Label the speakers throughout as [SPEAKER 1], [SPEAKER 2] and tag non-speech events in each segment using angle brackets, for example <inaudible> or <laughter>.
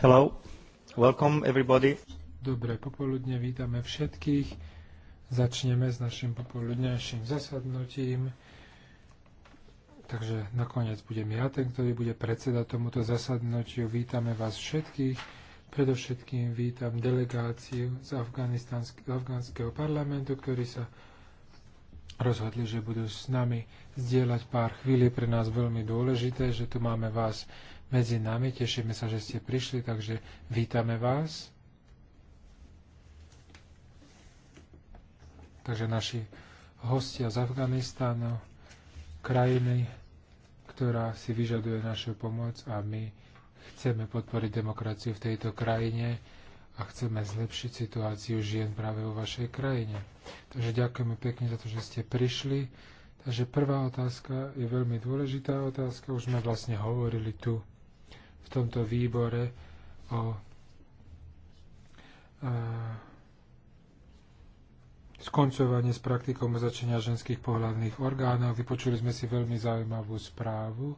[SPEAKER 1] Hello. Welcome everybody.
[SPEAKER 2] Dobré popoludne, vítame všetkých. Začneme s našim popoludnejším zasadnutím. Takže nakoniec budem ja ten, ktorý bude predseda tomuto zasadnutiu. Vítame vás všetkých. Predovšetkým vítam delegáciu z afgánskeho parlamentu, ktorí sa rozhodli, že budú s nami zdieľať pár chvíli pre nás veľmi dôležité, že tu máme vás medzi nami. Tešíme sa, že ste prišli, takže vítame vás. Takže naši hostia z Afganistánu, krajiny, ktorá si vyžaduje našu pomoc a my chceme podporiť demokraciu v tejto krajine a chceme zlepšiť situáciu žien práve vo vašej krajine. Takže ďakujeme pekne za to, že ste prišli. Takže prvá otázka je veľmi dôležitá otázka, už sme vlastne hovorili tu v tomto výbore o skoncovanie s praktikou mrzačenia ženských pohľadných orgánov. Vypočuli sme si veľmi zaujímavú správu,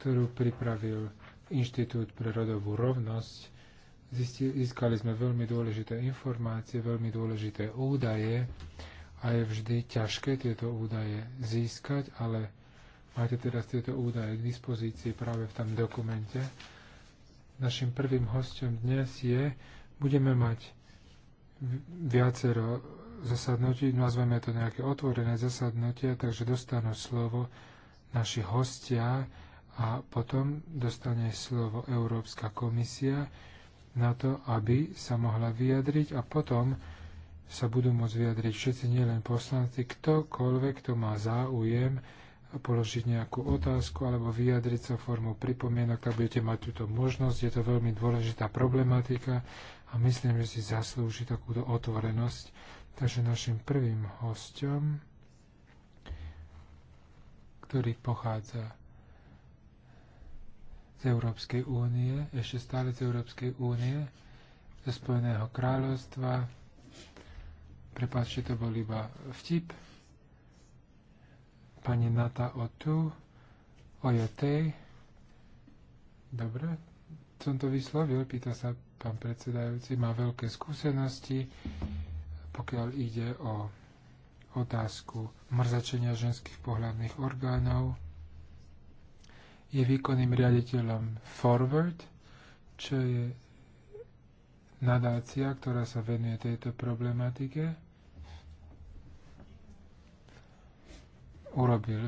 [SPEAKER 2] ktorú pripravil Inštitút pre rodovú rovnosť. Získali sme veľmi dôležité informácie, veľmi dôležité údaje a je vždy ťažké tieto údaje získať, ale Máte teraz tieto údaje k dispozícii práve v tam dokumente. Našim prvým hostom dnes je, budeme mať viacero zasadnutí, nazveme to nejaké otvorené zasadnutia, takže dostanú slovo naši hostia a potom dostane slovo Európska komisia na to, aby sa mohla vyjadriť a potom sa budú môcť vyjadriť všetci, nielen poslanci, ktokoľvek, kto má záujem položiť nejakú otázku alebo vyjadriť sa formou pripomienok, tak budete mať túto možnosť. Je to veľmi dôležitá problematika a myslím, že si zaslúži takúto otvorenosť. Takže našim prvým hostom, ktorý pochádza z Európskej únie, ešte stále z Európskej únie, zo Spojeného kráľovstva. Prepáčte, to bol iba vtip. Pani Nata Otu, tej. Dobre, som to vyslovil, pýta sa pán predsedajúci. Má veľké skúsenosti, pokiaľ ide o otázku mrzačenia ženských pohľadných orgánov. Je výkonným riaditeľom Forward, čo je nadácia, ktorá sa venuje tejto problematike urobil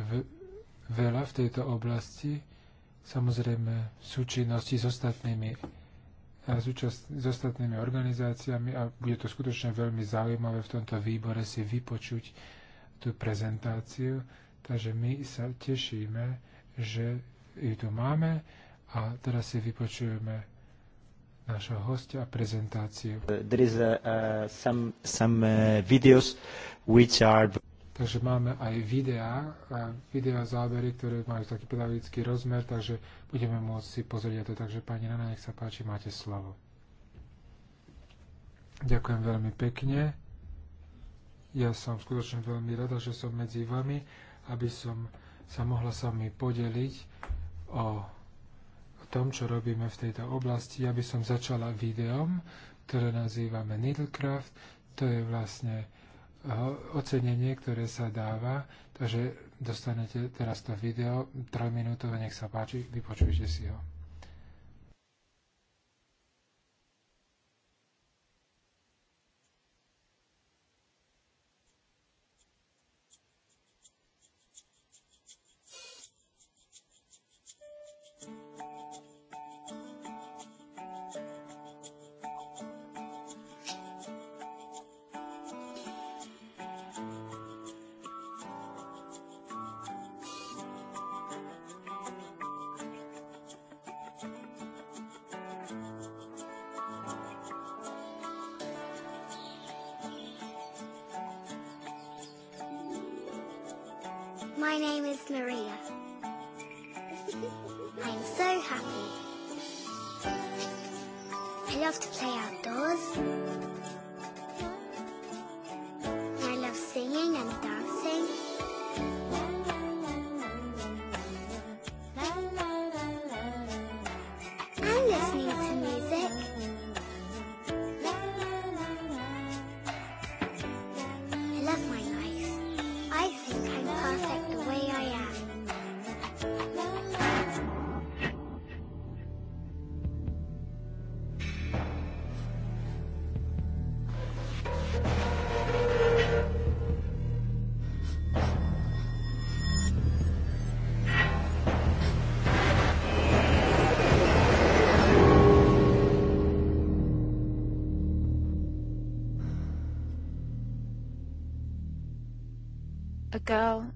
[SPEAKER 2] veľa v tejto oblasti, samozrejme v súčinnosti s ostatnými, s ostatnými organizáciami a bude to skutočne veľmi zaujímavé v tomto výbore si vypočuť tú prezentáciu. Takže my sa tešíme, že ju tu máme a teraz si vypočujeme našho hostia a prezentáciu.
[SPEAKER 1] There is a, uh, some, some uh, videos which are
[SPEAKER 2] Takže máme aj videá, videá zábery, ktoré majú taký pedagogický rozmer, takže budeme môcť si pozrieť to. Takže pani Nana, nech sa páči, máte slovo. Ďakujem veľmi pekne. Ja som skutočne veľmi rada, že som medzi vami, aby som sa mohla s vami podeliť o tom, čo robíme v tejto oblasti. Ja by som začala videom, ktoré nazývame Needlecraft. To je vlastne ocenenie, ktoré sa dáva. Takže dostanete teraz to video, trojminútové, nech sa páči, vypočujte si ho.
[SPEAKER 3] My
[SPEAKER 4] name is Maria. <laughs> I am so happy. I love to play outdoors.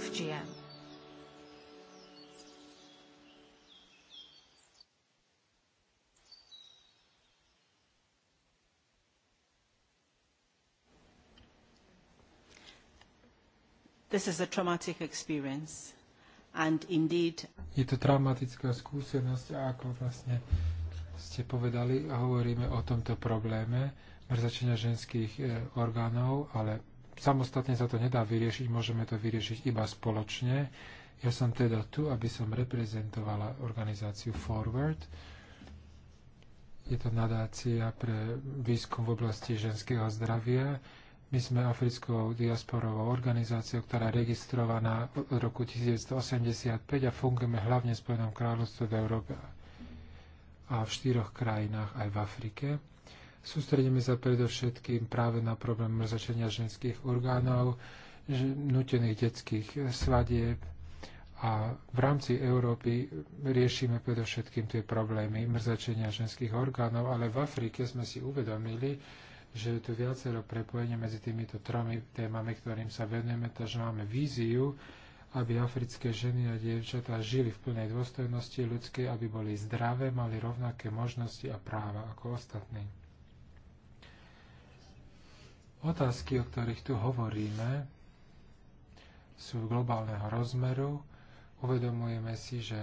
[SPEAKER 5] FGM.
[SPEAKER 4] This is a traumatic experience.
[SPEAKER 2] And indeed... Je to traumatická skúsenosť a ako vlastne ste povedali, hovoríme o tomto probléme mrzačenia ženských e, orgánov, ale samostatne sa to nedá vyriešiť, môžeme to vyriešiť iba spoločne. Ja som teda tu, aby som reprezentovala organizáciu Forward. Je to nadácia pre výskum v oblasti ženského zdravia. My sme africkou diasporovou organizáciou, ktorá je registrovaná od roku 1985 a fungujeme hlavne v Spojenom kráľovstve v Európe a v štyroch krajinách aj v Afrike. Sústredíme sa predovšetkým práve na problém mrzačenia ženských orgánov, nutených detských svadieb a v rámci Európy riešime predovšetkým tie problémy mrzačenia ženských orgánov, ale v Afrike sme si uvedomili, že je tu viacero prepojenie medzi týmito tromi témami, ktorým sa venujeme, takže máme víziu, aby africké ženy a dievčatá žili v plnej dôstojnosti ľudskej, aby boli zdravé, mali rovnaké možnosti a práva ako ostatní. Otázky, o ktorých tu hovoríme, sú globálneho rozmeru. Uvedomujeme si, že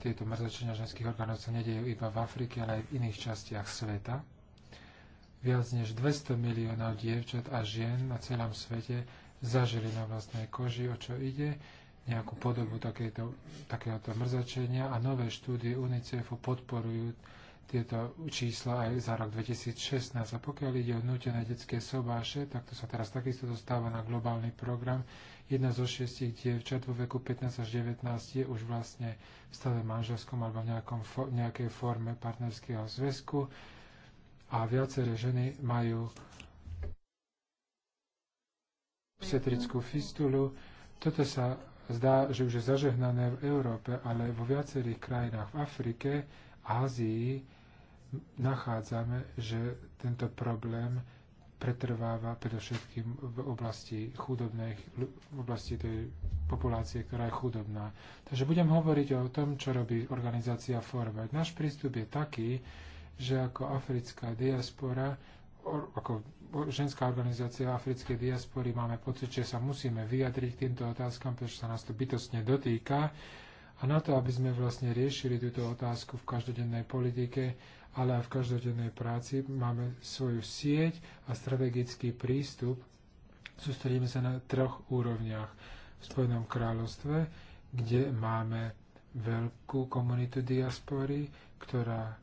[SPEAKER 2] tieto mrzačenia ženských orgánov sa nedejú iba v Afrike, ale aj v iných častiach sveta. Viac než 200 miliónov dievčat a žien na celom svete zažili na vlastnej koži, o čo ide, nejakú podobu takéto, takéhoto mrzačenia a nové štúdie UNICEFu podporujú tieto čísla aj za rok 2016. A pokiaľ ide o nutené detské sobáše, tak to sa teraz takisto dostáva na globálny program. Jedna zo šiestich dievčat vo veku 15 až 19 je už vlastne v stave manželskom alebo v nejakom, nejakej forme partnerského zväzku a viaceré ženy majú psetrickú fistulu. Toto sa zdá, že už je zažehnané v Európe, ale vo viacerých krajinách v Afrike Ázii nachádzame, že tento problém pretrváva predovšetkým v oblasti chudobnej, v oblasti tej populácie, ktorá je chudobná. Takže budem hovoriť o tom, čo robí organizácia Forward. Náš prístup je taký, že ako africká diaspora, ako ženská organizácia africkej diaspory máme pocit, že sa musíme vyjadriť k týmto otázkam, pretože sa nás to bytostne dotýka a na to, aby sme vlastne riešili túto otázku v každodennej politike, ale aj v každodennej práci, máme svoju sieť a strategický prístup. Sústredíme sa na troch úrovniach. V Spojenom kráľovstve, kde máme veľkú komunitu diaspory, ktorá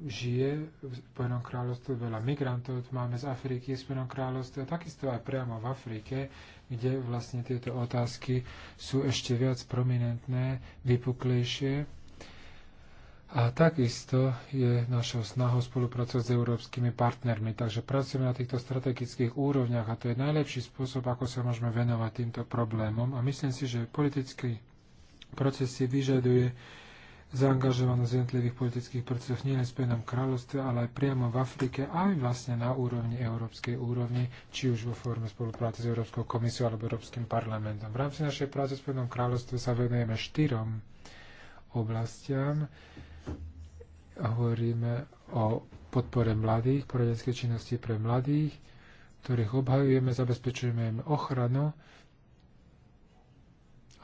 [SPEAKER 2] žije v Spojenom kráľovstve veľa migrantov, máme z Afriky, v Spojenom kráľovstve, takisto aj priamo v Afrike, kde vlastne tieto otázky sú ešte viac prominentné, vypuklejšie. A takisto je našou snahou spolupracovať s európskymi partnermi. Takže pracujeme na týchto strategických úrovniach a to je najlepší spôsob, ako sa môžeme venovať týmto problémom. A myslím si, že politický proces si vyžaduje zaangažovanosť jednotlivých politických procesov nie len v Spojenom kráľovstve, ale aj priamo v Afrike, aj vlastne na úrovni európskej úrovni, či už vo forme spolupráce s Európskou komisiou alebo Európskym parlamentom. V rámci našej práce v Spojenom kráľovstve sa venujeme štyrom oblastiam. Hovoríme o podpore mladých, poradenskej činnosti pre mladých, ktorých obhajujeme, zabezpečujeme im ochranu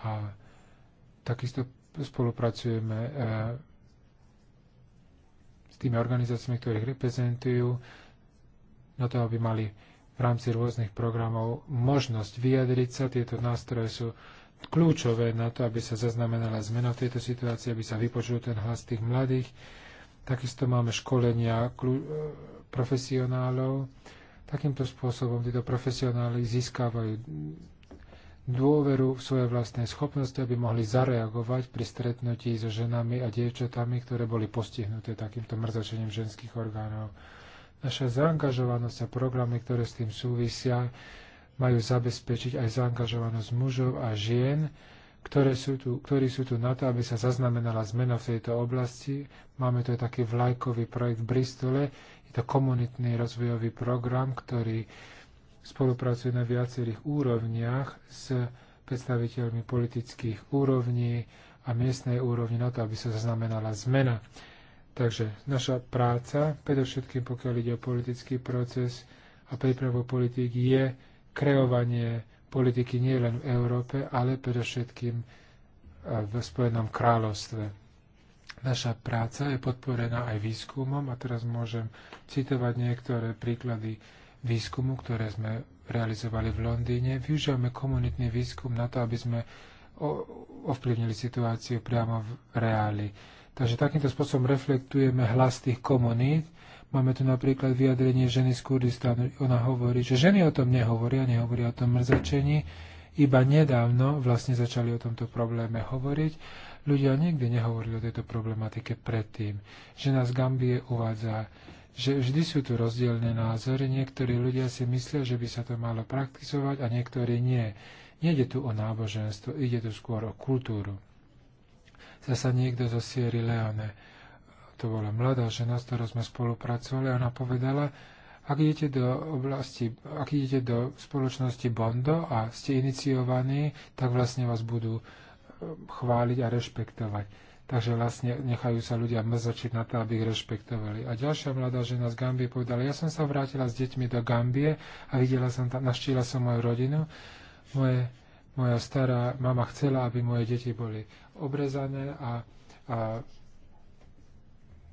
[SPEAKER 2] a takisto spolupracujeme eh, s tými organizáciami, ktorých reprezentujú, na to, aby mali v rámci rôznych programov možnosť vyjadriť sa. Tieto nástroje sú kľúčové na to, aby sa zaznamenala zmena v tejto situácii, aby sa vypočul ten hlas tých mladých. Takisto máme školenia eh, profesionálov. Takýmto spôsobom títo profesionáli získavajú dôveru v svoje vlastné schopnosti, aby mohli zareagovať pri stretnutí so ženami a dievčatami, ktoré boli postihnuté takýmto mrzačením ženských orgánov. Naša zaangažovanosť a programy, ktoré s tým súvisia, majú zabezpečiť aj zaangažovanosť mužov a žien, ktoré sú tu, ktorí sú tu na to, aby sa zaznamenala zmena v tejto oblasti. Máme tu aj taký vlajkový projekt v Bristole, je to komunitný rozvojový program, ktorý spolupracuje na viacerých úrovniach s predstaviteľmi politických úrovní a miestnej úrovni na to, aby sa zaznamenala zmena. Takže naša práca, predovšetkým pokiaľ ide o politický proces a prípravu politik, je kreovanie politiky nielen v Európe, ale predovšetkým e, v Spojenom kráľovstve. Naša práca je podporená aj výskumom a teraz môžem citovať niektoré príklady výskumu, ktoré sme realizovali v Londýne. Využívame komunitný výskum na to, aby sme ovplyvnili situáciu priamo v reáli. Takže takýmto spôsobom reflektujeme hlas tých komunít. Máme tu napríklad vyjadrenie ženy z Kurdistanu. Ona hovorí, že ženy o tom nehovoria, nehovoria o tom mrzačení. Iba nedávno vlastne začali o tomto probléme hovoriť. Ľudia nikdy nehovorili o tejto problematike predtým. Žena z Gambie uvádza, že vždy sú tu rozdielne názory. Niektorí ľudia si myslia, že by sa to malo praktizovať a niektorí nie. Nejde tu o náboženstvo, ide tu skôr o kultúru. Zasa niekto zo Sierra Leone, to bola mladá žena, s ktorou sme spolupracovali, ona povedala, ak idete do oblasti, ak idete do spoločnosti Bondo a ste iniciovaní, tak vlastne vás budú chváliť a rešpektovať takže vlastne nechajú sa ľudia mrzačiť na to, aby ich rešpektovali. A ďalšia mladá žena z Gambie povedala, ja som sa vrátila s deťmi do Gambie a videla som tam, naštíla som moju rodinu. Moje, moja stará mama chcela, aby moje deti boli obrezané a, a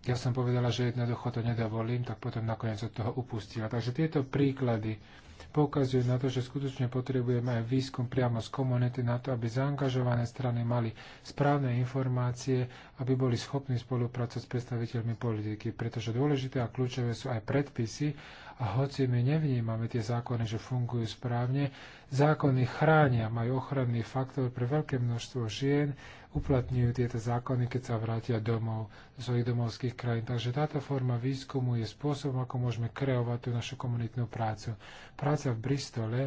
[SPEAKER 2] ja som povedala, že jednoducho to nedovolím, tak potom nakoniec od toho upustila. Takže tieto príklady, poukazuje na to, že skutočne potrebujeme aj výskum priamo z komunity na to, aby zaangažované strany mali správne informácie aby boli schopní spolupracovať s predstaviteľmi politiky, pretože dôležité a kľúčové sú aj predpisy a hoci my nevnímame tie zákony, že fungujú správne, zákony chránia, majú ochranný faktor pre veľké množstvo žien, uplatňujú tieto zákony, keď sa vrátia domov z svojich domovských krajín. Takže táto forma výskumu je spôsobom, ako môžeme kreovať tú našu komunitnú prácu. Práca v Bristole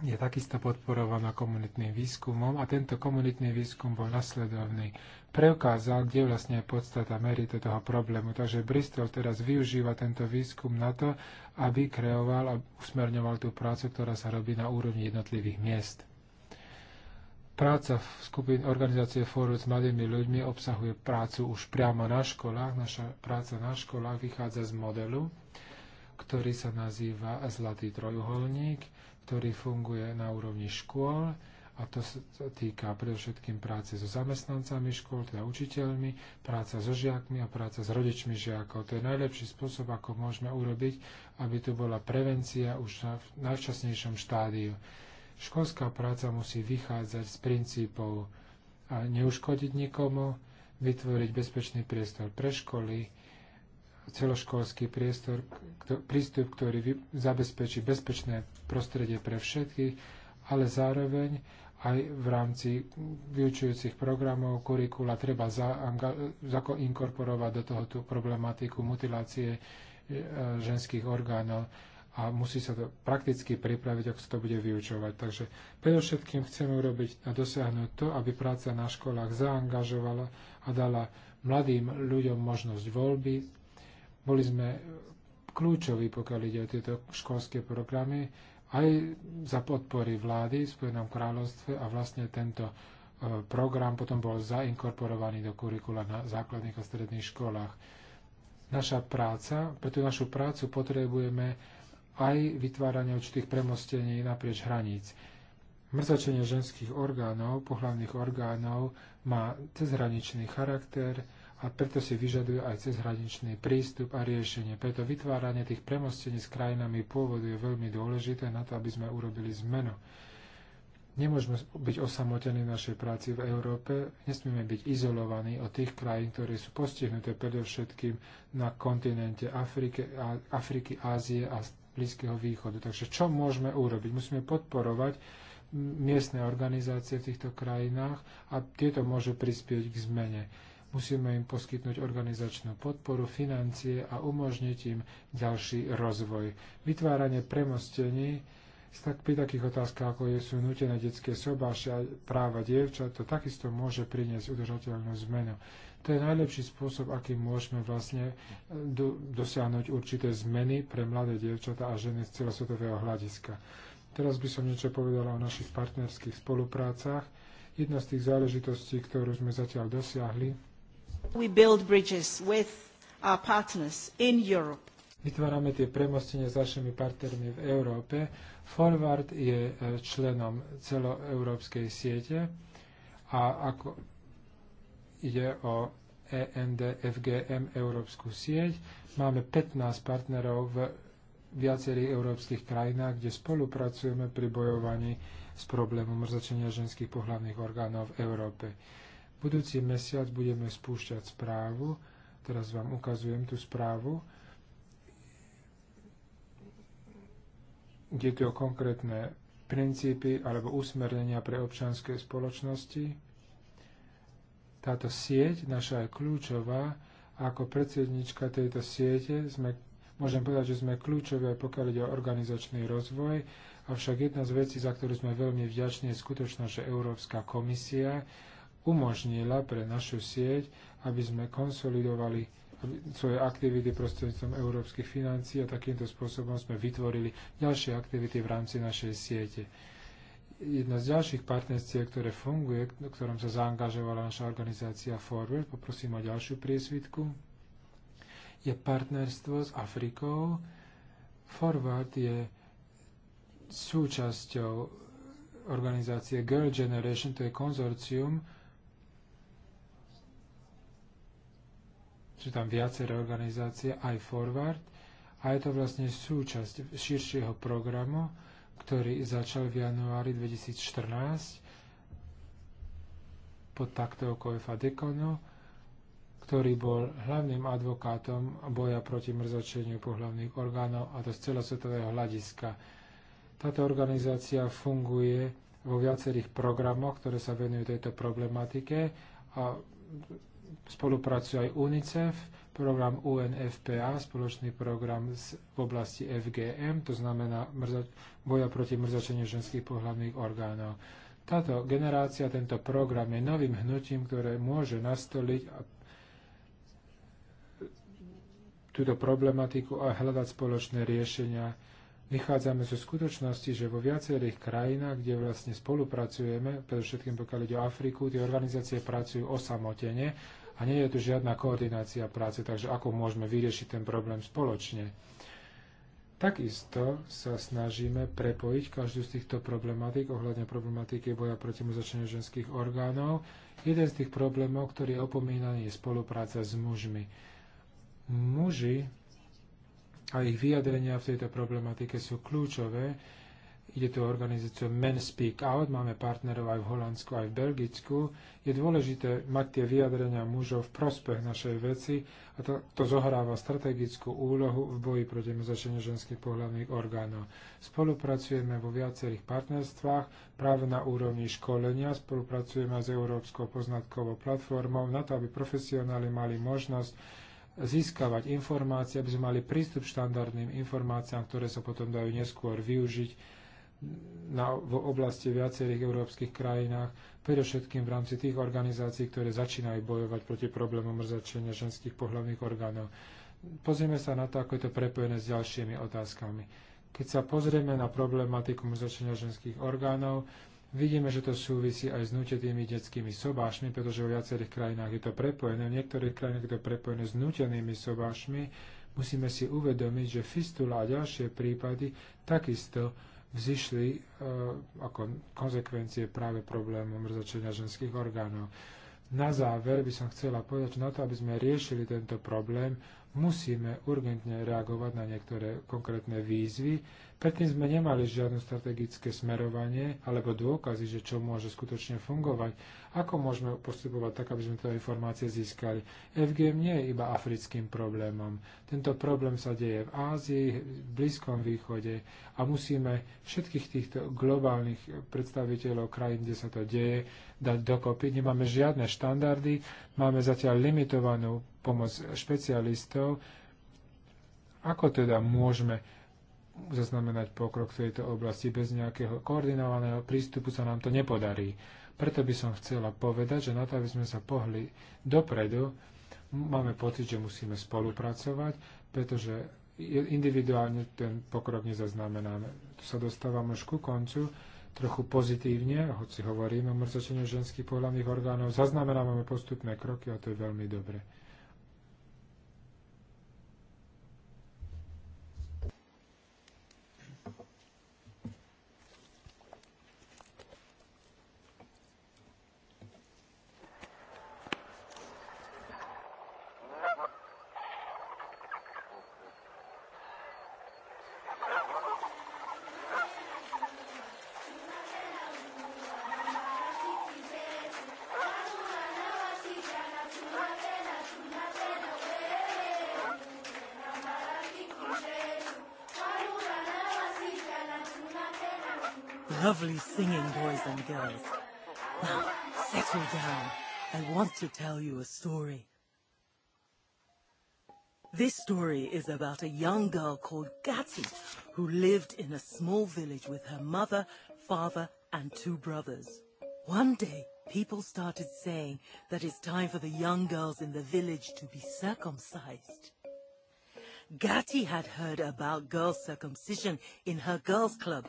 [SPEAKER 2] je takisto podporovaná komunitným výskumom a tento komunitný výskum bol nasledovný. Preukázal, kde vlastne je podstata merite toho problému. Takže Bristol teraz využíva tento výskum na to, aby kreoval a usmerňoval tú prácu, ktorá sa robí na úrovni jednotlivých miest. Práca v skupine organizácie Fórum s mladými ľuďmi obsahuje prácu už priamo na školách. Naša práca na školách vychádza z modelu, ktorý sa nazýva Zlatý trojuholník ktorý funguje na úrovni škôl a to sa týka predovšetkým práce so zamestnancami škôl, teda učiteľmi, práca so žiakmi a práca s rodičmi žiakov. To je najlepší spôsob, ako môžeme urobiť, aby tu bola prevencia už na najčasnejšom štádiu. Školská práca musí vychádzať z princípov a neuškodiť nikomu, vytvoriť bezpečný priestor pre školy, celoškolský priestor, prístup, ktorý zabezpečí bezpečné prostredie pre všetkých, ale zároveň aj v rámci vyučujúcich programov kurikula treba za, inkorporovať do toho tú problematiku mutilácie e, ženských orgánov a musí sa to prakticky pripraviť, ak sa to bude vyučovať. Takže predovšetkým chceme urobiť a dosiahnuť to, aby práca na školách zaangažovala a dala mladým ľuďom možnosť voľby, boli sme kľúčoví, pokiaľ ide o tieto školské programy, aj za podpory vlády v Spojenom kráľovstve a vlastne tento e, program potom bol zainkorporovaný do kurikula na základných a stredných školách. Naša práca, pre tú našu prácu potrebujeme aj vytváranie určitých premostení naprieč hraníc. Mrzačenie ženských orgánov, pohľavných orgánov má cezhraničný charakter, a preto si vyžaduje aj cezhraničný prístup a riešenie. Preto vytváranie tých premostení s krajinami pôvodu je veľmi dôležité na to, aby sme urobili zmenu. Nemôžeme byť osamotení v našej práci v Európe, nesmieme byť izolovaní od tých krajín, ktoré sú postihnuté predovšetkým na kontinente Afrike, Afriky, Ázie a Blízkeho východu. Takže čo môžeme urobiť? Musíme podporovať miestne organizácie v týchto krajinách a tieto môžu prispieť k zmene Musíme im poskytnúť organizačnú podporu, financie a umožniť im ďalší rozvoj. Vytváranie premostení tak pri takých otázkach, ako sú nutené detské sobáše a práva dievčat, to takisto môže priniesť udržateľnú zmenu. To je najlepší spôsob, akým môžeme vlastne eh, do, dosiahnuť určité zmeny pre mladé dievčatá a ženy z celosvetového hľadiska. Teraz by som niečo povedala o našich partnerských spoluprácach. Jedna z tých záležitostí, ktorú sme zatiaľ dosiahli,
[SPEAKER 4] We build bridges with our partners in Europe.
[SPEAKER 2] Vytvárame tie premostenie s našimi partnermi v Európe. Forward je e, členom celoeurópskej siete a ako ide o ENDFGM Európsku sieť, máme 15 partnerov v viacerých európskych krajinách, kde spolupracujeme pri bojovaní s problémom mrzačenia ženských pohľadných orgánov v Európe. Budúci mesiac budeme spúšťať správu. Teraz vám ukazujem tú správu. Ide to o konkrétne princípy alebo usmernenia pre občanské spoločnosti. Táto sieť naša je kľúčová. Ako predsednička tejto siete sme, môžem povedať, že sme kľúčové, pokiaľ ide o organizačný rozvoj. Avšak jedna z vecí, za ktorú sme veľmi vďační, je skutočná, že Európska komisia umožnila pre našu sieť, aby sme konsolidovali svoje aktivity prostredníctvom európskych financií a takýmto spôsobom sme vytvorili ďalšie aktivity v rámci našej siete. Jedna z ďalších partnerstiev, ktoré funguje, v no, ktorom sa zaangažovala naša organizácia Forward, poprosím o ďalšiu priesvitku, je partnerstvo s Afrikou. Forward je súčasťou organizácie Girl Generation, to je konzorcium, Sú tam viaceré organizácie, aj Forward, a je to vlastne súčasť širšieho programu, ktorý začal v januári 2014 pod taktovkou Efa Dekonu, ktorý bol hlavným advokátom boja proti mrzačeniu pohľavných orgánov a to z celosvetového hľadiska. Táto organizácia funguje vo viacerých programoch, ktoré sa venujú tejto problematike a spolupracujú aj UNICEF, program UNFPA, spoločný program z, v oblasti FGM, to znamená mrza, boja proti mrzačeniu ženských pohľadných orgánov. Táto generácia, tento program je novým hnutím, ktoré môže nastoliť a túto problematiku a hľadať spoločné riešenia. Vychádzame zo skutočnosti, že vo viacerých krajinách, kde vlastne spolupracujeme, predovšetkým pokiaľ ide o Afriku, tie organizácie pracujú osamotene a nie je tu žiadna koordinácia práce, takže ako môžeme vyriešiť ten problém spoločne. Takisto sa snažíme prepojiť každú z týchto problematík ohľadne problematiky boja proti muzačeniu ženských orgánov. Jeden z tých problémov, ktorý je opomínaný, je spolupráca s mužmi. Muži a ich vyjadrenia v tejto problematike sú kľúčové, Ide tu o organizáciu Men Speak Out, máme partnerov aj v Holandsku, aj v Belgicku. Je dôležité mať tie vyjadrenia mužov v prospech našej veci a to, to zohráva strategickú úlohu v boji proti mrzačeniu ženských pohľadných orgánov. Spolupracujeme vo viacerých partnerstvách práve na úrovni školenia, spolupracujeme aj s Európskou poznatkovou platformou na to, aby profesionáli mali možnosť získavať informácie, aby sme mali prístup k štandardným informáciám, ktoré sa potom dajú neskôr využiť na, v oblasti viacerých európskych krajinách, predovšetkým v rámci tých organizácií, ktoré začínajú bojovať proti problémom mrzačenia ženských pohľavných orgánov. Pozrieme sa na to, ako je to prepojené s ďalšími otázkami. Keď sa pozrieme na problematiku mrzačenia ženských orgánov, Vidíme, že to súvisí aj s nutenými detskými sobášmi, pretože v viacerých krajinách je to prepojené. V niektorých krajinách je to prepojené s nutenými sobášmi. Musíme si uvedomiť, že fistula a ďalšie prípady takisto vzýšli e, ako konsekvencie práve problému mrzačenia ženských orgánov. Na záver by som chcela povedať, že na to, aby sme riešili tento problém, musíme urgentne reagovať na niektoré konkrétne výzvy. Predtým sme nemali žiadne strategické smerovanie alebo dôkazy, že čo môže skutočne fungovať. Ako môžeme postupovať tak, aby sme to informácie získali? FGM nie je iba africkým problémom. Tento problém sa deje v Ázii, v Blízkom východe a musíme všetkých týchto globálnych predstaviteľov krajín, kde sa to deje, dať dokopy. Nemáme žiadne štandardy, máme zatiaľ limitovanú pomoc špecialistov. Ako teda môžeme zaznamenať pokrok v tejto oblasti bez nejakého koordinovaného prístupu sa nám to nepodarí. Preto by som chcela povedať, že na to, aby sme sa pohli dopredu, máme pocit, že musíme spolupracovať, pretože individuálne ten pokrok nezaznamenáme. Tu sa dostávam už ku koncu trochu pozitívne, hoci hovoríme o mrzačení ženských pohľadných orgánov, zaznamenávame postupné kroky a to je veľmi dobre.
[SPEAKER 4] tell you a story. This story is about a young girl called Gatti who lived in a small village with her mother, father, and two brothers. One day, people started saying that it's time for the young girls in the village to be circumcised. Gatti had heard about girl circumcision in her girls' club,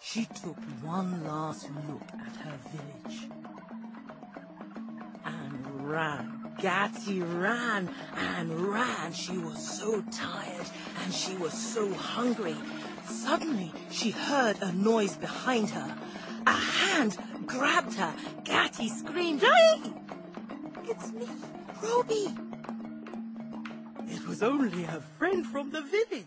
[SPEAKER 4] she took one last look at her village and ran. Gatsy ran and ran. She was so tired and she was so hungry. Suddenly, she heard a noise behind her. A hand grabbed her. Gatty screamed, Hey! It's me, Roby. It was only her friend from the village.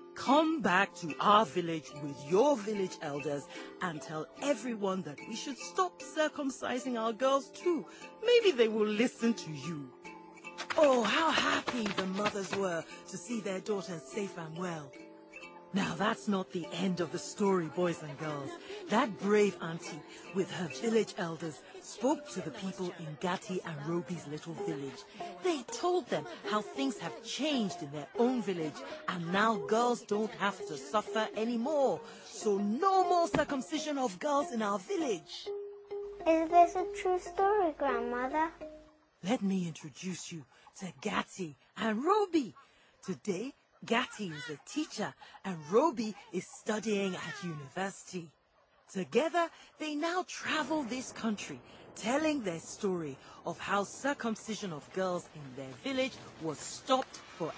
[SPEAKER 4] Come back to our village with your village elders and tell everyone that we should stop circumcising our girls too. Maybe they will listen to you. Oh, how happy the mothers were to see their daughters safe and well. Now that's not the end of the story, boys and girls. That brave auntie with her village elders spoke to the people in Gati and Robi's little village. They told them how things have changed in their own village and now girls don't have to suffer anymore. So no more circumcision of girls in our village. Is this a true story, Grandmother? Let me introduce you to Gatti and Roby. Today, Gatti is a teacher and Roby is studying at university. Together, they now travel this country telling their story of how circumcision of girls in their village was stopped forever.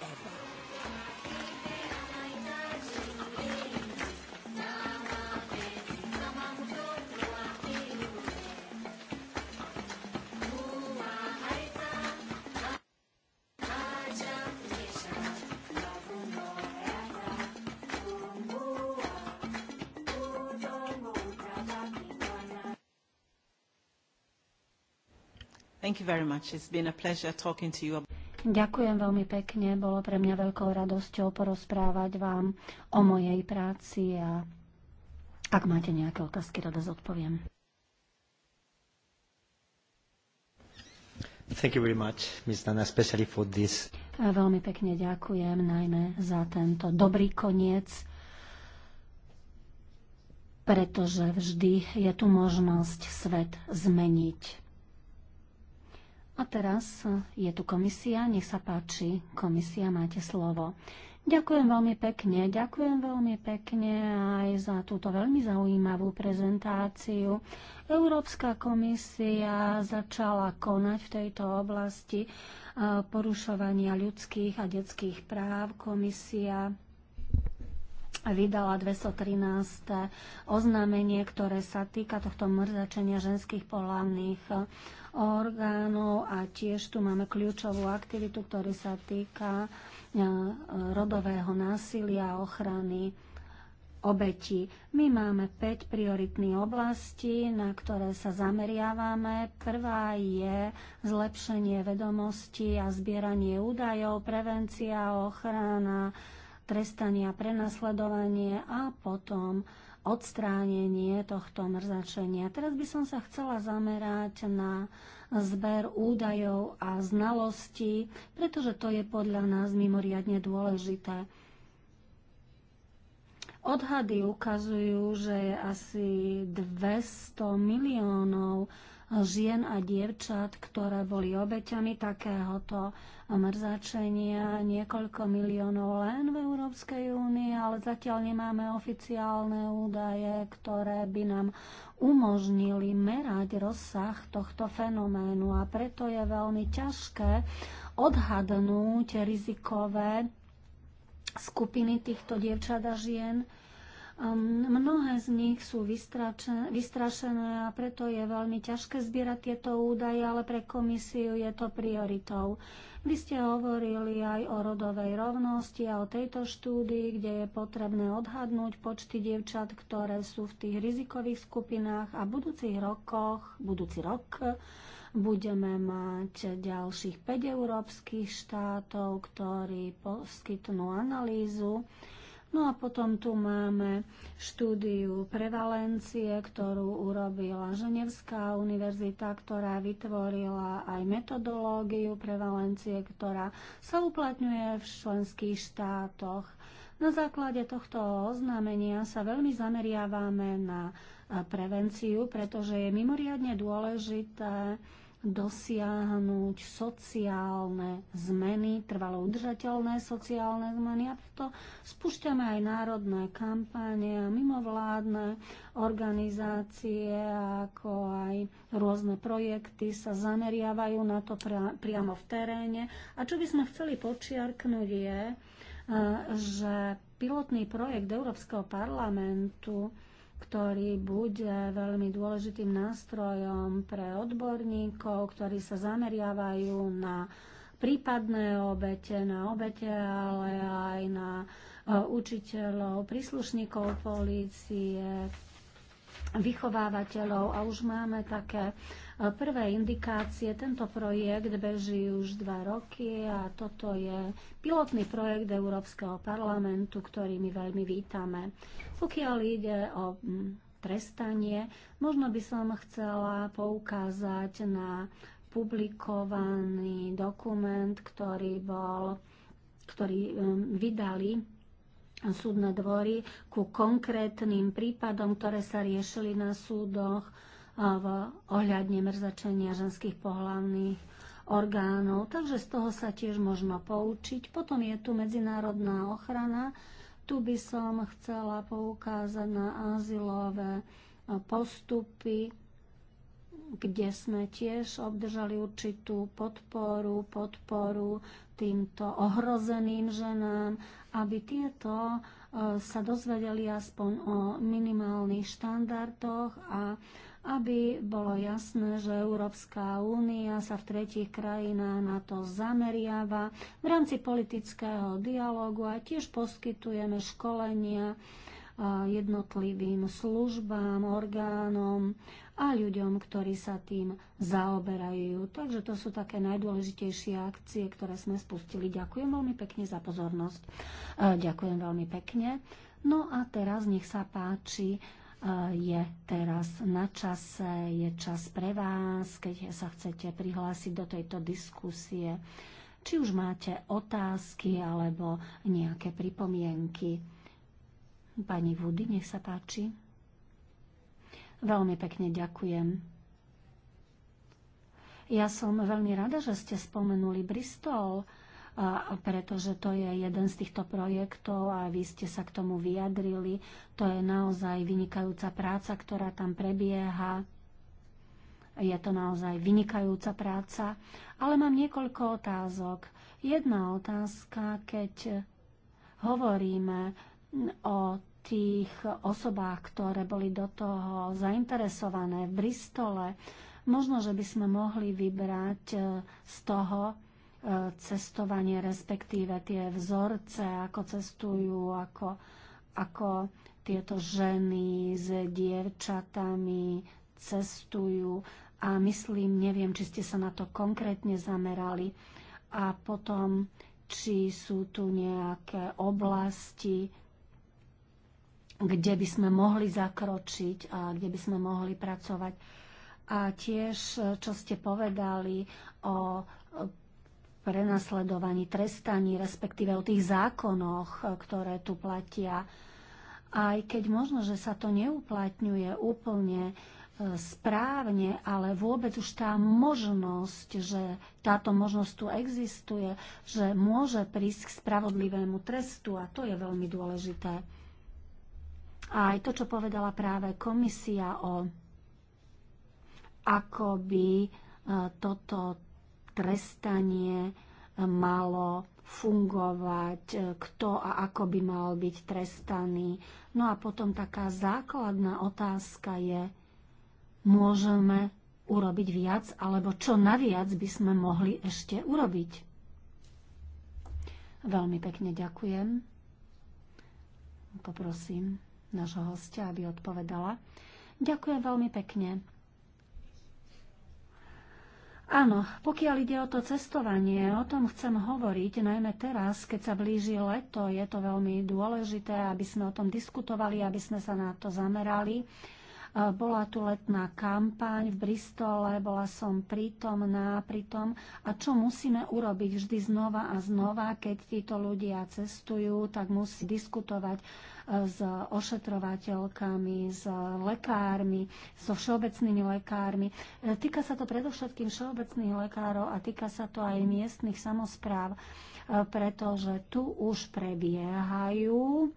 [SPEAKER 4] Thank you very much. It's been a pleasure talking to you. Ďakujem veľmi
[SPEAKER 6] pekne. Bolo pre mňa veľkou radosťou porozprávať vám o mojej práci a ak máte nejaké otázky, rada zodpoviem.
[SPEAKER 1] Thank you very much, Ms. Nana, especially for this.
[SPEAKER 6] A veľmi pekne ďakujem najmä za tento dobrý koniec, pretože vždy je tu možnosť svet zmeniť. A teraz e, je tu komisia, nech sa páči, komisia, máte slovo. Ďakujem veľmi pekne, ďakujem veľmi pekne aj za túto veľmi zaujímavú prezentáciu. Európska komisia začala konať v tejto oblasti e, porušovania ľudských a detských práv. Komisia vydala 213. oznámenie, ktoré sa týka tohto mrzačenia ženských pohľavných orgánov a tiež tu máme kľúčovú aktivitu, ktorý sa týka e, rodového násilia a ochrany obeti. My máme 5 prioritných oblastí, na ktoré sa zameriavame. Prvá je zlepšenie vedomosti a zbieranie údajov, prevencia, ochrana, trestanie a prenasledovanie a potom odstránenie tohto mrzačenia. Teraz by som sa chcela zamerať na zber údajov a znalostí, pretože to je podľa nás mimoriadne dôležité. Odhady ukazujú, že asi 200 miliónov žien a dievčat, ktoré boli obeťami takéhoto mrzačenia. Niekoľko miliónov len v Európskej únii, ale zatiaľ nemáme oficiálne údaje, ktoré by nám umožnili merať rozsah tohto fenoménu. A preto je veľmi ťažké odhadnúť rizikové skupiny týchto dievčat a žien, Ehm, mnohé z nich sú vystrašené a preto je veľmi ťažké zbierať tieto údaje, ale pre komisiu je to prioritou. Vy ste hovorili aj o rodovej rovnosti a o tejto štúdii, kde je potrebné odhadnúť počty dievčat, ktoré sú v tých rizikových skupinách a v budúcich rokoch, budúci rok budeme mať ďalších 5 európskych štátov, ktorí poskytnú analýzu No a potom tu máme štúdiu prevalencie, ktorú urobila Ženevská univerzita, ktorá vytvorila aj metodológiu prevalencie, ktorá sa uplatňuje v členských štátoch. Na základe tohto oznámenia sa veľmi zameriavame na prevenciu, pretože je mimoriadne dôležité dosiahnuť sociálne zmeny, trvalo udržateľné sociálne zmeny a preto spúšťame aj národné kampáne a mimovládne organizácie, ako aj rôzne projekty sa zameriavajú na to priamo v teréne. A čo by sme chceli počiarknúť je, eh, že pilotný projekt Európskeho parlamentu ktorý bude veľmi dôležitým nástrojom pre odborníkov, ktorí sa zameriavajú na prípadné obete, na obete, ale aj na e, učiteľov, príslušníkov polície, vychovávateľov a už máme také e, prvé indikácie. Tento projekt beží už dva roky a toto je pilotný projekt Európskeho parlamentu, ktorý my veľmi vítame. Pokiaľ ide o trestanie, možno by som chcela poukázať na publikovaný dokument, ktorý bol ktorý vydali súdne dvory ku konkrétnym prípadom, ktoré sa riešili na súdoch v ohľadne mrzačenia ženských pohľavných orgánov. Takže z toho sa tiež možno poučiť. Potom je tu medzinárodná ochrana. Tu by som chcela poukázať na azylové postupy, kde sme tiež obdržali určitú podporu, podporu týmto ohrozeným ženám, aby tieto e, sa dozvedeli aspoň o minimálnych štandardoch a aby bolo jasné, že Európska únia sa v tretich krajinách na to zameriava v rámci politického dialogu a tiež poskytujeme školenia e, jednotlivým službám, orgánom, a ľuďom, ktorí sa tým zaoberajú. Takže to sú také najdôležitejšie akcie, ktoré sme spustili. Ďakujem veľmi pekne za pozornosť. E, ďakujem veľmi pekne. No a teraz nech sa páči, e, je teraz na čase, je čas pre vás, keď sa chcete prihlásiť do tejto diskusie. Či už máte otázky alebo nejaké pripomienky. Pani Vudy, nech sa páči. Veľmi pekne ďakujem. Ja som veľmi rada, že ste spomenuli Bristol, a pretože to je jeden z týchto projektov a vy ste sa k tomu vyjadrili. To je naozaj vynikajúca práca, ktorá tam prebieha. Je to naozaj vynikajúca práca, ale mám niekoľko otázok. Jedna otázka, keď hovoríme o tých osobách, ktoré boli do toho zainteresované v Bristole, možno, že by sme mohli vybrať e, z toho e, cestovanie, respektíve tie vzorce, ako cestujú, ako, ako tieto ženy s dievčatami cestujú. A myslím, neviem, či ste sa na to konkrétne zamerali. A potom, či sú tu nejaké oblasti, kde by sme mohli zakročiť a kde by sme mohli pracovať. A tiež, čo ste povedali o prenasledovaní, trestaní, respektíve o tých zákonoch, ktoré tu platia. Aj keď možno, že sa to neuplatňuje úplne e, správne, ale vôbec už tá možnosť, že táto možnosť tu existuje, že môže prísť k spravodlivému trestu a to je veľmi dôležité aj to, čo povedala práve komisia o ako by e, toto trestanie e, malo fungovať, e, kto a ako by mal byť trestaný. No a potom taká základná otázka je, môžeme urobiť viac, alebo čo naviac by sme mohli ešte urobiť. Veľmi pekne ďakujem. Poprosím nášho hostia, aby odpovedala. Ďakujem veľmi pekne. Áno, pokiaľ ide o to cestovanie, o tom chcem hovoriť, najmä teraz, keď sa blíži leto, je to veľmi dôležité, aby sme o tom diskutovali, aby sme sa na to zamerali. E, bola tu letná kampaň v Bristole, bola som prítomná pritom. A čo musíme urobiť vždy znova a znova, keď títo ľudia cestujú, tak musí diskutovať s ošetrovateľkami, s lekármi, so všeobecnými lekármi. E, týka sa to predovšetkým všeobecných lekárov a týka sa to aj miestnych samozpráv, e, pretože tu už prebiehajú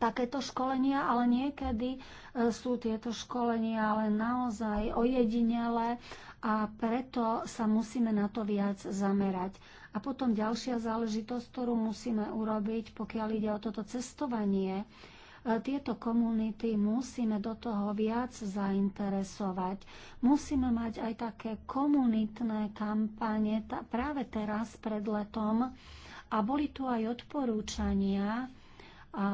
[SPEAKER 6] takéto školenia, ale niekedy e, sú tieto školenia ale naozaj ojedinele a preto sa musíme na to viac zamerať. A potom ďalšia záležitosť, ktorú musíme urobiť, pokiaľ ide o toto cestovanie, e, tieto komunity musíme do toho viac zainteresovať. Musíme mať aj také komunitné kampane práve teraz pred letom. A boli tu aj odporúčania, a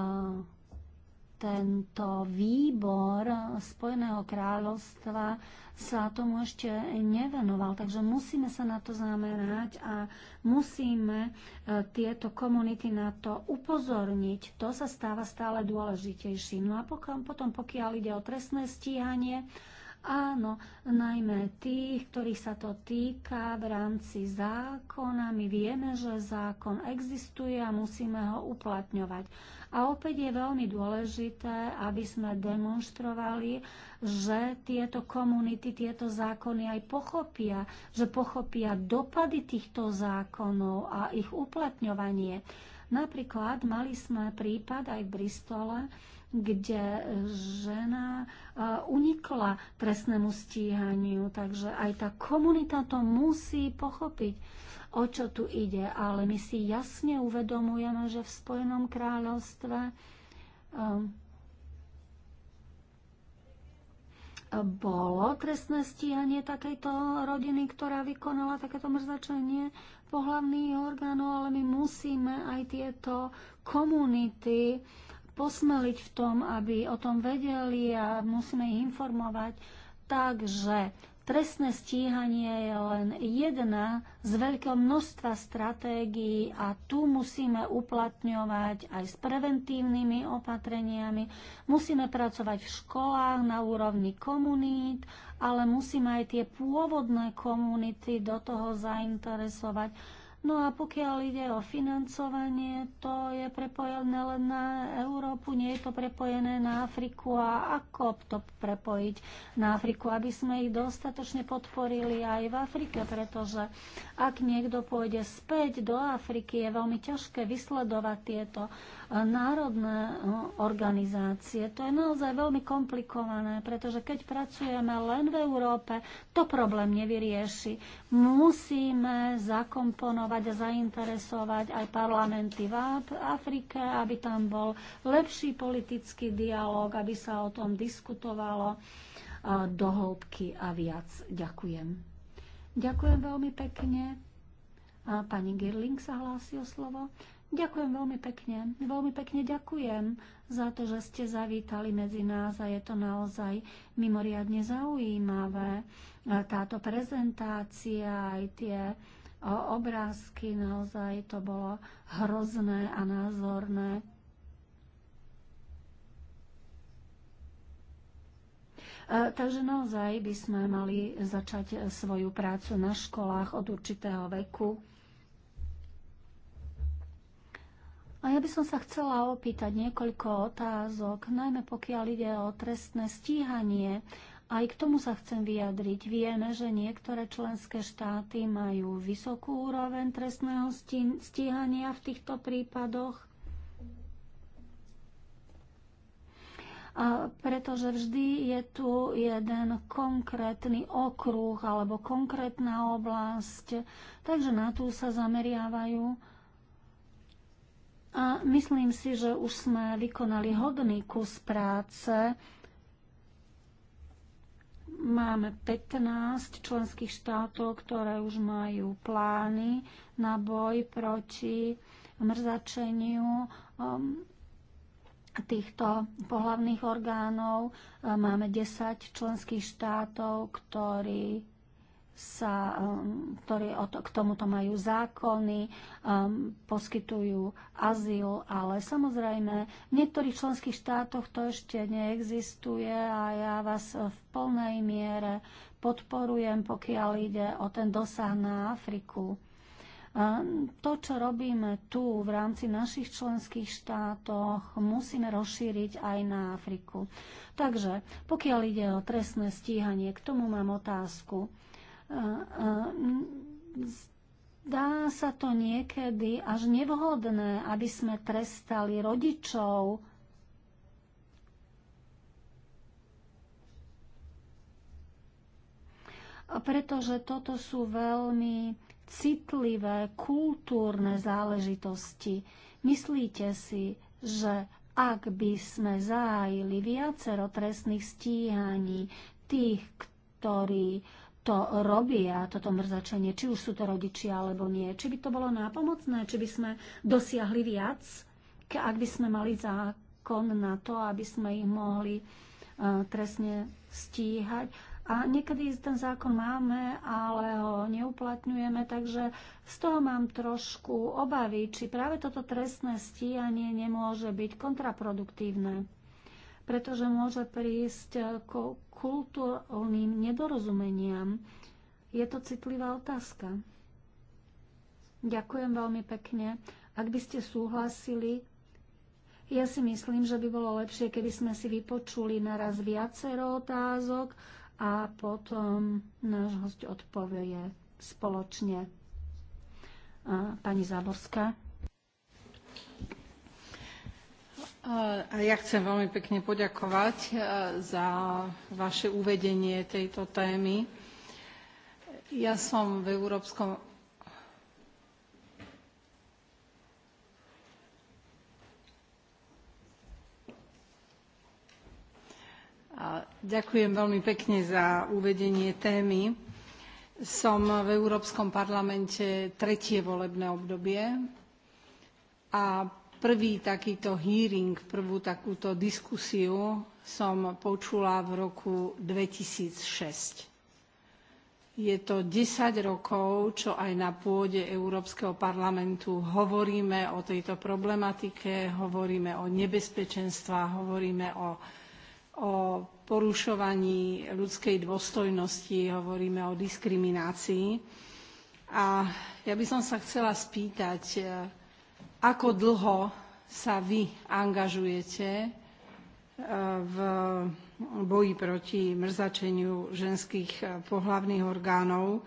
[SPEAKER 6] tento výbor Spojeného kráľovstva sa tomu ešte nevenoval. Takže musíme sa na to zamerať a musíme e, tieto komunity na to upozorniť. To sa stáva stále dôležitejším. No a potom, potom pokiaľ ide o trestné stíhanie, Áno, najmä tých, ktorých sa to týka v rámci zákona. My vieme, že zákon existuje a musíme ho uplatňovať. A opäť je veľmi dôležité, aby sme demonstrovali, že tieto komunity, tieto zákony aj pochopia, že pochopia dopady týchto zákonov a ich uplatňovanie. Napríklad mali sme prípad aj v Bristole, kde žena unikla trestnému stíhaniu. Takže aj tá komunita to musí pochopiť o čo tu ide, ale my si jasne uvedomujeme, že v Spojenom kráľovstve ehm, bolo trestné stíhanie takejto rodiny, ktorá vykonala takéto mrzačenie pohľavných orgánov, ale my musíme aj tieto komunity posmeliť v tom, aby o tom vedeli a musíme ich informovať. Takže Trestné stíhanie je len jedna z veľkého množstva stratégií a tu musíme uplatňovať aj s preventívnymi opatreniami. Musíme pracovať v školách na úrovni komunít, ale musíme aj tie pôvodné komunity do toho zainteresovať No a pokiaľ ide o financovanie, to je prepojené len na Európu, nie je to prepojené na Afriku a ako to prepojiť na Afriku, aby sme ich dostatočne podporili aj v Afrike, pretože ak niekto pôjde späť do Afriky, je veľmi ťažké vysledovať tieto národné no, organizácie. To je naozaj veľmi komplikované, pretože keď pracujeme len v Európe, to problém nevyrieši. Musíme zakomponovať a zainteresovať aj parlamenty v Afrike, aby tam bol lepší politický dialog, aby sa o tom diskutovalo do hĺbky a viac. Ďakujem. Ďakujem veľmi pekne. A pani Girling sa hlási o slovo. Ďakujem veľmi pekne. Veľmi pekne ďakujem za to, že ste zavítali medzi nás a je to naozaj mimoriadne zaujímavé. Táto prezentácia, aj tie obrázky, naozaj to bolo hrozné a názorné. Takže naozaj by sme mali začať svoju prácu na školách od určitého veku A ja by som sa chcela opýtať niekoľko otázok, najmä pokiaľ ide o trestné stíhanie. Aj k tomu sa chcem vyjadriť. Vieme, že niektoré členské štáty majú vysokú úroveň trestného stíhania v týchto prípadoch. A pretože vždy je tu jeden konkrétny okruh alebo konkrétna oblasť, takže na tú sa zameriavajú a myslím si, že už sme vykonali hodný kus práce. Máme 15 členských štátov, ktoré už majú plány na boj proti mrzačeniu um, týchto pohlavných orgánov. Máme 10 členských štátov, ktorí sa, um, ktorí k tomuto majú zákony, um, poskytujú azyl, ale samozrejme v niektorých členských štátoch to ešte neexistuje a ja vás v plnej miere podporujem, pokiaľ ide o ten dosah na Afriku. Um, to, čo robíme tu v rámci našich členských štátoch, musíme rozšíriť aj na Afriku. Takže, pokiaľ ide o trestné stíhanie, k tomu mám otázku Dá sa to niekedy až nevhodné, aby sme trestali rodičov. Pretože toto sú veľmi citlivé kultúrne záležitosti. Myslíte si, že ak by sme zahájili viacero trestných stíhaní tých, ktorí to robia, toto mrzačenie, či už sú to rodičia alebo nie, či by to bolo nápomocné, či by sme dosiahli viac, ak by sme mali zákon na to, aby sme ich mohli e, trestne stíhať. A niekedy ten zákon máme, ale ho neuplatňujeme, takže z toho mám trošku obavy, či práve toto trestné stíhanie nemôže byť kontraproduktívne pretože môže prísť k kultúrnym nedorozumeniam. Je to citlivá otázka. Ďakujem veľmi pekne. Ak by ste súhlasili, ja si myslím, že by bolo lepšie, keby sme si vypočuli naraz viacero otázok a potom náš host odpovie spoločne. Pani Záborská. A ja chcem veľmi pekne
[SPEAKER 5] poďakovať eh, za vaše uvedenie tejto témy. Ja som v Európskom A ďakujem veľmi pekne za uvedenie témy. Som v Európskom parlamente tretie volebné obdobie a Prvý takýto hearing, prvú takúto diskusiu som počula v roku 2006. Je to 10 rokov, čo aj na pôde Európskeho parlamentu hovoríme o tejto problematike, hovoríme o nebezpečenstva, hovoríme o, o porušovaní ľudskej dôstojnosti, hovoríme o diskriminácii. A ja by som sa chcela spýtať, ako dlho sa vy angažujete e, v boji proti mrzačeniu ženských e, pohlavných orgánov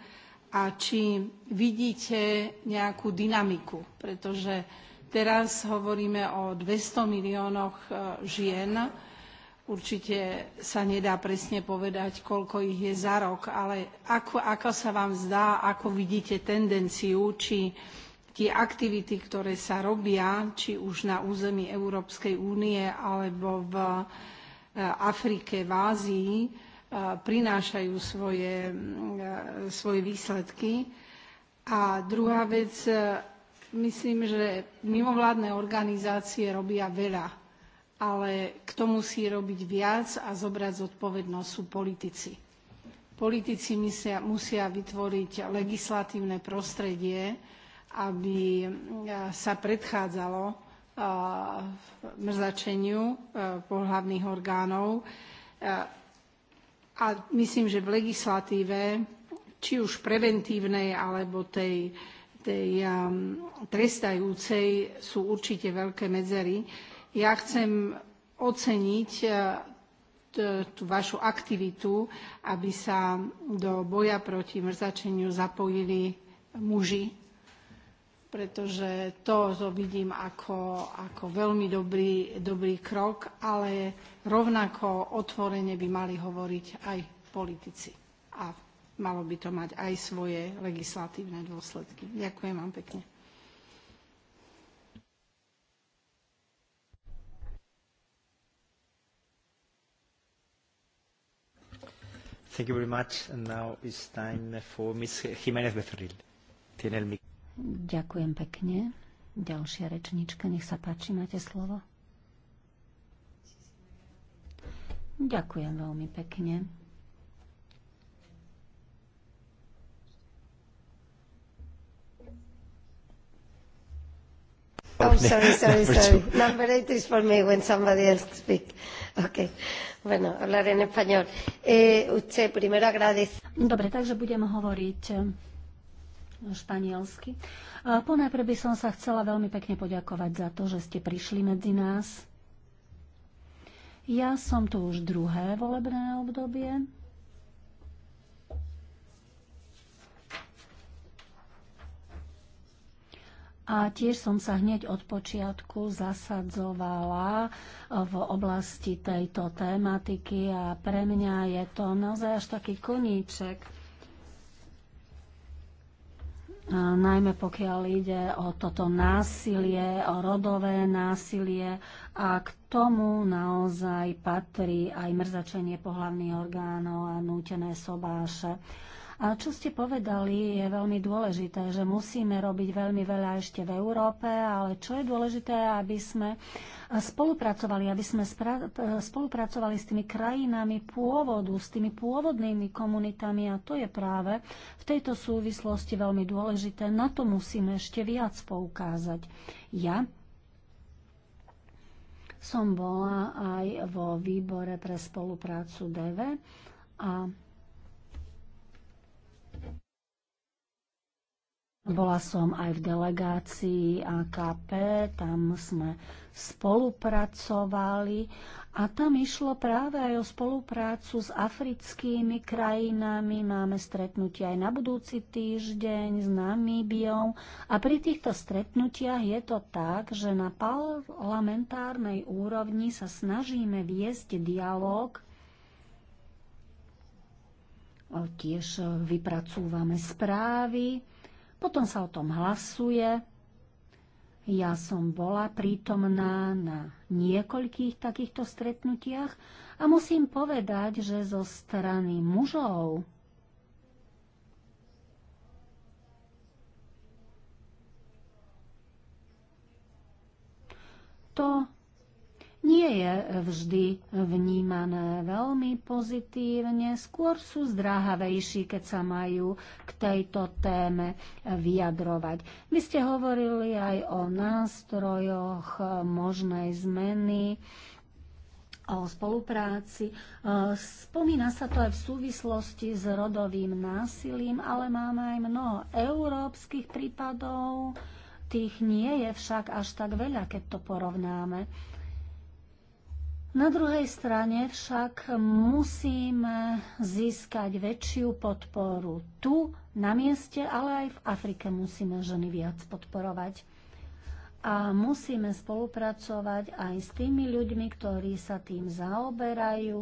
[SPEAKER 5] a či vidíte nejakú dynamiku, pretože teraz hovoríme o 200 miliónoch e, žien, Určite sa nedá presne povedať, koľko ich je za rok, ale ako, ako sa vám zdá, ako vidíte tendenciu, či tie aktivity, ktoré sa robia, či už na území Európskej únie alebo v e, Afrike, v Ázii, e, prinášajú svoje, e, svoje výsledky. A druhá vec, myslím, že mimovládne organizácie robia veľa, ale kto musí robiť viac a zobrať zodpovednosť sú politici. Politici musia, musia vytvoriť legislatívne prostredie, aby e, sa predchádzalo e, mrzačeniu e, pohlavných orgánov. A myslím, že v legislatíve, či už preventívnej, alebo tej, tej trestajúcej, sú určite veľké medzery. Ja chcem oceniť tú vašu aktivitu, aby sa do boja proti mrzačeniu zapojili muži pretože to vidím ako, ako veľmi dobrý, dobrý krok, ale rovnako otvorene by mali hovoriť aj politici. A malo by to mať aj svoje legislatívne dôsledky. Ďakujem vám pekne.
[SPEAKER 1] Thank you very much. And now it's time for Ms. Jiménez Becerril. Tiene el micrófono.
[SPEAKER 6] Ďakujem pekne. Ďalšia rečnička, nech sa páči, máte slovo. Ďakujem veľmi pekne. Oh, sorry, sorry, sorry. No, but it is for me when somebody else speaks. Okay. Bueno, hablar en español. Eh, usted primero agradece. Dobre, takže budem hovoriť španielsky. Ponajprv by som sa chcela veľmi pekne poďakovať za to, že ste prišli medzi nás. Ja som tu už druhé volebné obdobie. A tiež som sa hneď od počiatku zasadzovala e, v oblasti tejto tematiky a pre mňa je to naozaj až taký koníček najmä pokiaľ ide o toto násilie, o rodové násilie a k tomu naozaj patrí aj mrzačenie pohlavných orgánov a nútené sobáše. A čo ste povedali, je veľmi dôležité, že musíme robiť veľmi veľa ešte v Európe, ale čo je dôležité, aby sme spolupracovali, aby sme spolupracovali s tými krajinami pôvodu, s tými pôvodnými komunitami a to je práve v tejto súvislosti veľmi dôležité. Na to musíme ešte viac poukázať. Ja som bola aj vo výbore pre spoluprácu DV a Bola som aj v delegácii AKP, tam sme spolupracovali a tam išlo práve aj o spoluprácu s africkými krajinami. Máme stretnutie aj na budúci týždeň s Namíbiou a pri týchto stretnutiach je to tak, že na parlamentárnej úrovni sa snažíme viesť dialog Tiež vypracúvame správy potom sa o tom hlasuje. Ja som bola prítomná na niekoľkých takýchto stretnutiach a musím povedať, že zo strany mužov to nie je vždy vnímané veľmi pozitívne, skôr sú zdráhavejší, keď sa majú k tejto téme vyjadrovať. Vy ste hovorili aj o nástrojoch možnej zmeny o spolupráci. Spomína sa to aj v súvislosti s rodovým násilím, ale máme aj mnoho európskych prípadov, tých nie je však až tak veľa, keď to porovnáme na druhej strane však musíme získať väčšiu podporu tu, na mieste, ale aj v Afrike musíme ženy viac podporovať. A musíme spolupracovať aj s tými ľuďmi, ktorí sa tým zaoberajú.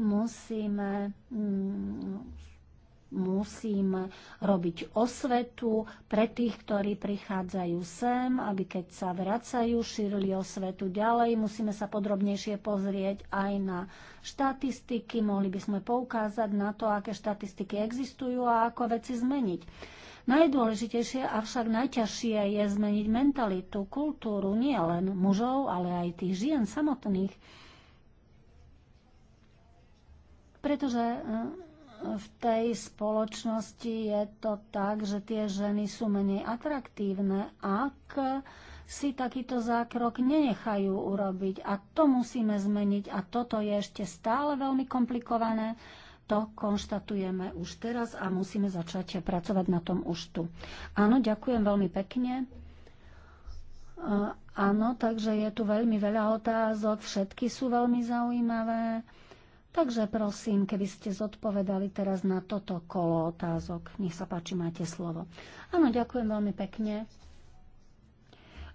[SPEAKER 6] Musíme mm, musíme robiť osvetu pre tých, ktorí prichádzajú sem, aby keď sa vracajú, šírili osvetu ďalej. Musíme sa podrobnejšie pozrieť aj na štatistiky. Mohli by sme poukázať na to, aké štatistiky existujú a ako veci zmeniť. Najdôležitejšie, avšak najťažšie je zmeniť mentalitu, kultúru nie len mužov, ale aj tých žien samotných. Pretože eh, v tej spoločnosti je to tak, že tie ženy sú menej atraktívne, ak si takýto zákrok nenechajú urobiť. A to musíme zmeniť. A toto je ešte stále veľmi komplikované. To konštatujeme už teraz a musíme začať pracovať na tom už tu. Áno, ďakujem veľmi pekne. Áno, takže je tu veľmi veľa otázok, všetky sú veľmi zaujímavé. Takže prosím, keby ste zodpovedali teraz na toto kolo otázok. Nech sa páči, máte slovo. Áno, ďakujem veľmi pekne. E,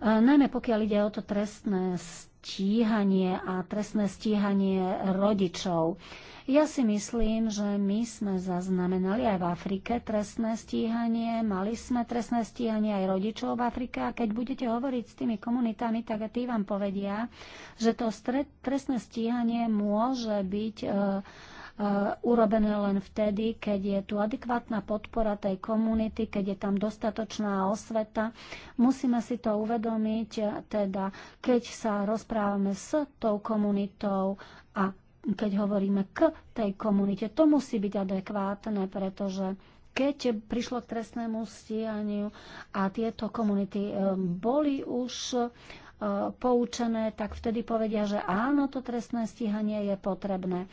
[SPEAKER 6] najmä pokiaľ ide o to trestné stíhanie a trestné stíhanie rodičov. Ja si myslím, že my sme zaznamenali aj v Afrike trestné stíhanie, mali sme trestné stíhanie aj rodičov v Afrike a keď budete hovoriť s tými komunitami, tak tí vám povedia, že to trestné stíhanie môže byť e, e, urobené len vtedy, keď je tu adekvátna podpora tej komunity, keď je tam dostatočná osveta. Musíme si to uvedomiť, e, teda keď sa rozprávame s tou komunitou, keď hovoríme k tej komunite. To musí byť adekvátne, pretože keď prišlo k trestnému stíhaniu a tieto komunity e, boli už e, poučené, tak vtedy povedia, že áno, to trestné stíhanie je potrebné. E,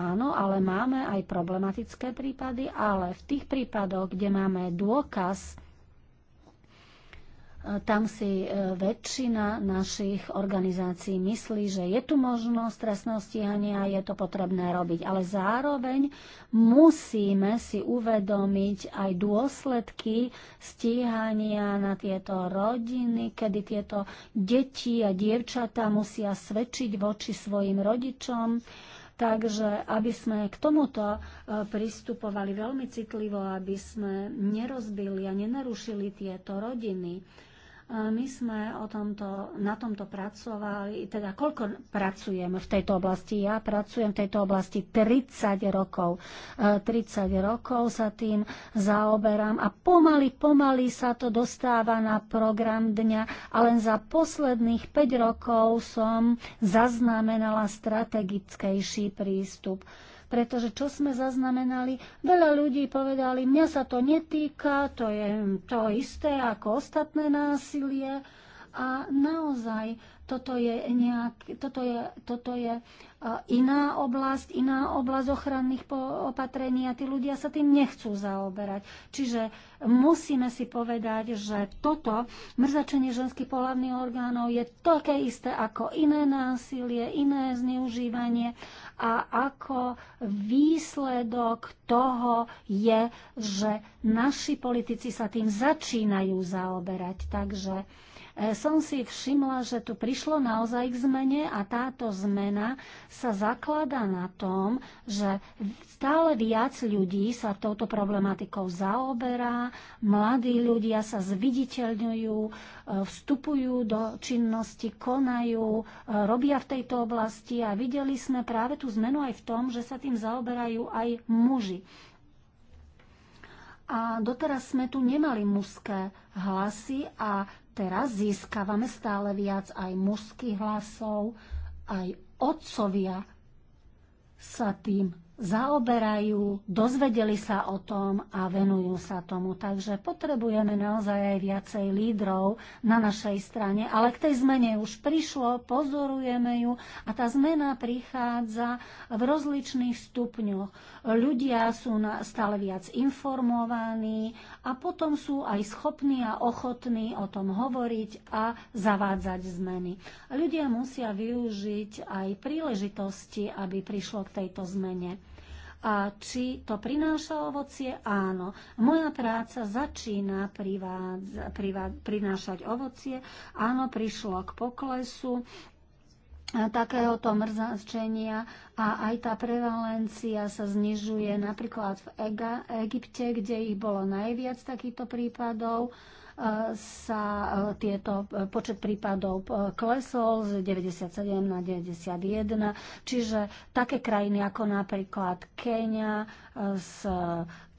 [SPEAKER 6] áno, ale máme aj problematické prípady, ale v tých prípadoch, kde máme dôkaz, tam si e, väčšina našich organizácií myslí, že je tu možnosť trestného stíhania, je to potrebné robiť. Ale zároveň musíme si uvedomiť aj dôsledky stíhania na tieto rodiny, kedy tieto deti a dievčatá musia svedčiť voči svojim rodičom. Takže aby sme k tomuto e, pristupovali veľmi citlivo, aby sme nerozbili a nenarušili tieto rodiny. My sme o tomto, na tomto pracovali, teda koľko pracujem v tejto oblasti? Ja pracujem v tejto oblasti 30 rokov. 30 e, rokov sa tým zaoberám a pomaly, pomaly sa to dostáva na program dňa a len za posledných 5 rokov som zaznamenala strategickejší prístup pretože čo sme zaznamenali, veľa ľudí povedali, mňa sa to netýka, to je to isté ako ostatné násilie a naozaj toto je, nejak, toto je, toto je iná oblasť, iná oblasť ochranných opatrení a tí ľudia sa tým nechcú zaoberať. Čiže musíme si povedať, že toto mrzačenie ženských pohľavných orgánov je také isté ako iné násilie, iné zneužívanie a ako výsledok toho je, že naši politici sa tým začínajú zaoberať. Takže E, som si všimla, že tu prišlo naozaj k zmene a táto zmena sa zaklada na tom, že stále viac ľudí sa touto problematikou zaoberá, mladí ľudia sa zviditeľňujú, e, vstupujú do činnosti, konajú, e, robia v tejto oblasti a videli sme práve tú zmenu aj v tom, že sa tým zaoberajú aj muži. A doteraz sme tu nemali mužské hlasy a teraz získavame stále viac aj mužských hlasov, aj otcovia sa tým zaoberajú, dozvedeli sa o tom a venujú sa tomu. Takže potrebujeme naozaj aj viacej lídrov na našej strane. Ale k tej zmene už prišlo, pozorujeme ju a tá zmena prichádza v rozličných stupňoch. Ľudia sú stále viac informovaní a potom sú aj schopní a ochotní o tom hovoriť a zavádzať zmeny. Ľudia musia využiť aj príležitosti, aby prišlo k tejto zmene. A či to prináša ovocie? Áno. Moja práca začína prinášať ovocie. Áno, prišlo k poklesu e, takéhoto mrzáčenia a aj tá prevalencia sa znižuje napríklad v Ega, Egypte, kde ich bolo najviac takýchto prípadov sa e, tieto e, počet prípadov e, klesol z 97 na 91, čiže také krajiny ako napríklad Kenia z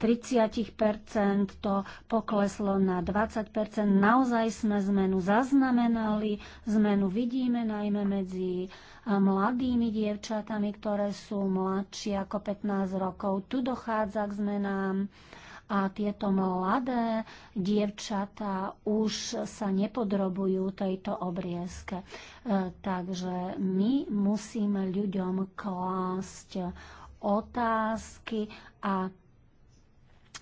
[SPEAKER 6] 30 to pokleslo na 20 Naozaj sme zmenu zaznamenali, zmenu vidíme najmä medzi mladými dievčatami, ktoré sú mladšie ako 15 rokov. Tu dochádza k zmenám a tieto mladé dievčatá už sa nepodrobujú tejto obriezke. E, takže my musíme ľuďom klásť otázky a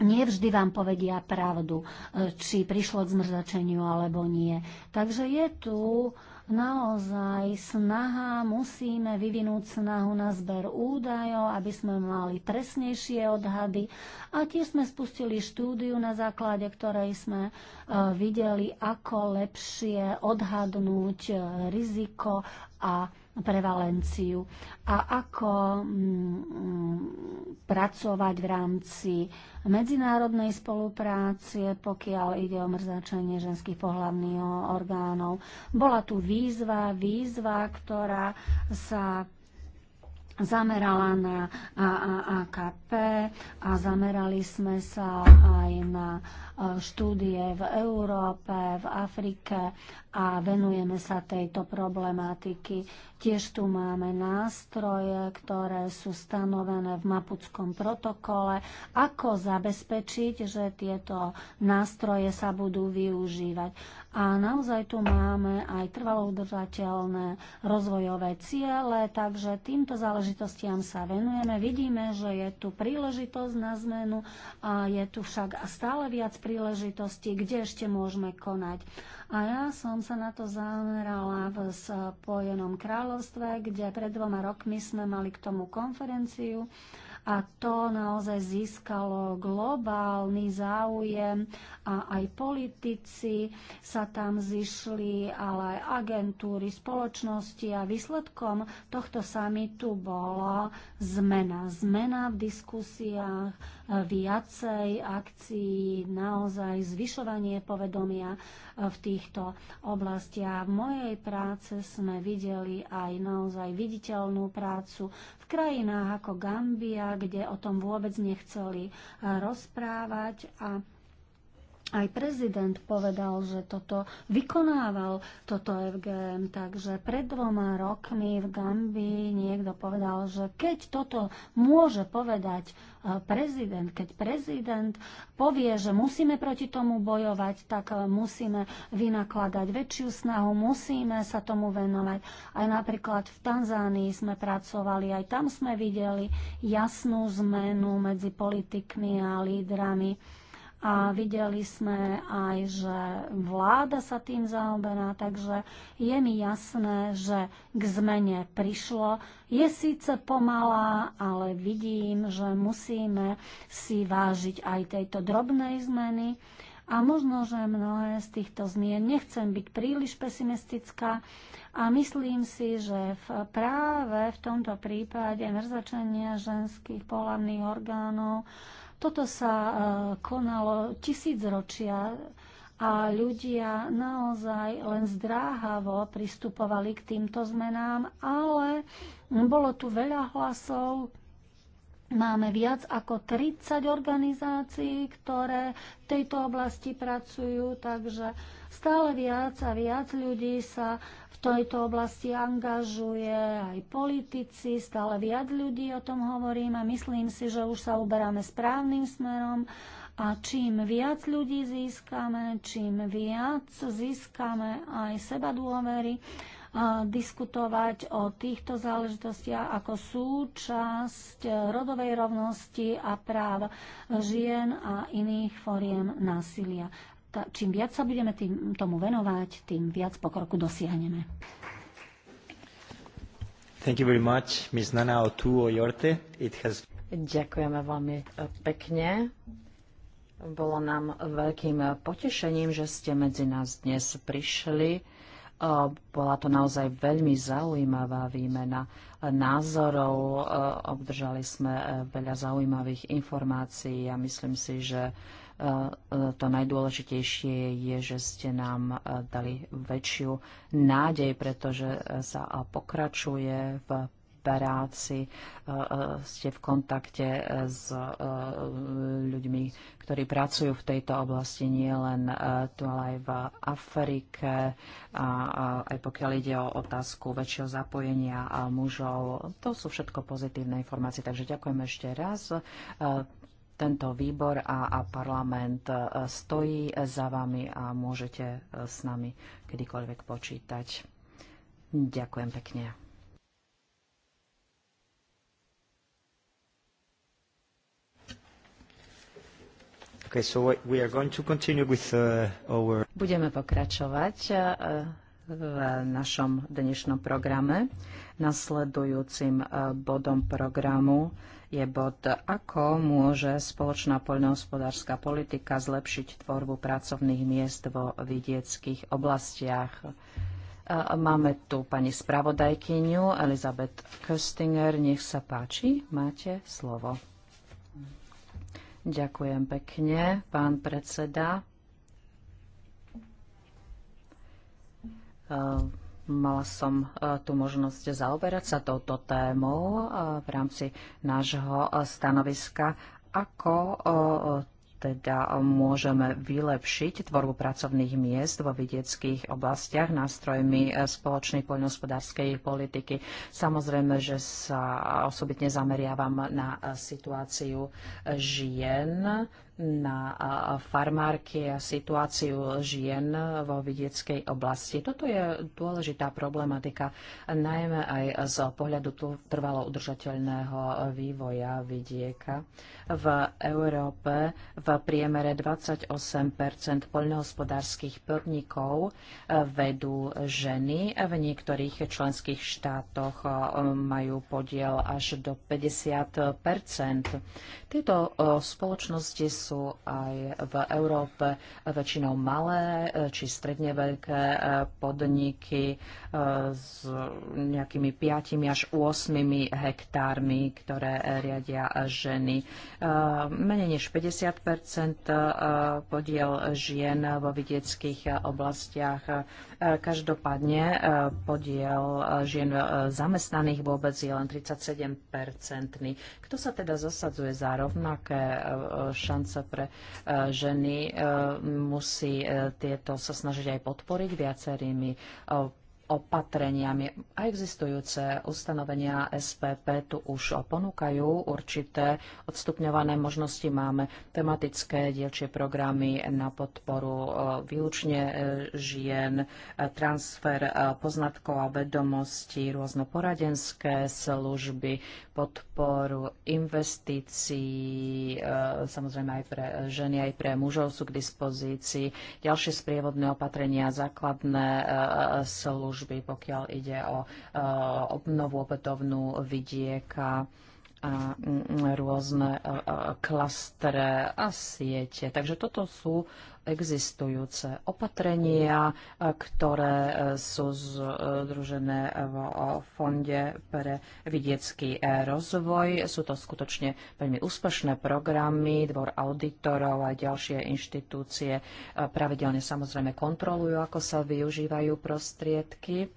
[SPEAKER 6] nevždy vám povedia pravdu, e, či prišlo k zmrzačeniu alebo nie. Takže je tu uh, naozaj snaha, musíme vyvinúť snahu na zber údajov, aby sme mali presnejšie odhady a tiež sme spustili štúdiu, na základe ktorej sme e, videli, ako lepšie odhadnúť e, riziko a prevalenciu a ako mm, pracovať v rámci medzinárodnej spolupráce, pokiaľ ide o mrzačenie ženských pohľavných orgánov. Bola tu výzva, výzva, ktorá sa zamerala na AKP a zamerali sme sa aj na e, štúdie v Európe, v Afrike a venujeme sa tejto problematiky. Tiež tu máme nástroje, ktoré sú stanovené v Mapuckom protokole. Ako zabezpečiť, že tieto nástroje sa budú využívať? A naozaj tu máme aj trvalo udržateľné rozvojové ciele, takže týmto záležitostiam sa venujeme. Vidíme, že je tu príležitosť na zmenu a je tu však stále viac príležitostí, kde ešte môžeme konať. A ja som sa na to zamerala v Spojenom kráľovstve, kde pred dvoma rokmi sme mali k tomu konferenciu a to naozaj získalo globálny záujem a aj politici sa tam zišli, ale aj agentúry, spoločnosti a výsledkom tohto samitu bola zmena. Zmena v diskusiách, viacej akcií, naozaj zvyšovanie povedomia v týchto oblastiach. V mojej práce sme videli aj naozaj viditeľnú prácu v krajinách ako Gambia, kde o tom vôbec nechceli eh, rozprávať a aj prezident povedal, že toto vykonával, toto FGM. Takže pred dvoma rokmi v Gambii niekto povedal, že keď toto môže povedať eh, prezident, keď prezident povie, že musíme proti tomu bojovať, tak eh, musíme vynakladať väčšiu snahu, musíme sa tomu venovať. Aj napríklad v Tanzánii sme pracovali, aj tam sme videli jasnú zmenu medzi politikmi a lídrami a videli sme aj, že vláda sa tým zaoberá, takže je mi jasné, že k zmene prišlo. Je síce pomalá, ale vidím, že musíme si vážiť aj tejto drobnej zmeny. A možno, že mnohé z týchto zmien, nechcem byť príliš pesimistická, a myslím si, že v, práve v tomto prípade mrzačenia ženských pohľavných orgánov toto sa e, konalo tisícročia a ľudia naozaj len zdráhavo pristupovali k týmto zmenám, ale bolo tu veľa hlasov. Máme viac ako 30 organizácií, ktoré v tejto oblasti pracujú, takže Stále viac a viac ľudí sa v tejto oblasti angažuje, aj politici, stále viac ľudí o tom hovorím a myslím si, že už sa uberáme správnym smerom a čím viac ľudí získame, čím viac získame aj seba dôvery, diskutovať o týchto záležitostiach ako súčasť rodovej rovnosti a práv žien a iných foriem násilia tá, čím viac sa budeme tým, tomu venovať,
[SPEAKER 3] tým viac pokroku dosiahneme.
[SPEAKER 1] Thank you very much, Ms. Nana Otuo Yorte. It has...
[SPEAKER 3] Ďakujeme veľmi e, pekne. Bolo nám veľkým e, potešením, že ste medzi nás dnes prišli. E, bola to naozaj veľmi zaujímavá výmena názorov. Obdržali sme veľa zaujímavých informácií a myslím si, že E, e, to najdôležitejšie je, že ste nám e, dali väčšiu nádej, pretože sa pokračuje v operácii, ste v kontakte s ľuďmi, ktorí pracujú v tejto oblasti nielen tu, ale aj v Afrike, a aj pokiaľ ide o otázku väčšieho zapojenia mužov. To sú všetko pozitívne informácie, takže ďakujem ešte raz tento výbor a, a parlament e, stojí za vami a môžete e, s nami kedykoľvek počítať. Ďakujem pekne.
[SPEAKER 1] Okay, so we are going to continue with uh, our...
[SPEAKER 3] Budeme pokračovať uh, v našom dnešnom programe. Nasledujúcim bodom programu je bod, ako môže spoločná poľnohospodárska politika zlepšiť tvorbu pracovných miest vo vidieckých oblastiach. E, máme tu pani spravodajkyňu Elizabeth Köstinger. Nech sa páči, máte slovo. Ďakujem pekne, pán predseda. Uh, Mala som e, tu možnosť zaoberať sa touto témou e, v rámci nášho e, stanoviska, ako teda môžeme vylepšiť tvorbu pracovných miest vo vidieckých oblastiach nástrojmi spoločnej poľnohospodárskej politiky. Samozrejme, že sa osobitne zameriavam na situáciu žien na farmárky a situáciu žien vo vidieckej oblasti. Toto je dôležitá problematika, najmä aj z pohľadu trvalo udržateľného vývoja vidieka. V Európe v priemere 28 poľnohospodárskych podnikov vedú ženy. V niektorých členských štátoch majú podiel až do 50 Tieto spoločnosti sú aj v Európe väčšinou malé e, či stredne veľké e, podniky e, s nejakými 5 až 8 hektármi, ktoré riadia ženy. Menej než 50 podiel žien vo vidieckých oblastiach. Každopádne podiel žien zamestnaných vôbec je len 37 percentný. Kto sa teda zasadzuje za rovnaké šance dokonca pre e, ženy e, musí e, tieto sa snažiť aj podporiť viacerými opatreniami. A existujúce ustanovenia SPP tu už ponúkajú určité odstupňované možnosti. Máme tematické dielčie programy na podporu e, výlučne e, žien, e, transfer poznatkov a vedomostí, rôzno poradenské služby, podporu investícií, samozrejme aj pre ženy, aj pre mužov sú k dispozícii. Ďalšie sprievodné opatrenia, základné služby služby, pokiaľ ide o eh, obnovu opätovnú vidieka a mm, rôzne eh, eh, klastre a siete. Takže toto sú existujúce opatrenia, ktoré e, sú združené v e, Fonde pre vidiecký e, rozvoj. Sú to skutočne veľmi úspešné programy, dvor auditorov a ďalšie inštitúcie pravidelne samozrejme kontrolujú, ako sa využívajú prostriedky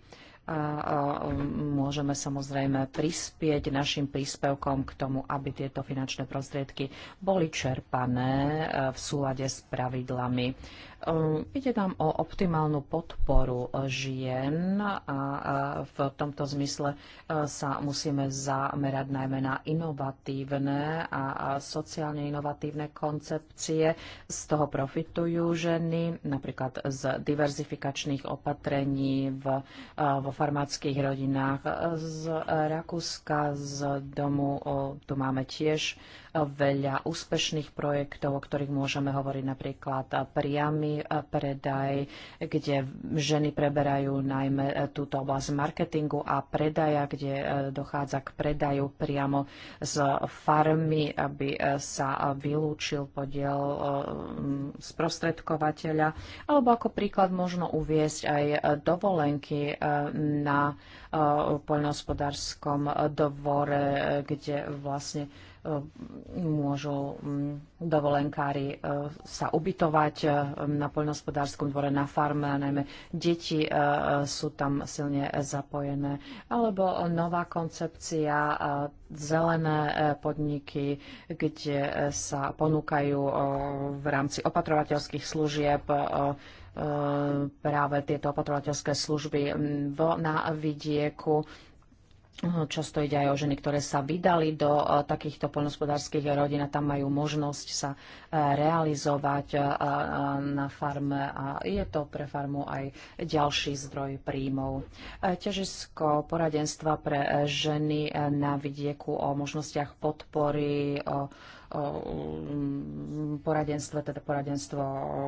[SPEAKER 3] a môžeme samozrejme prispieť našim príspevkom k tomu, aby tieto finančné prostriedky boli čerpané e, v súlade s pravidlami. Ehm, ide tam o optimálnu podporu žien a v tomto zmysle e, sa musíme zamerať najmä na inovatívne a sociálne inovatívne koncepcie. Z toho profitujú ženy napríklad z diverzifikačných opatrení v, e, vo farmáckých rodinách z Rakúska, z domu. Tu máme tiež veľa úspešných projektov, o ktorých môžeme hovoriť napríklad priamy predaj, kde ženy preberajú najmä e, túto oblasť marketingu a predaja, kde e, dochádza k predaju priamo z farmy, aby e, sa vylúčil podiel sprostredkovateľa. Alebo ako príklad možno uviesť aj dovolenky na poľnohospodárskom dvore, kde vlastne E, môžu mm, dovolenkári e, sa ubytovať e, na poľnohospodárskom dvore, na farme, najmä deti sú tam silne zapojené. Alebo nová koncepcia zelené podniky, kde sa ponúkajú v rámci opatrovateľských služieb práve tieto opatrovateľské služby na vidieku No, Často ide aj o ženy, ktoré sa vydali do e, takýchto poľnospodárskych rodín a tam majú možnosť sa e, realizovať e, na farme a je to pre farmu aj ďalší zdroj príjmov. Ťažisko poradenstva pre ženy na vidieku o možnostiach podpory, o Mm, poradenstve, teda poradenstvo o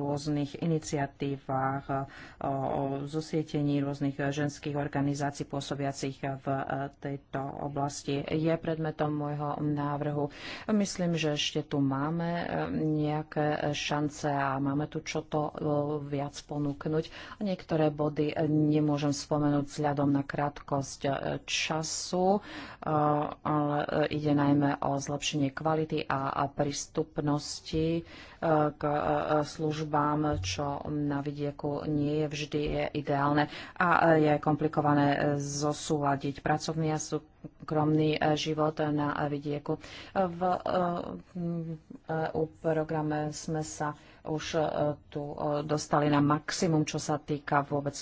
[SPEAKER 3] rôznych iniciatívach, o zosietení rôznych ženských organizácií pôsobiacich v e, tejto oblasti je predmetom môjho návrhu. Myslím, že ešte tu máme e, nejaké šance a máme tu čo to e, viac ponúknuť. Niektoré body nemôžem spomenúť vzhľadom na krátkosť času, ale ide najmä o zlepšenie zlepšenie kvality a prístupnosti e, k e, službám, čo na vidieku nie je vždy ideálne a e, je komplikované zosúľadiť pracovný a súkromný skromný e, život na e, vidieku. V EU e programe sme sa už tu dostali na maximum, čo sa týka vôbec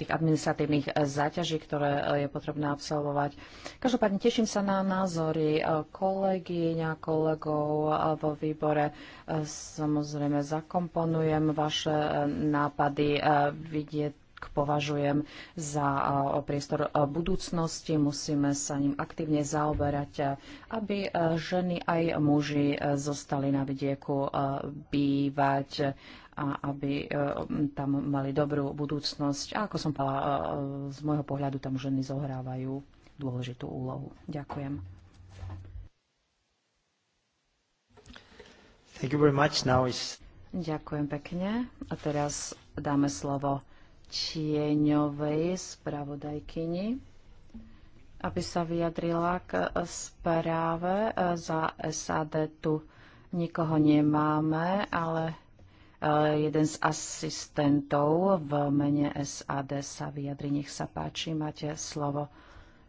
[SPEAKER 3] tých administratívnych záťaží, ktoré je potrebné absolvovať. Každopádne teším sa na názory kolegyň a kolegov vo výbore. Samozrejme zakomponujem vaše nápady. Vidieť považujem za priestor budúcnosti. Musíme sa ním aktívne zaoberať, aby ženy aj muži zostali na vidieku bývať a aby tam mali dobrú budúcnosť. A ako som povedala, z môjho pohľadu tam ženy zohrávajú dôležitú úlohu. Ďakujem.
[SPEAKER 1] Thank you very much. Now is...
[SPEAKER 3] Ďakujem pekne. A teraz dáme slovo tieňovej spravodajkyni, aby sa vyjadrila k správe za SAD. Tu nikoho nemáme, ale e, jeden z asistentov v mene SAD sa vyjadri. Nech sa páči, máte slovo.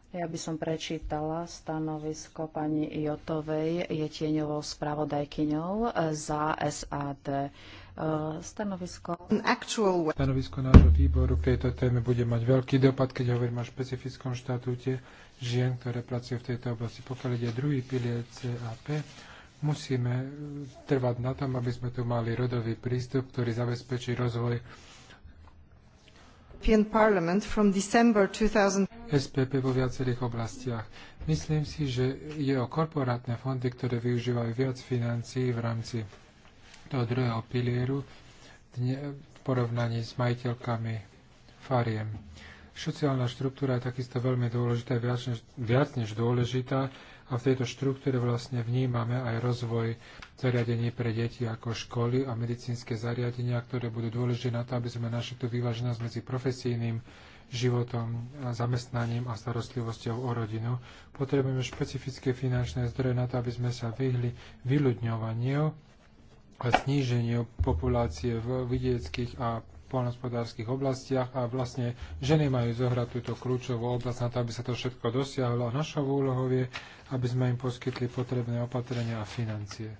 [SPEAKER 3] Ja by som prečítala stanovisko pani Jotovej, je tieňovou spravodajkyňou e, za SAD. E, stanovisko.
[SPEAKER 2] Stanovisko nášho výboru k tejto téme bude mať veľký dopad, keď hovorím o špecifickom štatúte žien, ktoré pracujú v tejto oblasti. Pokiaľ ide druhý pilier CAP, musíme e, trvať na tom, aby sme tu mali rodový prístup, ktorý zabezpečí rozvoj SPP vo viacerých oblastiach. Myslím si, že je o korporátne fondy, ktoré využívajú viac financií v rámci toho druhého pilieru v porovnaní s majiteľkami fariem. Sociálna štruktúra je takisto veľmi dôležitá, viac než, viac než dôležitá a v tejto štruktúre vlastne vnímame aj rozvoj zariadení pre deti ako školy a medicínske zariadenia, ktoré budú dôležité na to, aby sme našli tú vyváženosť medzi profesijným životom, zamestnaním a starostlivosťou o rodinu. Potrebujeme špecifické finančné zdroje na to, aby sme sa vyhli vyľudňovaniu a sníženiu populácie v vidieckých a poľnohospodárských oblastiach a vlastne ženy majú zohrať túto kľúčovú oblasť na to, aby sa to všetko dosiahlo. A našou úlohou je, aby sme im poskytli potrebné opatrenia a financie.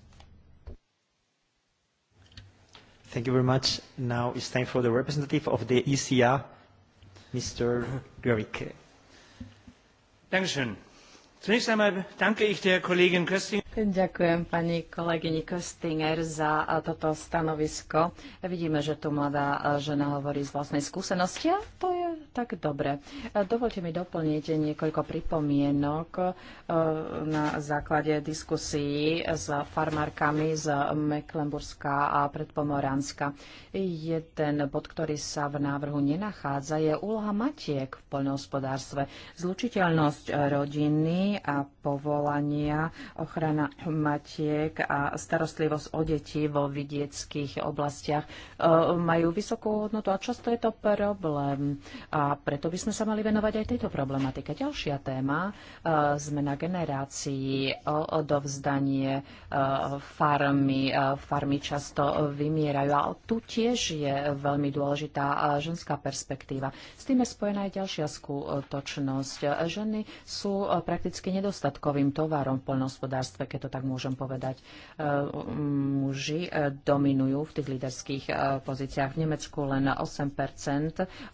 [SPEAKER 1] Thank you very much. Now it's time for the representative of the ECR, Mr. Gericke.
[SPEAKER 2] Dankeschön.
[SPEAKER 3] Zunächst einmal danke ich der Kollegin Kösting. Ďakujem pani kolegyni Köstinger za toto stanovisko. Vidíme, že tu mladá žena hovorí z vlastnej skúsenosti a to je tak dobre. Dovolte mi doplniť niekoľko pripomienok na základe diskusí s farmárkami z Mecklenburska a Predpomoránska. Jeden bod, ktorý sa v návrhu nenachádza, je úloha matiek v poľnohospodárstve. Zlučiteľnosť rodiny a povolania, ochrana matiek a starostlivosť o deti vo vidieckých oblastiach e, majú vysokú hodnotu a často je to problém. A preto by sme sa mali venovať aj tejto problematike. Ďalšia téma, e, zmena generácií, odovzdanie e, farmy. Farmy často vymierajú a tu tiež je veľmi dôležitá ženská perspektíva. S tým je spojená aj ďalšia skutočnosť. Ženy sú prakticky nedostatkovým tovarom v poľnohospodárstve, keď to tak môžem povedať. E, muži e, dominujú v tých líderských e, pozíciách. V Nemecku len 8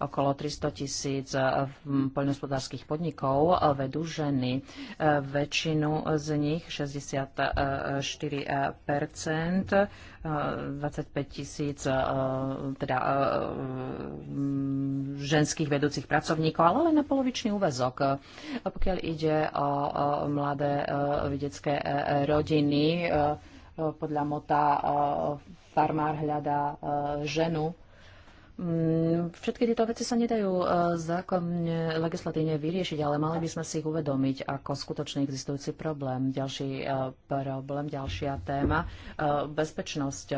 [SPEAKER 3] okolo 300 tisíc poľnohospodárských podnikov vedú ženy. Väčšinu z nich, 64 25 tisíc e, teda, e, ženských vedúcich pracovníkov, ale len na polovičný úvezok. Pokiaľ ide o mladé e, vedecké rodiny, podľa mota farmár hľadá ženu, Mm, všetky tieto veci sa nedajú e, zákonne, legislatívne vyriešiť, ale mali by sme si ich uvedomiť ako skutočný existujúci problém. Ďalší e, problém, ďalšia téma, e, bezpečnosť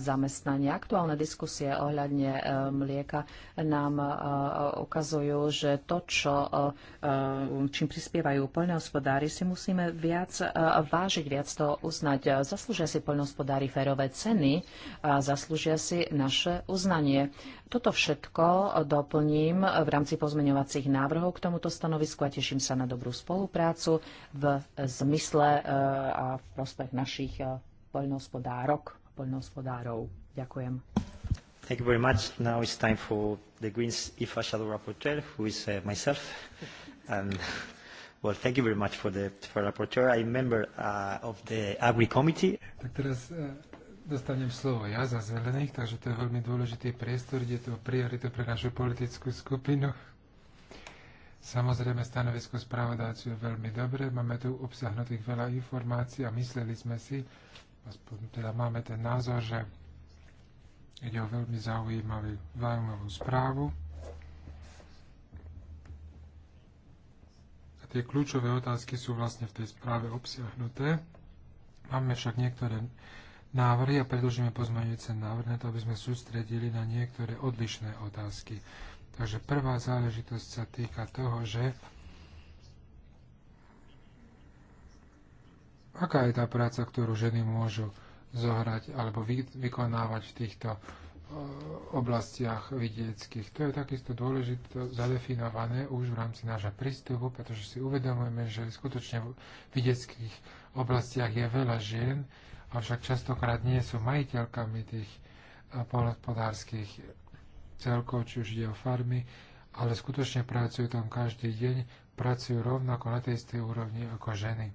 [SPEAKER 3] zamestnania. Aktuálne diskusie ohľadne mlieka nám ukazujú, že to, čo, čím prispievajú poľnohospodári, si musíme viac vážiť, viac to uznať. Zaslúžia si poľnohospodári férové ceny a zaslúžia si naše uznanie podobne. Toto všetko doplním v rámci pozmeňovacích návrhov k tomuto stanovisku a teším sa na dobrú spoluprácu v zmysle e, a v prospech našich e, poľnohospodárok a poľnohospodárov. Ďakujem.
[SPEAKER 1] Thank you very much. Now it's time for the Greens IFA Shadow Rapporteur, who is uh, myself. And Well, thank you very much for the for rapporteur. I'm a member uh, of the Agri Committee.
[SPEAKER 2] Tak teraz uh, dostanem slovo ja za zelených, takže to je veľmi dôležitý priestor, kde to prioritu pre našu politickú skupinu. Samozrejme, stanovisko spravodajcu je veľmi dobré. Máme tu obsahnutých veľa informácií a mysleli sme si, aspoň teda máme ten názor, že
[SPEAKER 4] ide o veľmi zaujímavú, zaujímavú správu.
[SPEAKER 2] A tie kľúčové otázky sú vlastne v tej správe obsiahnuté. Máme však niektoré návrhy a predložíme pozmeňujúce návrhy na to, aby sme sústredili na niektoré odlišné otázky. Takže prvá záležitosť sa týka toho, že aká je tá práca, ktorú ženy môžu zohrať alebo vy, vykonávať v týchto e, oblastiach vidieckých. To je takisto dôležité zadefinované už v rámci nášho prístupu, pretože si uvedomujeme, že skutočne v vidieckých oblastiach je veľa žien, avšak častokrát nie sú majiteľkami tých eh, polnospodárských celkov, či už ide o farmy, ale skutočne pracujú tam každý deň, pracujú rovnako na tej istej úrovni ako ženy.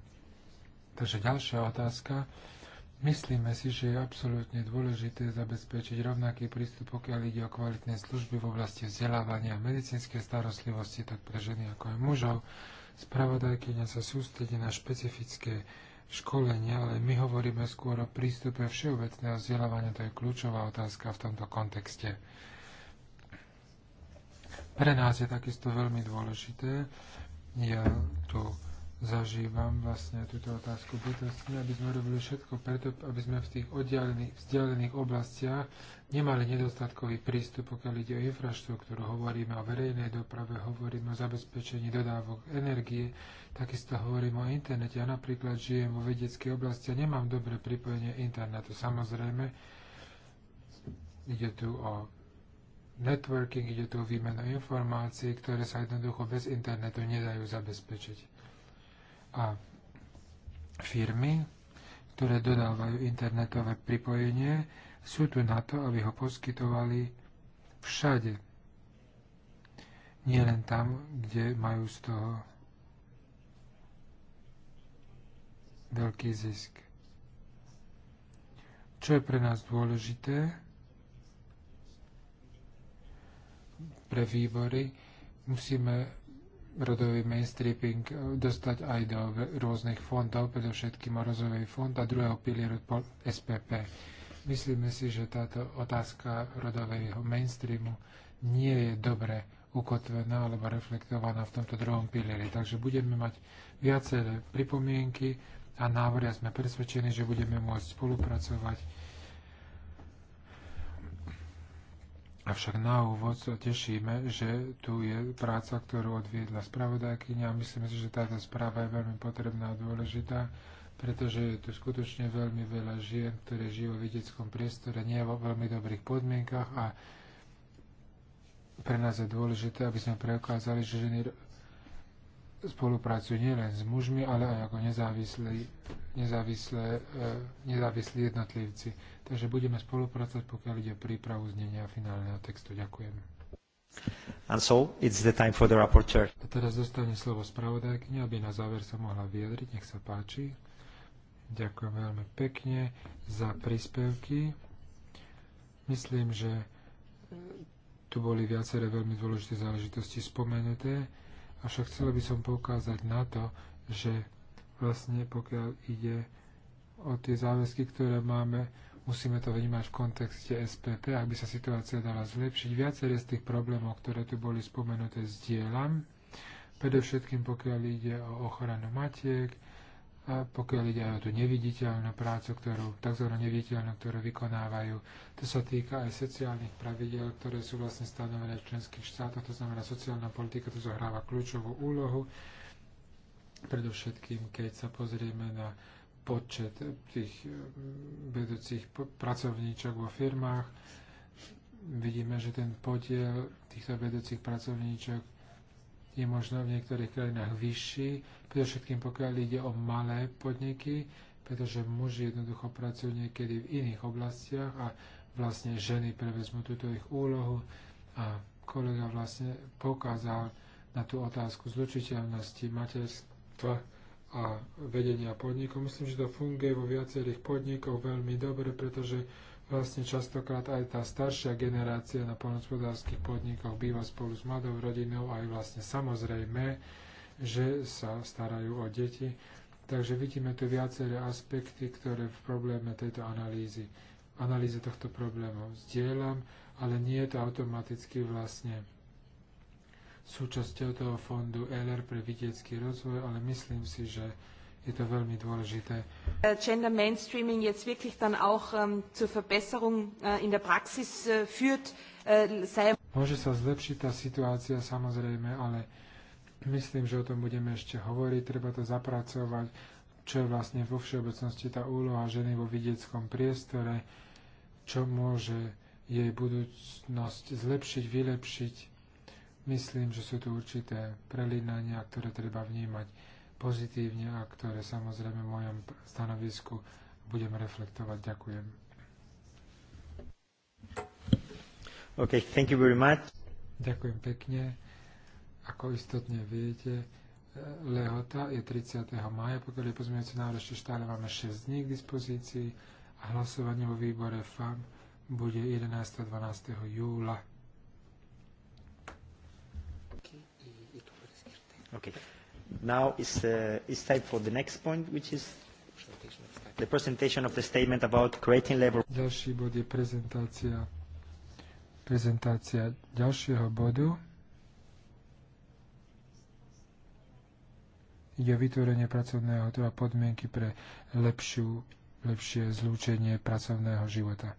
[SPEAKER 2] Takže ďalšia otázka. Myslíme si, že je absolútne dôležité zabezpečiť rovnaký prístup, pokiaľ ide o kvalitné služby v oblasti vzdelávania a medicínskej starostlivosti, tak pre ženy ako aj mužov. Spravodajkyňa sa sústredí na špecifické školenia, ale my hovoríme skôr o prístupe všeobecného vzdelávania. To je kľúčová otázka v tomto kontexte. Pre nás je takisto veľmi dôležité. je tu zažívam vlastne túto otázku bytostne, aby sme robili všetko preto, aby sme v tých oddialených, vzdialených oblastiach nemali nedostatkový prístup, pokiaľ ide o infraštruktúru. Hovoríme o verejnej doprave, hovoríme o zabezpečení dodávok energie, takisto hovoríme o internete. Ja napríklad žijem vo vedeckej oblasti a nemám dobré pripojenie internetu. Samozrejme, ide tu o networking, ide tu o výmenu informácií, ktoré sa jednoducho bez internetu nedajú zabezpečiť a firmy, ktoré dodávajú internetové pripojenie, sú tu na to, aby ho poskytovali všade. Nie len tam, kde majú z toho veľký zisk. Čo je pre nás dôležité? Pre výbory musíme rodový mainstreaming eh, dostať aj do rôznych fondov, predovšetkým rozvojový fond a druhého pilieru SPP. Myslíme si, že táto otázka rodového mainstreamu nie je dobre ukotvená alebo reflektovaná v tomto druhom pilieri. Takže budeme mať viaceré pripomienky a návrhy a sme presvedčení, že budeme môcť spolupracovať Avšak na úvod sa tešíme, že tu je práca, ktorú odviedla spravodajkyňa a si, že táto správa je veľmi potrebná a dôležitá, pretože je tu skutočne veľmi veľa žien, ktoré žijú v vedeckom priestore, nie vo veľmi dobrých podmienkach a pre nás je dôležité, aby sme preukázali, že ženy spolupracujú nielen s mužmi, ale aj ako nezávislí, e, nezávislí jednotlivci. Takže budeme spolupracovať, pokiaľ ide o prípravu znenia finálneho textu. Ďakujem.
[SPEAKER 1] And so it's the time for the rapporteur.
[SPEAKER 2] A teraz dostane slovo spravodajkyňa, aby na záver sa mohla vyjadriť. Nech sa páči. Ďakujem veľmi pekne za príspevky. Myslím, že tu boli viaceré veľmi dôležité záležitosti spomenuté Avšak chcela by som poukázať na to, že vlastne pokiaľ ide o tie záväzky, ktoré máme, musíme to vnímať v kontexte SPP, ak by sa situácia dala zlepšiť. Viaceré z tých problémov, ktoré tu boli spomenuté, sdielam. Predovšetkým pokiaľ ide o ochranu matiek, a pokiaľ ide aj o tú neviditeľnú prácu, ktorú, tzv. neviditeľnú, ktorú vykonávajú. To sa týka aj sociálnych pravidel, ktoré sú vlastne stanovené v členských štátoch, to znamená sociálna politika to zohráva kľúčovú úlohu, predovšetkým keď sa pozrieme na počet tých eh, vedúcich pracovníčok vo firmách, vidíme, že ten podiel týchto vedúcich pracovníčok je možno v niektorých krajinách vyšší, predovšetkým pokiaľ ide o malé podniky, pretože muži jednoducho pracujú niekedy v iných oblastiach a vlastne ženy prevezmú túto ich úlohu a kolega vlastne pokázal na tú otázku zlučiteľnosti materstva a vedenia podnikov. Myslím, že to funguje vo viacerých podnikoch veľmi dobre, pretože vlastne častokrát aj tá staršia generácia na polnospodárských podnikoch býva spolu s mladou rodinou a je vlastne samozrejme, že sa starajú o deti. Takže vidíme tu viaceré aspekty, ktoré v probléme tejto analýzy, analýze tohto problému zdieľam, ale nie je to automaticky vlastne súčasťou toho fondu LR pre vidiecký rozvoj, ale myslím si, že je to veľmi dôležité.
[SPEAKER 5] Äh, Gender Mainstreaming jetzt wirklich
[SPEAKER 3] dann auch um, zur Verbesserung uh, in der Praxis uh, führt. Uh, sei...
[SPEAKER 2] Môže sa zlepšiť tá situácia samozrejme, ale myslím, že o tom budeme ešte hovoriť, treba to zapracovať, čo je vlastne vo všeobecnosti tá úloha ženy vo vidieckom priestore, čo môže jej budúcnosť zlepšiť, vylepšiť. Myslím, že sú tu určité prelinania, ktoré treba vnímať pozitívne a ktoré samozrejme v mojom stanovisku budem reflektovať. Ďakujem.
[SPEAKER 1] Okay, thank you very much.
[SPEAKER 2] Ďakujem pekne. Ako istotne viete, e, lehota je 30. maja, pokiaľ je pozmeňujúci návrh, ešte stále máme 6 dní k dispozícii a hlasovanie vo výbore FAM bude 11. a 12. júla.
[SPEAKER 1] Okay now it's, uh, it's time for the next point, which is the presentation of the statement about
[SPEAKER 2] creating labor. Ďalší bod je prezentácia, prezentácia ďalšieho bodu. Ide o vytvorenie pracovného trhu a podmienky pre lepšiu, lepšie zlúčenie pracovného života.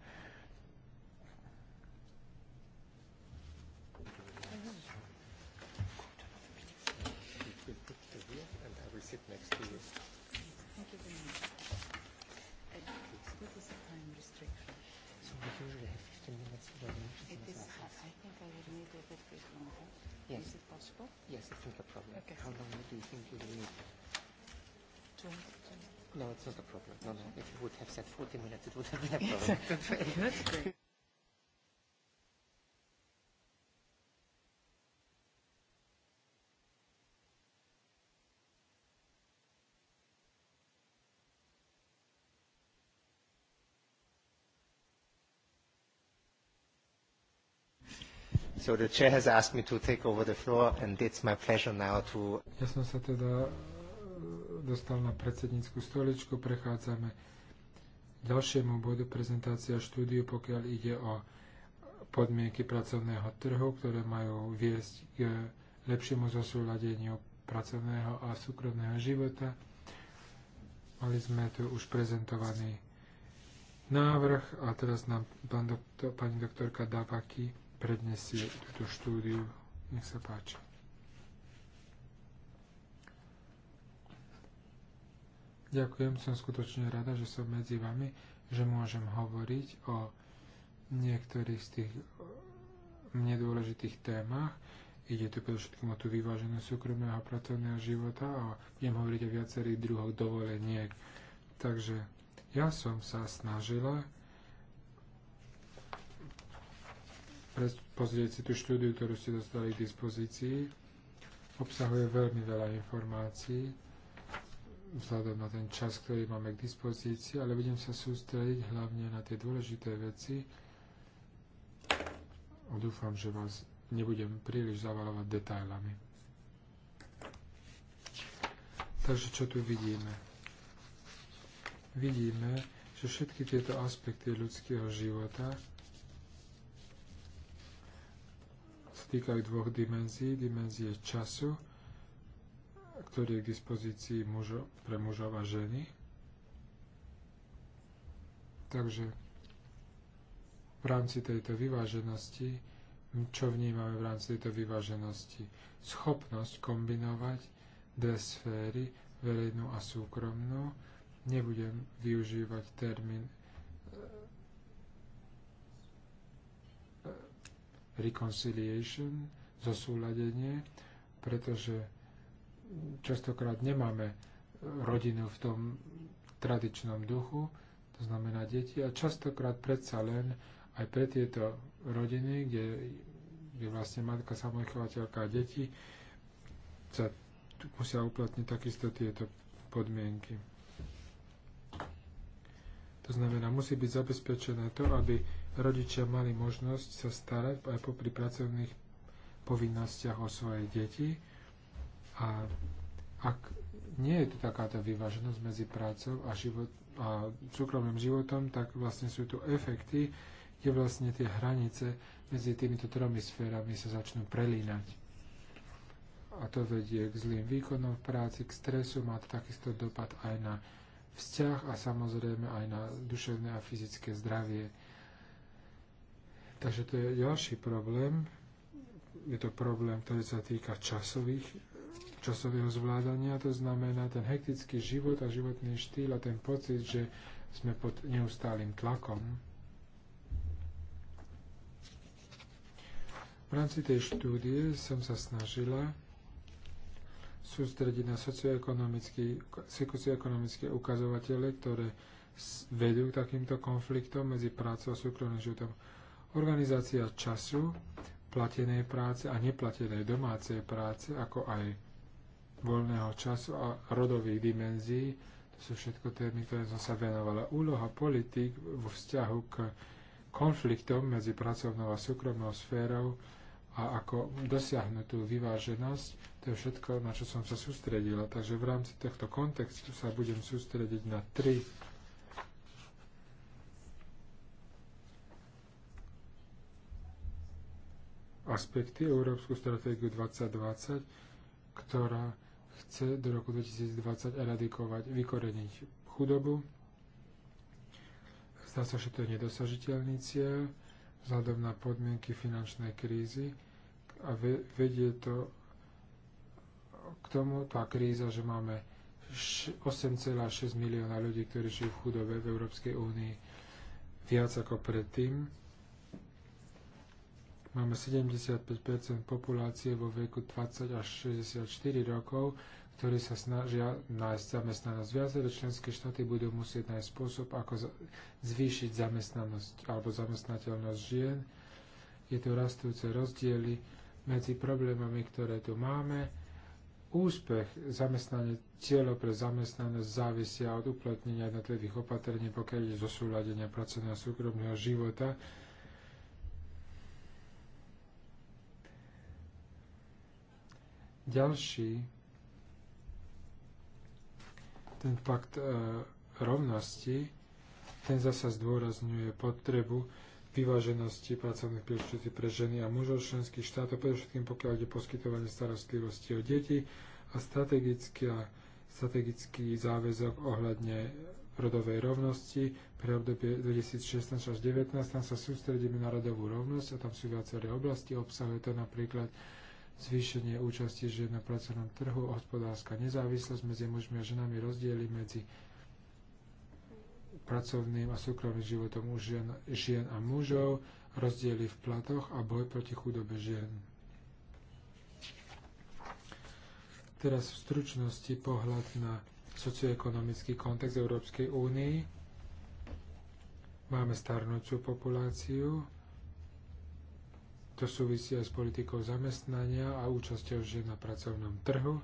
[SPEAKER 1] No, it's not a problem. No, no. If you would have said 40 minutes, it would have been a problem. <laughs> That's great. So the chair has asked me to take over the floor and it's my pleasure now to...
[SPEAKER 2] Ja som sa teda dostal na predsednícku stoličku. Prechádzame k ďalšiemu bodu prezentácia štúdiu, pokiaľ ide o podmienky pracovného trhu, ktoré majú viesť k lepšiemu zosúľadeniu pracovného a súkromného života. Mali sme tu už prezentovaný návrh a teraz nám pán doktor, pani doktorka Dabaki prednesie túto štúdiu. Nech sa páči. Ďakujem, som skutočne rada, že som medzi vami, že môžem hovoriť o niektorých z tých nedôležitých dôležitých témach. Ide tu predovšetkým o tú vyváženú súkromného pracovného života a budem hovoriť o viacerých druhoch dovoleniek. Takže ja som sa snažila pozrieť si tú štúdiu, ktorú ste dostali k dispozícii. Obsahuje veľmi veľa informácií vzhľadom na ten čas, ktorý máme k dispozícii, ale budem sa sústrediť hlavne na tie dôležité veci. A dúfam, že vás nebudem príliš zavalovať detailami. Takže čo tu vidíme? Vidíme, že všetky tieto aspekty ľudského života sa týkajú dvoch dimenzií. Dimenzie času, ktorý je k dispozícii mužo, pre mužov a ženy. Takže v rámci tejto vyváženosti, čo vnímame v rámci tejto vyváženosti? Schopnosť kombinovať dve sféry, verejnú a súkromnú. Nebudem využívať termín eh, eh, reconciliation, zosúladenie, pretože častokrát nemáme rodinu v tom tradičnom duchu, to znamená deti, a častokrát predsa len aj pre tieto rodiny, kde je vlastne matka samochovateľka a deti, sa musia uplatniť takisto tieto podmienky. To znamená, musí byť zabezpečené to, aby rodičia mali možnosť sa starať aj pri pracovných povinnostiach o svoje deti, a ak nie je tu takáto vyváženosť medzi prácou a, život, a súkromným životom, tak vlastne sú tu efekty, kde vlastne tie hranice medzi týmito tromi sférami sa začnú prelínať. A to vedie k zlým výkonom v práci, k stresu, má to takisto dopad aj na vzťah a samozrejme aj na duševné a fyzické zdravie. Takže to je ďalší problém. Je to problém, ktorý sa týka časových časového zvládania, to znamená ten hektický život a životný štýl a ten pocit, že sme pod neustálým tlakom. V rámci tej štúdie som sa snažila sústrediť na socioekonomické, ukazovatele, ktoré vedú k takýmto konfliktom medzi prácou a súkromným životom. Organizácia času, platenej práce a neplatenej domácej práce, ako aj voľného času a rodových dimenzií. To sú všetko témy, ktoré som sa venovala. Úloha politik vo vzťahu k konfliktom medzi pracovnou a súkromnou sférou a ako dosiahnuť tú vyváženosť, to je všetko, na čo som sa sústredila. Takže v rámci tohto kontextu sa budem sústrediť na tri aspekty Európsku stratégiu 2020, ktorá chce do roku 2020 eradikovať, vykoreniť chudobu. Zdá sa, že to je nedosažiteľný cieľ vzhľadom na podmienky finančnej krízy a vedie to k tomu tá kríza, že máme 8,6 milióna ľudí, ktorí žijú v chudobe v Európskej únii viac ako predtým Máme 75 populácie vo veku 20 až 64 rokov, ktorí sa snažia nájsť zamestnanosť. Viaceré členské štáty budú musieť nájsť spôsob, ako zvýšiť zamestnanosť alebo zamestnateľnosť žien. Je tu rastúce rozdiely medzi problémami, ktoré tu máme. Úspech zamestnateľov pre zamestnanosť závisia od uplatnenia jednotlivých opatrení, pokiaľ je zosúladenia pracovného súkromného života Ďalší ten fakt e, rovnosti, ten zasa zdôrazňuje potrebu vyváženosti pracovných príležitostí pre ženy a mužov členských štátov, predovšetkým pokiaľ ide poskytovanie starostlivosti o deti a strategický záväzok ohľadne rodovej rovnosti pre obdobie 2016 až 2019. Tam sa sústredíme na rodovú rovnosť a tam sú viaceré oblasti. Obsahuje to napríklad zvýšenie účasti žien na pracovnom trhu, hospodárska nezávislosť medzi mužmi a ženami, rozdiely medzi pracovným a súkromným životom u žien, žien a mužov, rozdiely v platoch a boj proti chudobe žien. Teraz v stručnosti pohľad na socioekonomický kontext Európskej únii. Máme starnúcu populáciu, to súvisí aj s politikou zamestnania a účasťou žien na pracovnom trhu.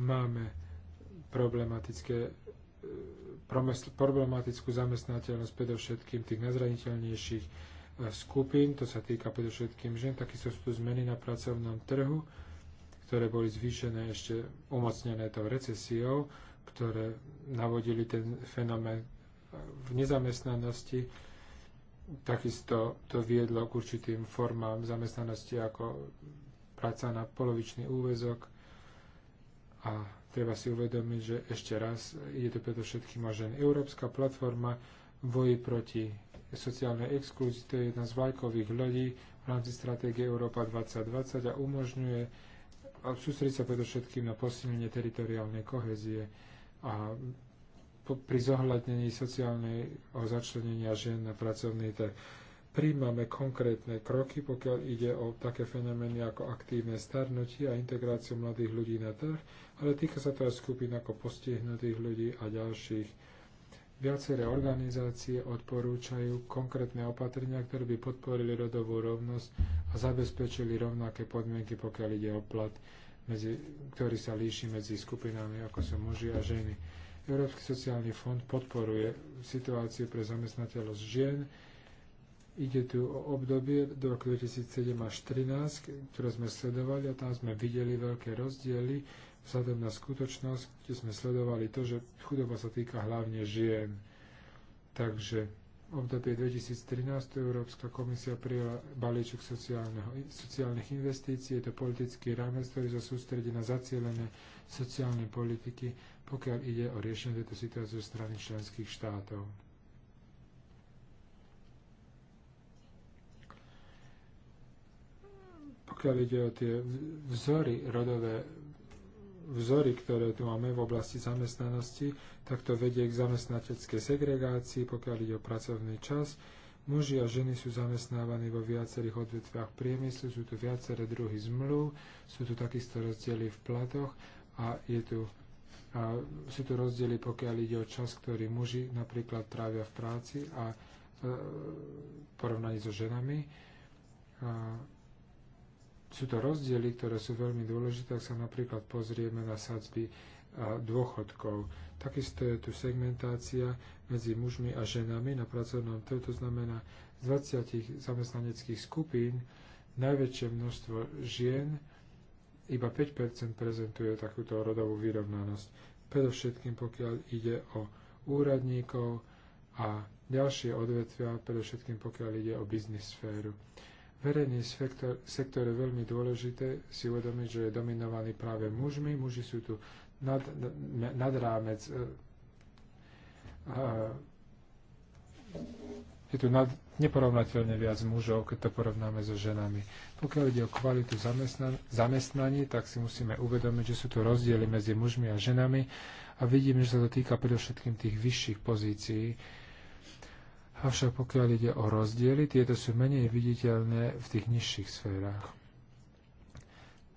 [SPEAKER 2] Máme problematické e, problematickú zamestnateľnosť predovšetkým tých najzraniteľnejších e, skupín, to sa týka predovšetkým žien, takisto sú tu zmeny na pracovnom trhu, ktoré boli zvýšené ešte umocnené tou recesiou, ktoré navodili ten fenomén v nezamestnanosti, Takisto to viedlo k určitým formám zamestnanosti ako práca na polovičný úvezok a treba si uvedomiť, že ešte raz je to predovšetkým o Európska platforma boji proti sociálnej exklúzii, to je jedna z vlajkových ľudí v rámci stratégie Európa 2020 a umožňuje sústrediť sa predovšetkým na posilnenie teritoriálnej kohezie a pri zohľadnení sociálneho začlenenia žien na pracovný trh. Príjmame konkrétne kroky, pokiaľ ide o také fenomény ako aktívne starnutie a integráciu mladých ľudí na trh, ale týka sa to aj skupín ako postihnutých ľudí a ďalších. Viaceré organizácie odporúčajú konkrétne opatrenia, ktoré by podporili rodovú rovnosť a zabezpečili rovnaké podmienky, pokiaľ ide o plat, medzi, ktorý sa líši medzi skupinami ako sú muži a ženy. Európsky sociálny fond podporuje situáciu pre zamestnateľosť žien. Ide tu o obdobie do roku 2007 až 2013, ktoré sme sledovali a tam sme videli veľké rozdiely vzhľadom na skutočnosť, kde sme sledovali to, že chudoba sa týka hlavne žien. Takže obdobie 2013 Európska komisia prijala balíček sociálnych investícií. Je to politický rámec, ktorý sa sústredí na zacielené sociálne politiky, pokiaľ ide o riešenie tejto situácie zo strany členských štátov. Pokiaľ ide o tie vzory rodové vzory, ktoré tu máme v oblasti zamestnanosti, tak to vedie k zamestnateľskej segregácii, pokiaľ ide o pracovný čas. Muži a ženy sú zamestnávaní vo viacerých odvetviach priemyslu, sú tu viaceré druhy zmluv, sú tu takisto rozdiely v platoch a, je tu, a sú tu rozdiely, pokiaľ ide o čas, ktorý muži napríklad trávia v práci a e, porovnaní so ženami. A, sú to rozdiely, ktoré sú veľmi dôležité, ak sa napríklad pozrieme na sadzby dôchodkov. Takisto je tu segmentácia medzi mužmi a ženami na pracovnom trhu, to znamená z 20 zamestnaneckých skupín najväčšie množstvo žien, iba 5% prezentuje takúto rodovú vyrovnanosť. Predovšetkým pokiaľ ide o úradníkov a ďalšie odvetvia, predovšetkým pokiaľ ide o biznis sféru verejný sektor, sektor je veľmi dôležité si uvedomiť, že je dominovaný práve mužmi. Muži sú tu nad, nad rámec e, je tu nad, neporovnateľne viac mužov, keď to porovnáme so ženami. Pokiaľ ide o kvalitu zamestnan- zamestnaní, tak si musíme uvedomiť, že sú tu rozdiely medzi mužmi a ženami a vidíme, že sa to týka predovšetkým tých vyšších pozícií Avšak pokiaľ ide o rozdiely, tieto sú menej viditeľné v tých nižších sférach.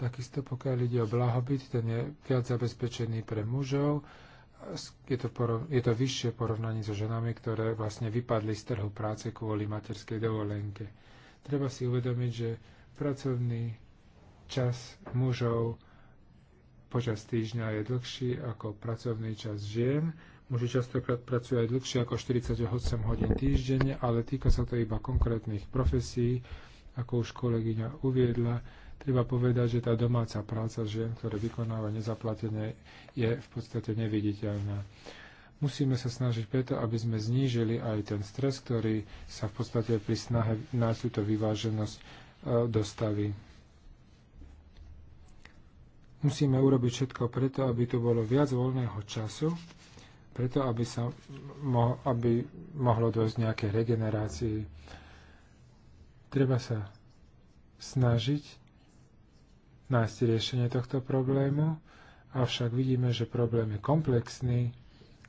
[SPEAKER 2] Takisto pokiaľ ide o blahobyt, ten je viac zabezpečený pre mužov, je to, porov, je to vyššie porovnaní so ženami, ktoré vlastne vypadli z trhu práce kvôli materskej dovolenke. Treba si uvedomiť, že pracovný čas mužov počas týždňa je dlhší ako pracovný čas žien Muži častokrát pracujú aj dlhšie ako 48 hodín týždenne, ale týka sa to iba konkrétnych profesí, ako už kolegyňa uviedla. Treba povedať, že tá domáca práca žien, ktoré vykonáva nezaplatené, je v podstate neviditeľná. Musíme sa snažiť preto, aby sme znížili aj ten stres, ktorý sa v podstate pri snahe na túto vyváženosť e, dostaví musíme urobiť všetko preto, aby tu bolo viac voľného času preto aby, sa mo- aby mohlo dôjsť nejaké regenerácii. Treba sa snažiť nájsť riešenie tohto problému, avšak vidíme, že problém je komplexný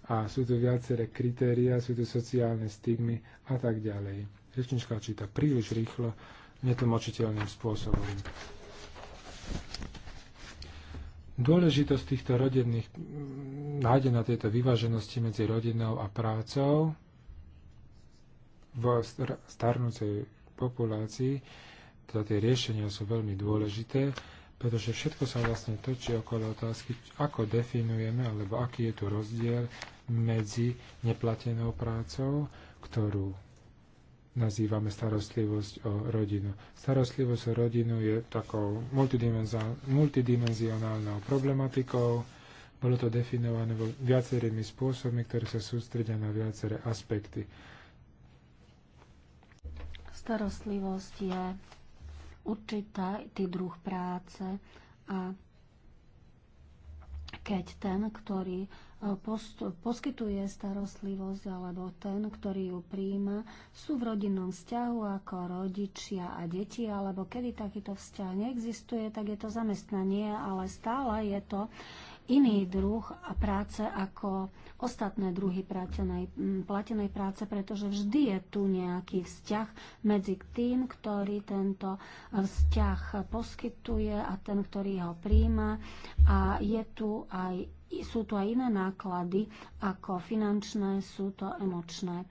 [SPEAKER 2] a sú tu viaceré kritéria, sú tu sociálne stigmy a tak ďalej. Rečnička číta príliš rýchlo, netlmočiteľným spôsobom. Dôležitosť týchto rodinných nájde na tejto vyváženosti medzi rodinou a prácou v starnúcej populácii, teda tie riešenia sú veľmi dôležité, pretože všetko sa vlastne točí okolo otázky, ako definujeme, alebo aký je tu rozdiel medzi neplatenou prácou, ktorú nazývame starostlivosť o rodinu. Starostlivosť o rodinu je takou multidimenzionálnou problematikou. Bolo to definované viacerými spôsobmi, ktoré sa sústredia na viaceré aspekty.
[SPEAKER 6] Starostlivosť je určitý druh práce a keď ten, ktorý poskytuje starostlivosť alebo ten, ktorý ju príjima, sú v rodinnom vzťahu ako rodičia a deti, alebo kedy takýto vzťah neexistuje, tak je to zamestnanie, ale stále je to iný druh a práce ako ostatné druhy platenej, platenej práce, pretože vždy je tu nejaký vzťah medzi tým, ktorý tento vzťah poskytuje a ten, ktorý ho príjma. A je tu aj sú tu aj iné náklady, ako finančné, sú to emočné e,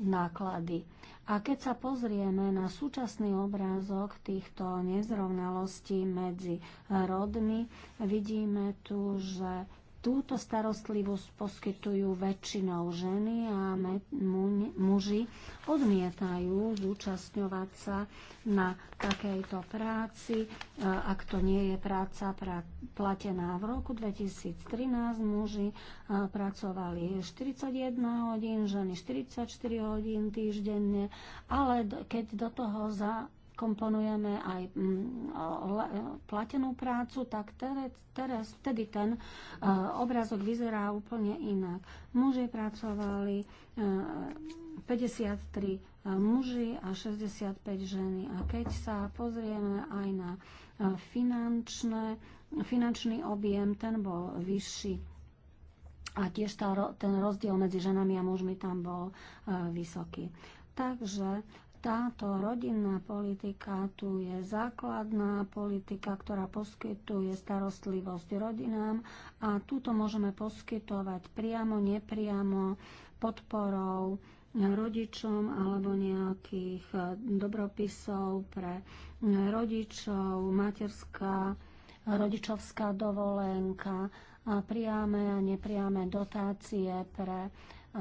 [SPEAKER 6] náklady. A keď sa pozrieme na súčasný obrázok týchto nezrovnalostí medzi rodmi, vidíme tu, že túto starostlivosť poskytujú väčšinou ženy a muži odmietajú zúčastňovať sa na takejto práci. E, ak to nie je práca platená v roku 2013, muži e, pracovali 41 hodín, ženy 44 hodín týždenne, ale keď do toho za komponujeme aj mm, platenú prácu, tak teraz vtedy ten e, obrázok vyzerá úplne inak. Muži pracovali 53 e, e, muži a 65 ženy. A keď sa pozrieme aj na finančné, finančný objem, ten bol vyšší. A tiež tá, ten rozdiel medzi ženami a mužmi tam bol vysoký. Takže táto rodinná politika tu je základná politika, ktorá poskytuje starostlivosť rodinám a túto môžeme poskytovať priamo, nepriamo, podporou rodičom alebo nejakých dobropisov pre rodičov, materská, rodičovská dovolenka, a priame a nepriame dotácie pre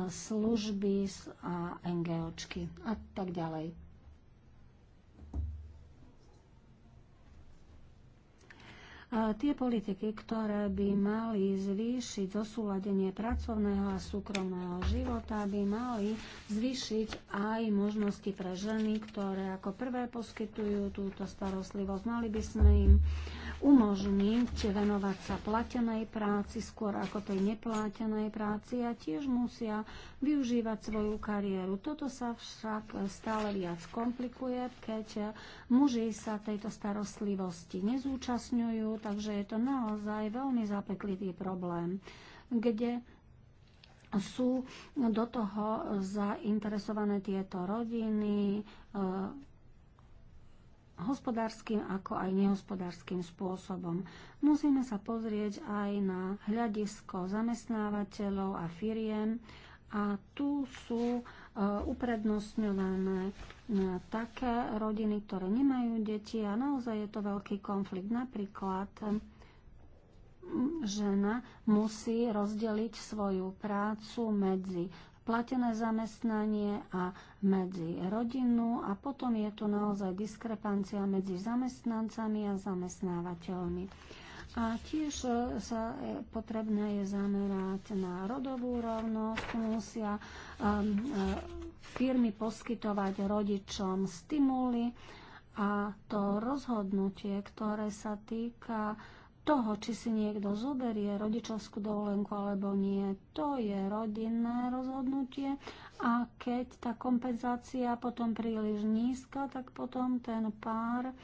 [SPEAKER 6] služby a NGOčky a tak ďalej. A tie politiky, ktoré by mali zvýšiť zosúladenie pracovného a súkromného života, by mali zvýšiť aj možnosti pre ženy, ktoré ako prvé poskytujú túto starostlivosť. Mali by sme im uh, umožniť venovať sa platenej práci skôr ako tej neplatenej práci a tiež musia využívať svoju kariéru. Toto sa však stále viac komplikuje, keď muži sa tejto starostlivosti nezúčastňujú, takže je to naozaj veľmi zapeklitý problém, kde sú do toho zainteresované tieto rodiny, hospodárským ako aj nehospodárským spôsobom. Musíme sa pozrieť aj na hľadisko zamestnávateľov a firiem a tu sú e, uprednostňované e, také rodiny, ktoré nemajú deti a naozaj je to veľký konflikt. Napríklad e, žena musí rozdeliť svoju prácu medzi platené zamestnanie a medzi rodinu a potom je tu naozaj diskrepancia medzi zamestnancami a zamestnávateľmi. A tiež e, sa e, potrebné je zamerať na rodovú rovnosť. Musia um, e, firmy poskytovať rodičom stimuly a to rozhodnutie, ktoré sa týka toho, či si niekto zoberie rodičovskú dovolenku alebo nie, to je rodinné rozhodnutie a keď tá kompenzácia potom príliš nízka, tak potom ten pár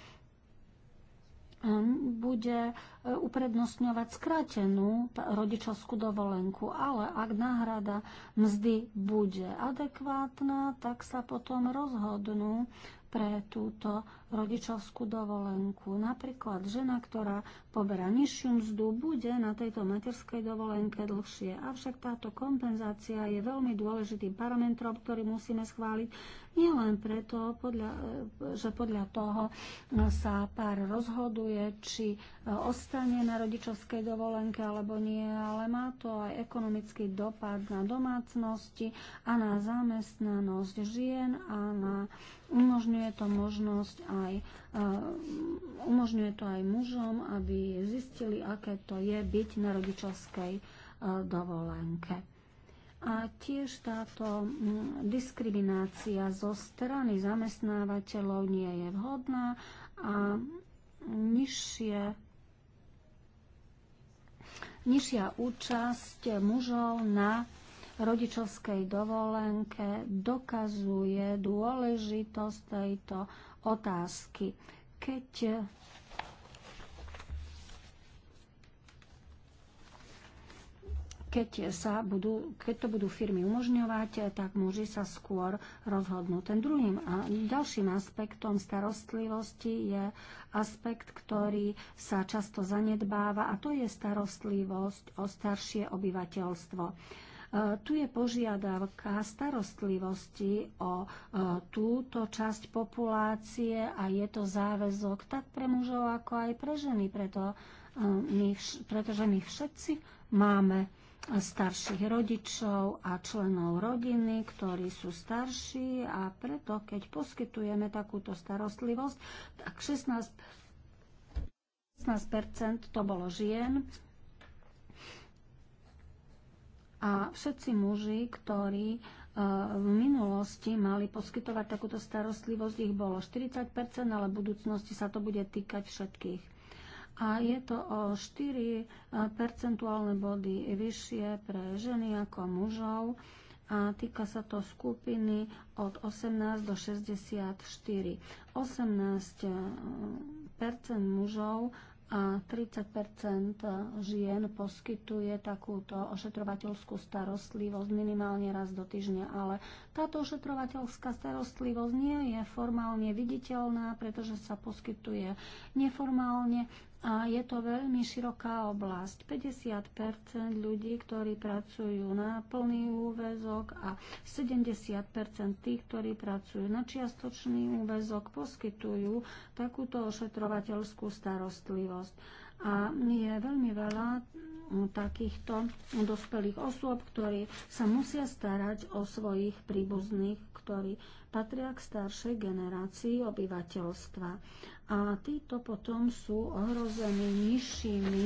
[SPEAKER 6] hm, bude e, uprednostňovať skrátenú rodičovskú dovolenku, ale ak náhrada mzdy bude adekvátna, tak sa potom rozhodnú pre túto rodičovskú dovolenku. Napríklad žena, ktorá poberá nižšiu mzdu, bude na tejto materskej dovolenke dlhšie. Avšak táto kompenzácia je veľmi dôležitým parametrom, ktorý musíme schváliť nielen preto, podľa, e, že podľa toho e, sa pár rozhoduje, či e, ostane na rodičovskej dovolenke alebo nie, ale má to aj ekonomický dopad na domácnosti a na zamestnanosť žien a na, umožňuje to možnosť a aj, eh, umožňuje to aj mužom, aby zistili, aké to je byť na rodičovskej eh, dovolenke. A tiež táto mm, diskriminácia zo strany zamestnávateľov nie je vhodná a nižšie nižšia účasť mužov na rodičovskej dovolenke dokazuje dôležitosť tejto otázky. Keď e, keď, sa budú, keď to budú firmy umožňovať, e, tak môže sa skôr rozhodnúť. Ten druhým a ďalším aspektom starostlivosti je aspekt, ktorý sa často zanedbáva a to je starostlivosť o staršie obyvateľstvo Eh, tu je požiadavka starostlivosti o eh, túto časť populácie a je to záväzok tak pre mužov, ako aj pre ženy, preto eh, my, pretože my všetci máme starších rodičov a členov rodiny, ktorí sú starší a preto, keď poskytujeme takúto starostlivosť, tak 16, 16% to bolo žien a všetci muži, ktorí e, v minulosti mali poskytovať takúto starostlivosť, ich bolo 40 ale v budúcnosti sa to bude týkať všetkých. A je to o 4 e, percentuálne body vyššie pre ženy ako mužov a týka sa to skupiny od 18 do 64. 18 e, mužov a 30 žien poskytuje takúto ošetrovateľskú starostlivosť minimálne raz do týždňa, ale táto ošetrovateľská starostlivosť nie je formálne viditeľná, pretože sa poskytuje neformálne a je to veľmi široká oblasť. 50 ľudí, ktorí pracujú na plný úvezok a 70 tých, ktorí pracujú na čiastočný úvezok, poskytujú takúto ošetrovateľskú starostlivosť. A je veľmi veľa mm, takýchto dospelých osôb, ktorí sa musia starať o svojich príbuzných ktorí patria k staršej generácii obyvateľstva. A títo potom sú ohrození nižšími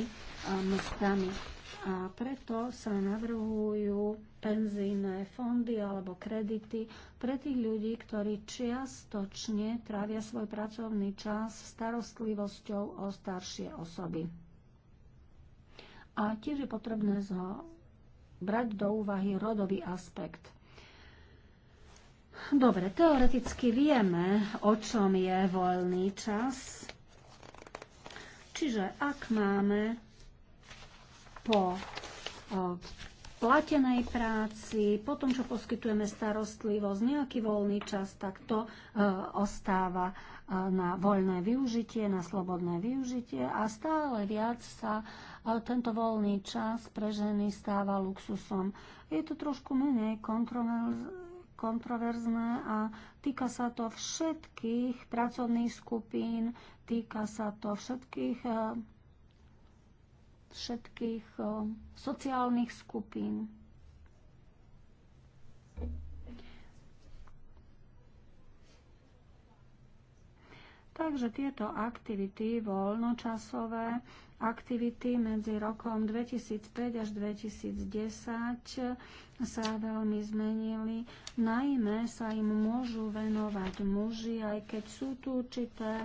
[SPEAKER 6] mestami. A preto sa navrhujú penzíne fondy alebo kredity pre tých ľudí, ktorí čiastočne trávia svoj pracovný čas starostlivosťou o staršie osoby. A tiež je potrebné brať do úvahy rodový aspekt. Dobre, teoreticky vieme, o čom je voľný čas. Čiže ak máme po o, platenej práci, po tom, čo poskytujeme starostlivosť, nejaký voľný čas, tak to o, ostáva o, na voľné využitie, na slobodné využitie a stále viac sa tento voľný čas pre ženy stáva luxusom. Je to trošku menej kontroverzné kontroverzné a týka sa to všetkých pracovných skupín, týka sa to všetkých, e, všetkých e, sociálnych skupín. Takže tieto aktivity, voľnočasové aktivity medzi rokom 2005 až 2010 sa veľmi zmenili. Najmä sa im môžu venovať muži, aj keď sú tu určité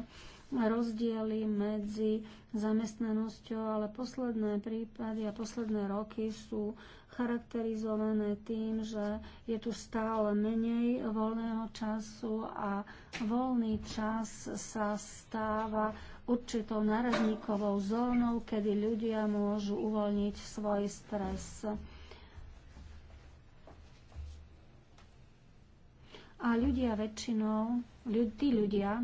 [SPEAKER 6] rozdiely medzi zamestnanosťou, ale posledné prípady a posledné roky sú charakterizované tým, že je tu stále menej voľného času a voľný čas sa stáva určitou narazníkovou zónou, kedy ľudia môžu uvoľniť svoj stres. A ľudia väčšinou, ľud, tí ľudia,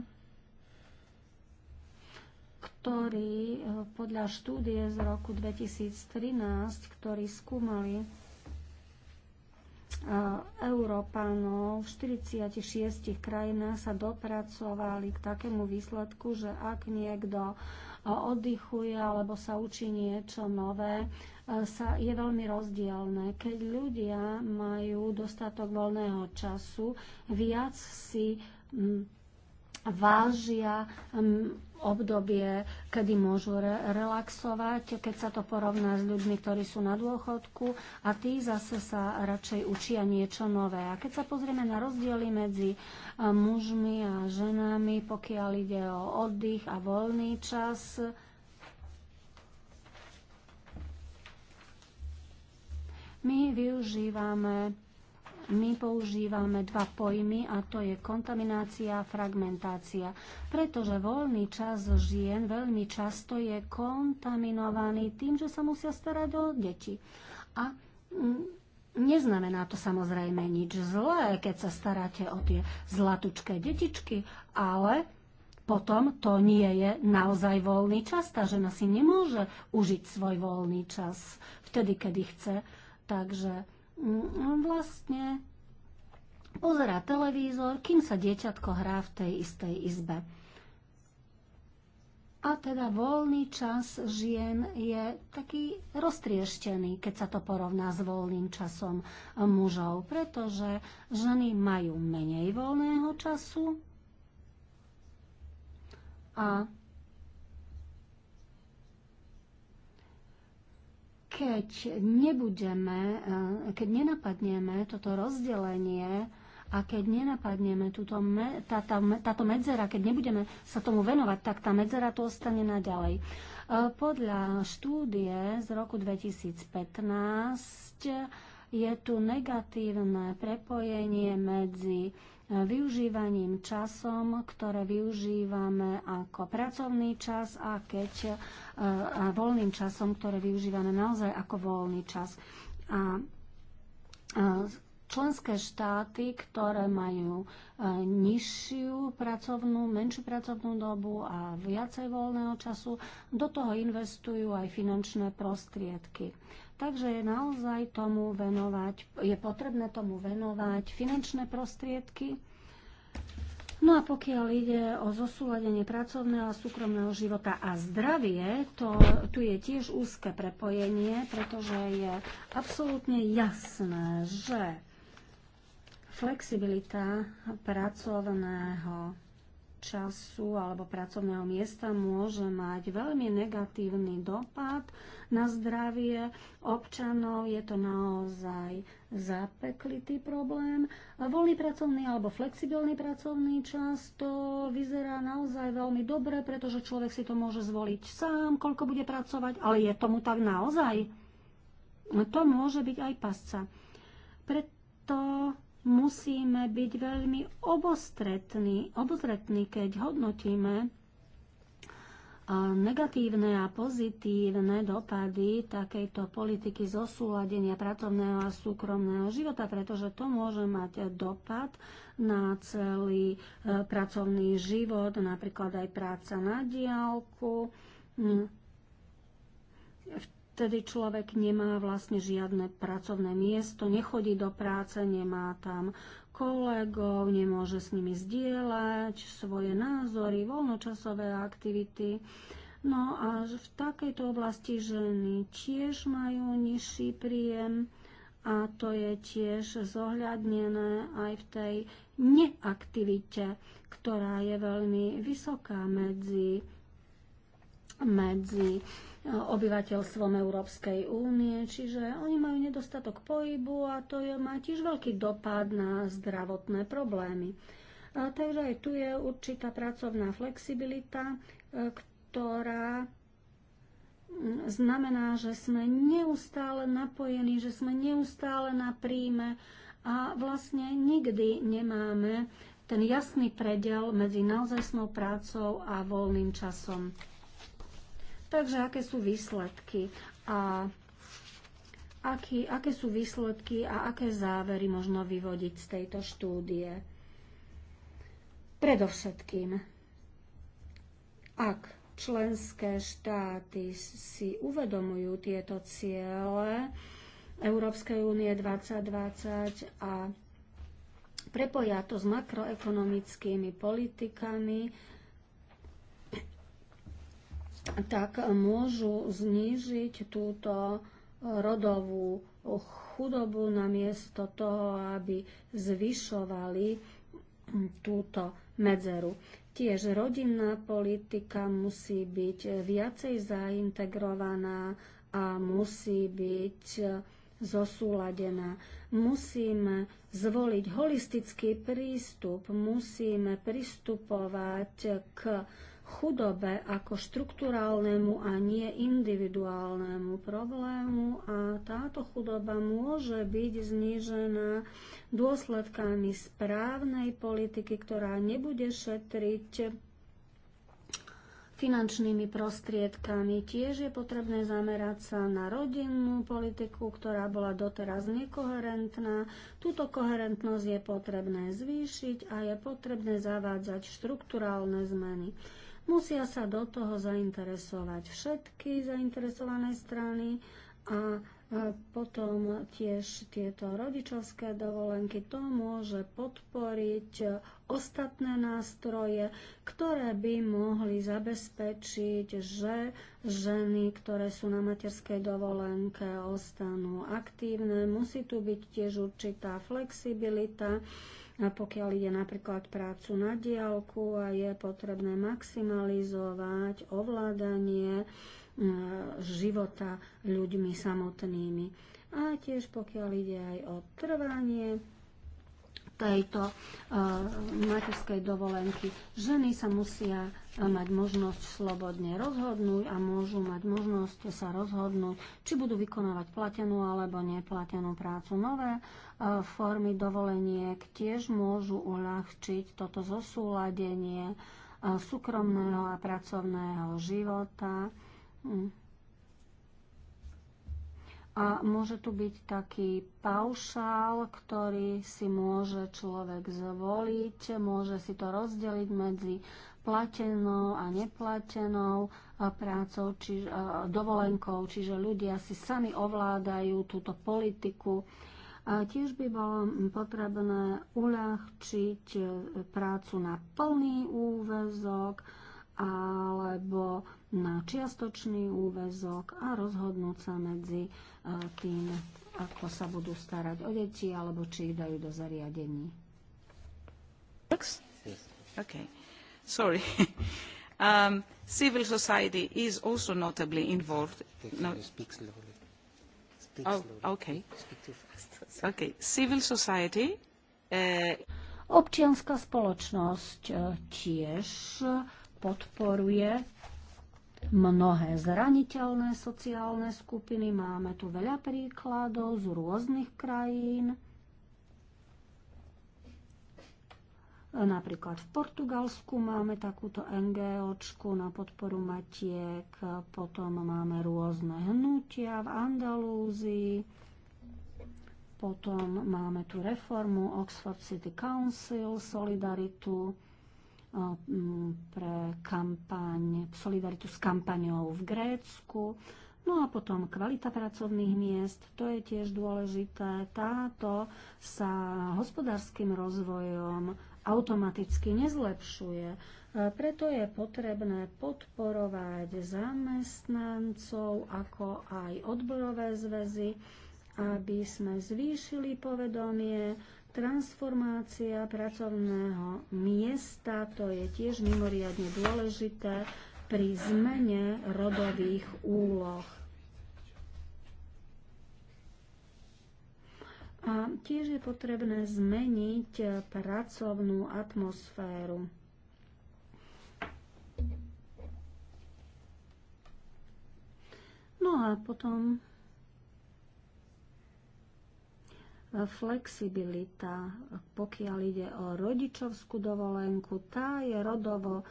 [SPEAKER 6] ktorý e, podľa štúdie z roku 2013, ktorí skúmali e, Európanov v 46 krajinách sa dopracovali k takému výsledku, že ak niekto e, oddychuje alebo sa učí niečo nové, sa, je veľmi rozdielne. Keď ľudia majú dostatok voľného času, viac si vážia obdobie, kedy môžu re- relaxovať, keď sa to porovná s ľuďmi, ktorí sú na dôchodku a tí zase sa radšej učia niečo nové. A keď sa pozrieme na rozdiely medzi e, mužmi a ženami, pokiaľ ide o oddych a voľný čas, my využívame my používame dva pojmy a to je kontaminácia a fragmentácia. Pretože voľný čas žien veľmi často je kontaminovaný tým, že sa musia starať o deti. A mm, neznamená to samozrejme nič zlé, keď sa staráte o tie zlatučké detičky, ale potom to nie je naozaj voľný čas. Tá žena si nemôže užiť svoj voľný čas vtedy, kedy chce. Takže Mm, vlastne pozerá televízor, kým sa dieťatko hrá v tej istej izbe. A teda voľný čas žien je taký roztrieštený, keď sa to porovná s voľným časom mužov, pretože ženy majú menej voľného času a keď nebudeme, eh, keď nenapadneme toto rozdelenie a keď nenapadneme túto me, tá, tá, táto medzera, keď nebudeme sa tomu venovať, tak tá medzera tu ostane naďalej. Eh, podľa štúdie z roku 2015 je tu negatívne prepojenie medzi využívaním časom, ktoré využívame ako pracovný čas a, keď, e, a voľným časom, ktoré využívame naozaj ako voľný čas. A, e, členské štáty, ktoré majú e, nižšiu pracovnú, menšiu pracovnú dobu a viacej voľného času, do toho investujú aj finančné prostriedky. Takže je naozaj tomu venovať, je potrebné tomu venovať finančné prostriedky. No a pokiaľ ide o zosúladenie pracovného a súkromného života a zdravie, to, tu je tiež úzke prepojenie, pretože je absolútne jasné, že flexibilita pracovného času alebo pracovného miesta môže mať veľmi negatívny dopad na zdravie občanov. Je to naozaj zapeklitý problém. Voľný pracovný alebo flexibilný pracovný čas to vyzerá naozaj veľmi dobre, pretože človek si to môže zvoliť sám, koľko bude pracovať, ale je tomu tak naozaj. To môže byť aj pasca. Preto musíme byť veľmi obostretní, obozretní, keď hodnotíme eh, negatívne a pozitívne dopady takejto politiky zosúladenia pracovného a súkromného života, pretože to môže mať dopad na celý eh, pracovný život, napríklad aj práca na diálku. Hm. V vtedy človek nemá vlastne žiadne pracovné miesto, nechodí do práce, nemá tam kolegov, nemôže s nimi zdieľať svoje názory, voľnočasové aktivity. No a v takejto oblasti ženy tiež majú nižší príjem a to je tiež zohľadnené aj v tej neaktivite, ktorá je veľmi vysoká medzi medzi e, obyvateľstvom Európskej únie, čiže oni majú nedostatok pohybu a to je, má tiež veľký dopad na zdravotné problémy. A e, takže aj tu je určitá pracovná flexibilita, e, ktorá znamená, že sme neustále napojení, že sme neustále na príjme a vlastne nikdy nemáme ten jasný predel medzi naozajstnou prácou a voľným časom. Takže aké sú výsledky a aký, aké sú výsledky a aké závery možno vyvodiť z tejto štúdie? Predovšetkým, ak členské štáty si uvedomujú tieto ciele Európskej únie 2020 a prepoja to s makroekonomickými politikami, tak môžu znížiť túto eh, rodovú chudobu namiesto toho, aby zvyšovali hm, túto medzeru. Tiež rodinná politika musí byť viacej zaintegrovaná a musí byť eh, zosúladená. Musíme zvoliť holistický prístup, musíme pristupovať k chudobe ako štruktúrálnemu a nie individuálnemu problému a táto chudoba môže byť znížená dôsledkami správnej politiky, ktorá nebude šetriť finančnými prostriedkami. Tiež je potrebné zamerať sa na rodinnú politiku, ktorá bola doteraz nekoherentná. Túto koherentnosť je potrebné zvýšiť a je potrebné zavádzať štrukturálne zmeny. Musia sa do toho zainteresovať všetky zainteresované strany a potom tiež tieto rodičovské dovolenky, to môže podporiť ostatné nástroje, ktoré by mohli zabezpečiť, že ženy, ktoré sú na materskej dovolenke, ostanú aktívne. Musí tu byť tiež určitá flexibilita pokiaľ ide napríklad prácu na diálku a je potrebné maximalizovať ovládanie e, života ľuďmi samotnými. A tiež pokiaľ ide aj o trvanie tejto e, materskej dovolenky. Ženy sa musia e, mať možnosť slobodne rozhodnúť a môžu mať možnosť sa rozhodnúť, či budú vykonávať platenú alebo neplatenú prácu. Nové e, formy dovoleniek tiež môžu uľahčiť toto zosúladenie súkromného a pracovného života hm. A môže tu byť taký paušál, ktorý si môže človek zvoliť, môže si to rozdeliť medzi platenou a neplatenou prácou, či, dovolenkou, čiže ľudia si sami ovládajú túto politiku. A tiež by bolo potrebné uľahčiť e, prácu na plný úvezok alebo na čiastočný úvezok a rozhodnúť sa medzi e, tým, ako sa budú starať o deti alebo či ich dajú do zariadení.
[SPEAKER 5] Okay. Sorry. <laughs> um, civil society is also notably involved. No.
[SPEAKER 2] Oh,
[SPEAKER 6] okay. <laughs> Okay. Civil society. Uh... Občianská spoločnosť e, tiež podporuje mnohé zraniteľné sociálne skupiny. Máme tu veľa príkladov z rôznych krajín. Napríklad v Portugalsku máme takúto NGOčku na podporu matiek, potom máme rôzne hnutia v Andalúzii, potom máme tu reformu Oxford City Council, Solidaritu, Mm, pre kampaň, solidaritu s kampaňou v Grécku. No a potom kvalita pracovných miest, to je tiež dôležité. Táto sa hospodárskym rozvojom automaticky nezlepšuje. E, preto je potrebné podporovať zamestnancov, ako aj odborové zväzy, aby sme zvýšili povedomie Transformácia pracovného miesta, to je tiež mimoriadne dôležité pri zmene rodových úloh. A tiež je potrebné zmeniť pracovnú atmosféru. No a potom flexibilita, pokiaľ ide o rodičovskú dovolenku, tá je rodovo e,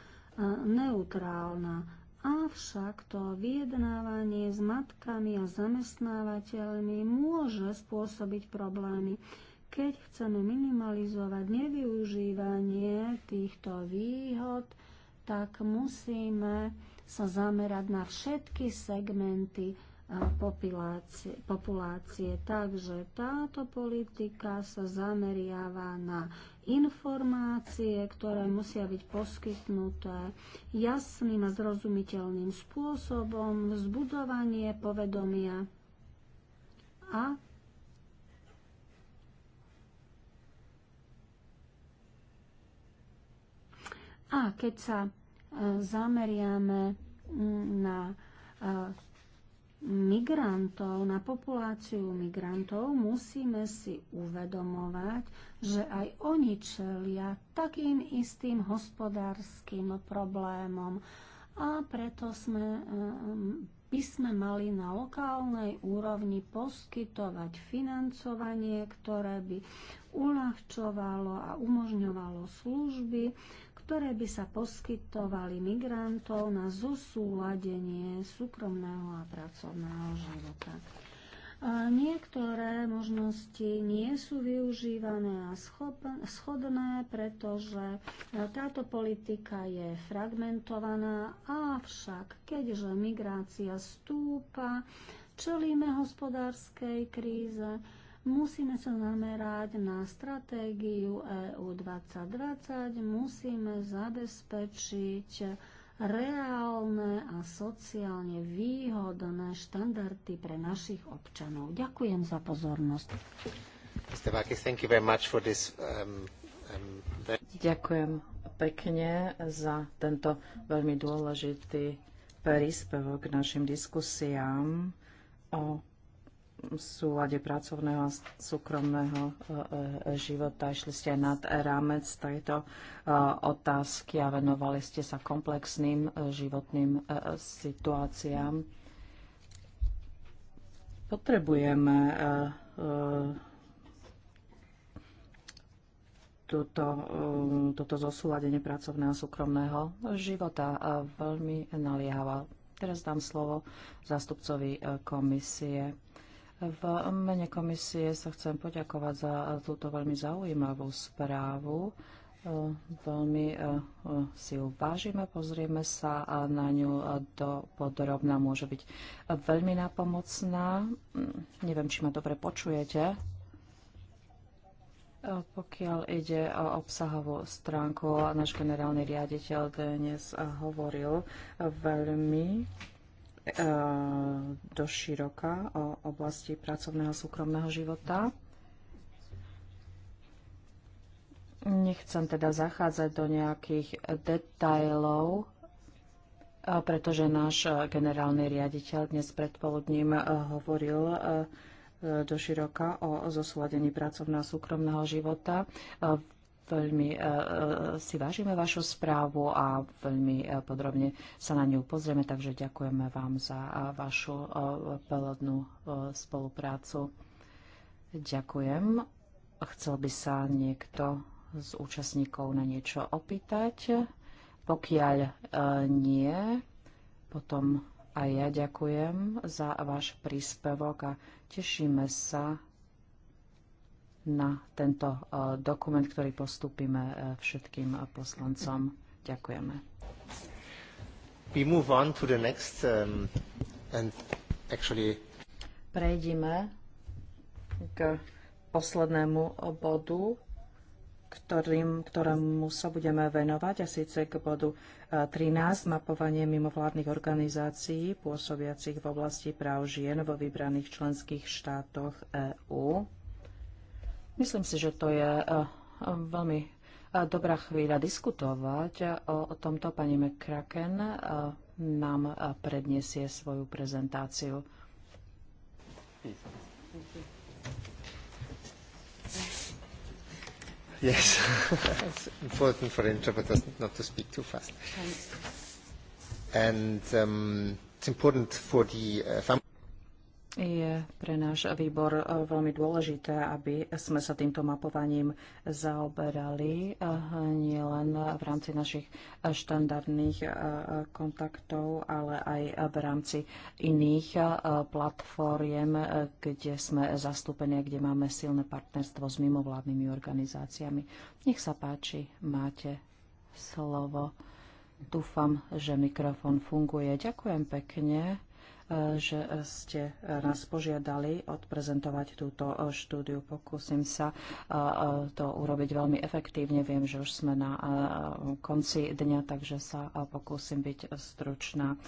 [SPEAKER 6] neutrálna. Avšak to vyjednávanie s matkami a zamestnávateľmi môže spôsobiť problémy, keď chceme minimalizovať nevyužívanie týchto výhod, tak musíme sa zamerať na všetky segmenty populácie, populácie. Takže táto politika sa zameriava na informácie, ktoré musia byť poskytnuté jasným a zrozumiteľným spôsobom, vzbudovanie povedomia a A keď sa e, zameriame na e, migrantov, na populáciu migrantov, musíme si uvedomovať, že aj oni čelia takým istým hospodárskym problémom a preto sme, by sme mali na lokálnej úrovni poskytovať financovanie, ktoré by uľahčovalo a umožňovalo služby, ktoré by sa poskytovali migrantov na zosúladenie súkromného a pracovného života. A niektoré možnosti nie sú využívané a schodné, pretože e, táto politika je fragmentovaná, avšak keďže migrácia stúpa, čelíme hospodárskej kríze, Musíme sa zamerať na stratégiu EU 2020, musíme zabezpečiť reálne a sociálne výhodné štandardy pre našich občanov. Ďakujem za
[SPEAKER 3] pozornosť. Um, um, Ďakujem pekne za tento veľmi dôležitý príspevok k našim diskusiám o súlade pracovného a súkromného e, e, života. Išli ste aj nad rámec tejto e, otázky a venovali ste sa komplexným životným situáciám. Potrebujeme toto, toto zosúladenie pracovného a súkromného života veľmi naliehavá. Teraz dám slovo zástupcovi komisie. V mene komisie sa chcem poďakovať za túto veľmi zaujímavú správu. E, veľmi e, si ju vážime, pozrieme sa na ňu e, do podrobna. Môže byť veľmi napomocná. Mm, neviem, či ma dobre počujete. Pokiaľ ide o obsahovú stránku, náš generálny riaditeľ dnes hovoril veľmi Eh, do široka o oblasti pracovného súkromného života. Nechcem teda zachádzať do nejakých detajlov, eh, pretože náš generálny riaditeľ dnes predpoludním eh, hovoril do široka o zosúladení pracovného a súkromného života. Veľmi e, e, si vážime vašu správu a veľmi e, podrobne sa na ňu pozrieme, takže ďakujeme vám za vašu pelodnú spoluprácu. Ďakujem. Chcel by sa niekto z účastníkov na niečo opýtať? Pokiaľ nie, potom aj ja ďakujem za váš príspevok a tešíme sa na tento e, dokument, ktorý postupíme e, všetkým poslancom. Ďakujeme.
[SPEAKER 1] We move on to the next, um, and actually...
[SPEAKER 3] Prejdime k poslednému bodu, ktorým, ktorému sa budeme venovať, a síce k bodu 13, e, mapovanie mimovládnych organizácií pôsobiacich v oblasti práv žien vo vybraných členských štátoch EÚ. Myslím si, že to je e, e, veľmi e, dobrá chvíľa diskutovať o tomto. Pani McCracken nám predniesie svoju prezentáciu. Yes, it's
[SPEAKER 1] <laughs> important for interpreters not to speak too fast. And um, it's important for the uh, family.
[SPEAKER 3] Je pre náš výbor e, veľmi dôležité, aby sme sa týmto mapovaním zaoberali e, nielen v rámci našich e, štandardných kontaktov, ale aj v rámci iných platform, kde sme zastúpení a kde máme silné partnerstvo s mimovládnymi organizáciami. Nech sa páči, máte slovo. Dúfam, že mikrofón funguje. Ďakujem pekne že ste nás požiadali odprezentovať túto e, štúdiu. Pokúsim sa e, e, to urobiť veľmi efektívne. Viem, že už sme na konci dňa, takže sa pokúsim byť stručná.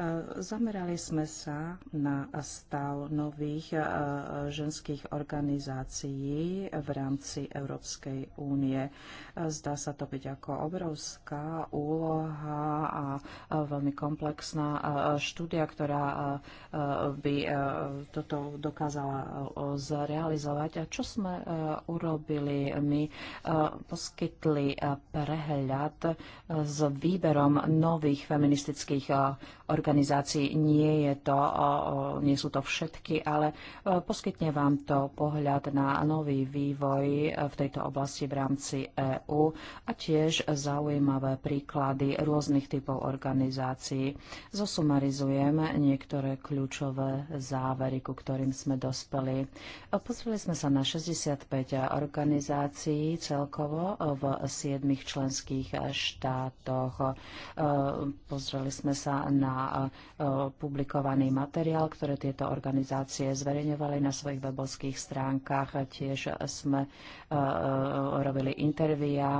[SPEAKER 3] E, zamerali sme sa na stav nových e, ženských organizácií v rámci Európskej únie. E, zdá sa to byť ako obrovská úloha a veľmi komplexná štúdia, ktorá by toto dokázala zrealizovať. A čo sme urobili? My poskytli prehľad s výberom nových feministických organizácií organizácií. Nie, je to, nie sú to všetky, ale poskytne vám to pohľad na nový vývoj v tejto oblasti v rámci EÚ a tiež zaujímavé príklady rôznych typov organizácií. Zosumarizujem niektoré kľúčové závery, ku ktorým sme dospeli. Pozreli sme sa na 65 organizácií celkovo v 7 členských štátoch. Pozreli sme sa na E, publikovaný materiál, ktoré tieto organizácie zverejňovali na svojich webovských stránkach. Tiež sme e, e, robili intervia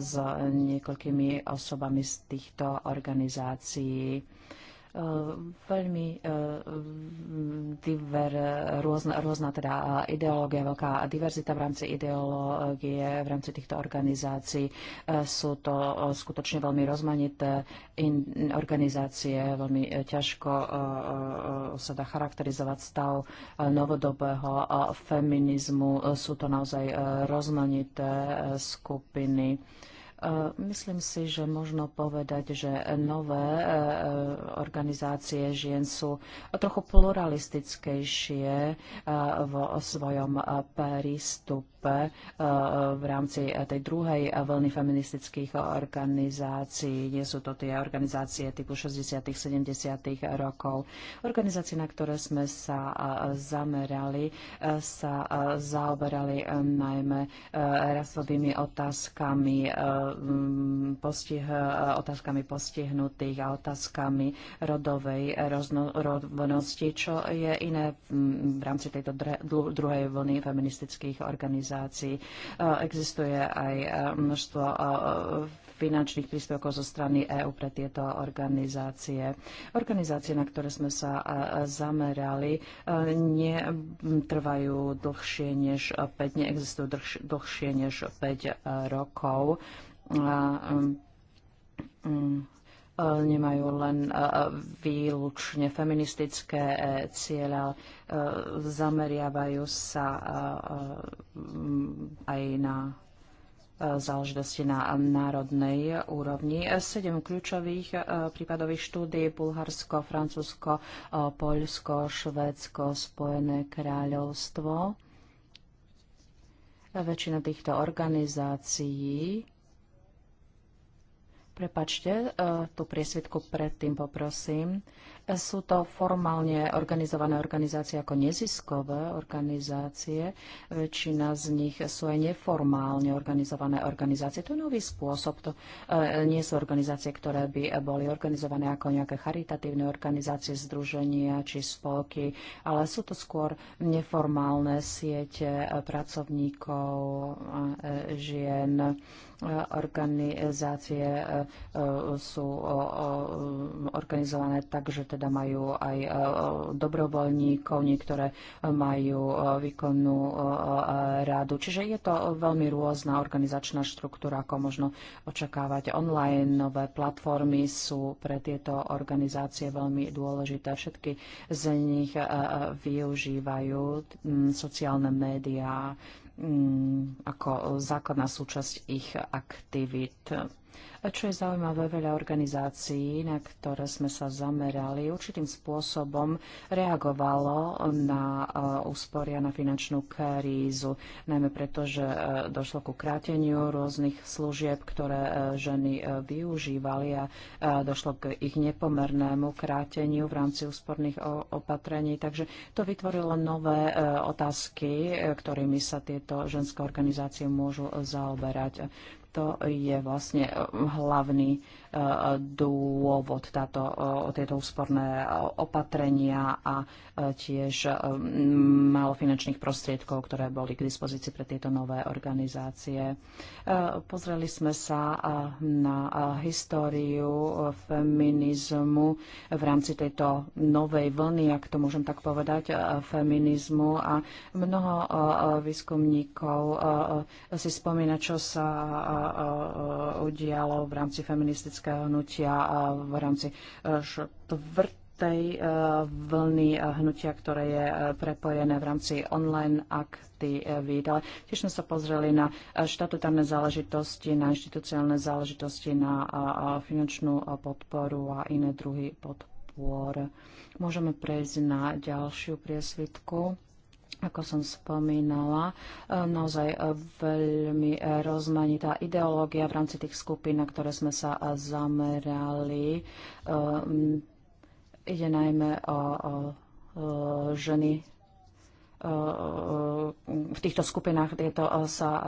[SPEAKER 3] s niekoľkými osobami z týchto organizácií. Eh, veľmi eh, mm, diver, rôzna, rôzna teda ideológia, veľká diverzita v rámci ideológie, v rámci týchto organizácií. Eh, sú to skutočne veľmi rozmanité organizácie, veľmi ťažko sa dá charakterizovať stav novodobého feminizmu. Sú to naozaj rozmanité skupiny. E, myslím si, že možno povedať, že nové e, e, organizácie žien sú trochu pluralistickejšie vo svojom prístupe v rámci tej druhej vlny feministických organizácií. Nie sú to tie organizácie typu 60. 70. rokov. Organizácie, na ktoré sme sa zamerali, sa zaoberali najmä rasovými otázkami postih, otázkami postihnutých a otázkami rodovej rovnosti, čo je iné v rámci tejto druhej vlny feministických organizácií. Existuje aj množstvo finančných príspevkov zo strany EÚ pre tieto organizácie. Organizácie, na ktoré sme sa zamerali, netrvajú dlhšie než 5, neexistujú dlhšie než 5 e, rokov. Um, um, nemajú len výlučne feministické e, cieľa, e, zameriavajú sa aj na e, záležitosti na národnej úrovni. Sedem kľúčových prípadových štúdí Bulharsko, Francúzsko, Poľsko, Švédsko, Spojené kráľovstvo. Väčšina týchto organizácií Prepačte, e, tú priesvitku predtým poprosím. Sú to formálne organizované organizácie ako neziskové organizácie. Väčšina z nich sú aj neformálne organizované organizácie. To je nový spôsob. To e, nie sú organizácie, ktoré by boli organizované ako nejaké charitatívne organizácie, združenia či spolky, ale sú to skôr neformálne siete pracovníkov, e, žien, e, organizácie sú organizované tak, že teda majú aj e, e, dobrovoľníkov, niektoré e, majú výkonnú rádu. Čiže je to veľmi rôzna organizačná štruktúra, ako možno očakávať. Online nové platformy sú pre tieto organizácie veľmi dôležité. Všetky z nich využívajú sociálne médiá ako základná súčasť ich aktivít. Čo je zaujímavé, veľa organizácií, na ktoré sme sa zamerali, určitým spôsobom reagovalo na eh, úspory a na finančnú krízu, najmä preto, že eh, došlo ku kráteniu rôznych služieb, ktoré eh, ženy využívali a došlo k ich nepomernému kráteniu v rámci úsporných opatrení. Takže to vytvorilo nové otázky, ktorými sa tieto ženské organizácie môžu zaoberať to je vlastne eh, hlavný dôvod táto, tieto úsporné opatrenia a tiež mm, málo finančných prostriedkov, ktoré boli k dispozícii pre tieto nové organizácie. E, pozreli sme sa e, na e, históriu feminizmu v rámci tejto novej vlny, ak to môžem tak povedať, feminizmu a mnoho výskumníkov si spomína, čo sa udialo v rámci feministického politické hnutia v rámci e, štvrt tej e, vlny e, hnutia, ktoré je prepojené v rámci online aktivít. Ale tiež sme sa pozreli na štatutárne záležitosti, na inštitucionálne záležitosti, na finančnú podporu a iné druhy podpor. Môžeme prejsť na ďalšiu priesvitku ako som spomínala, e, naozaj e, veľmi e, rozmanitá ideológia v rámci tých skupín, na ktoré sme sa zamerali. Ide najmä o, ženy v týchto skupinách tieto sa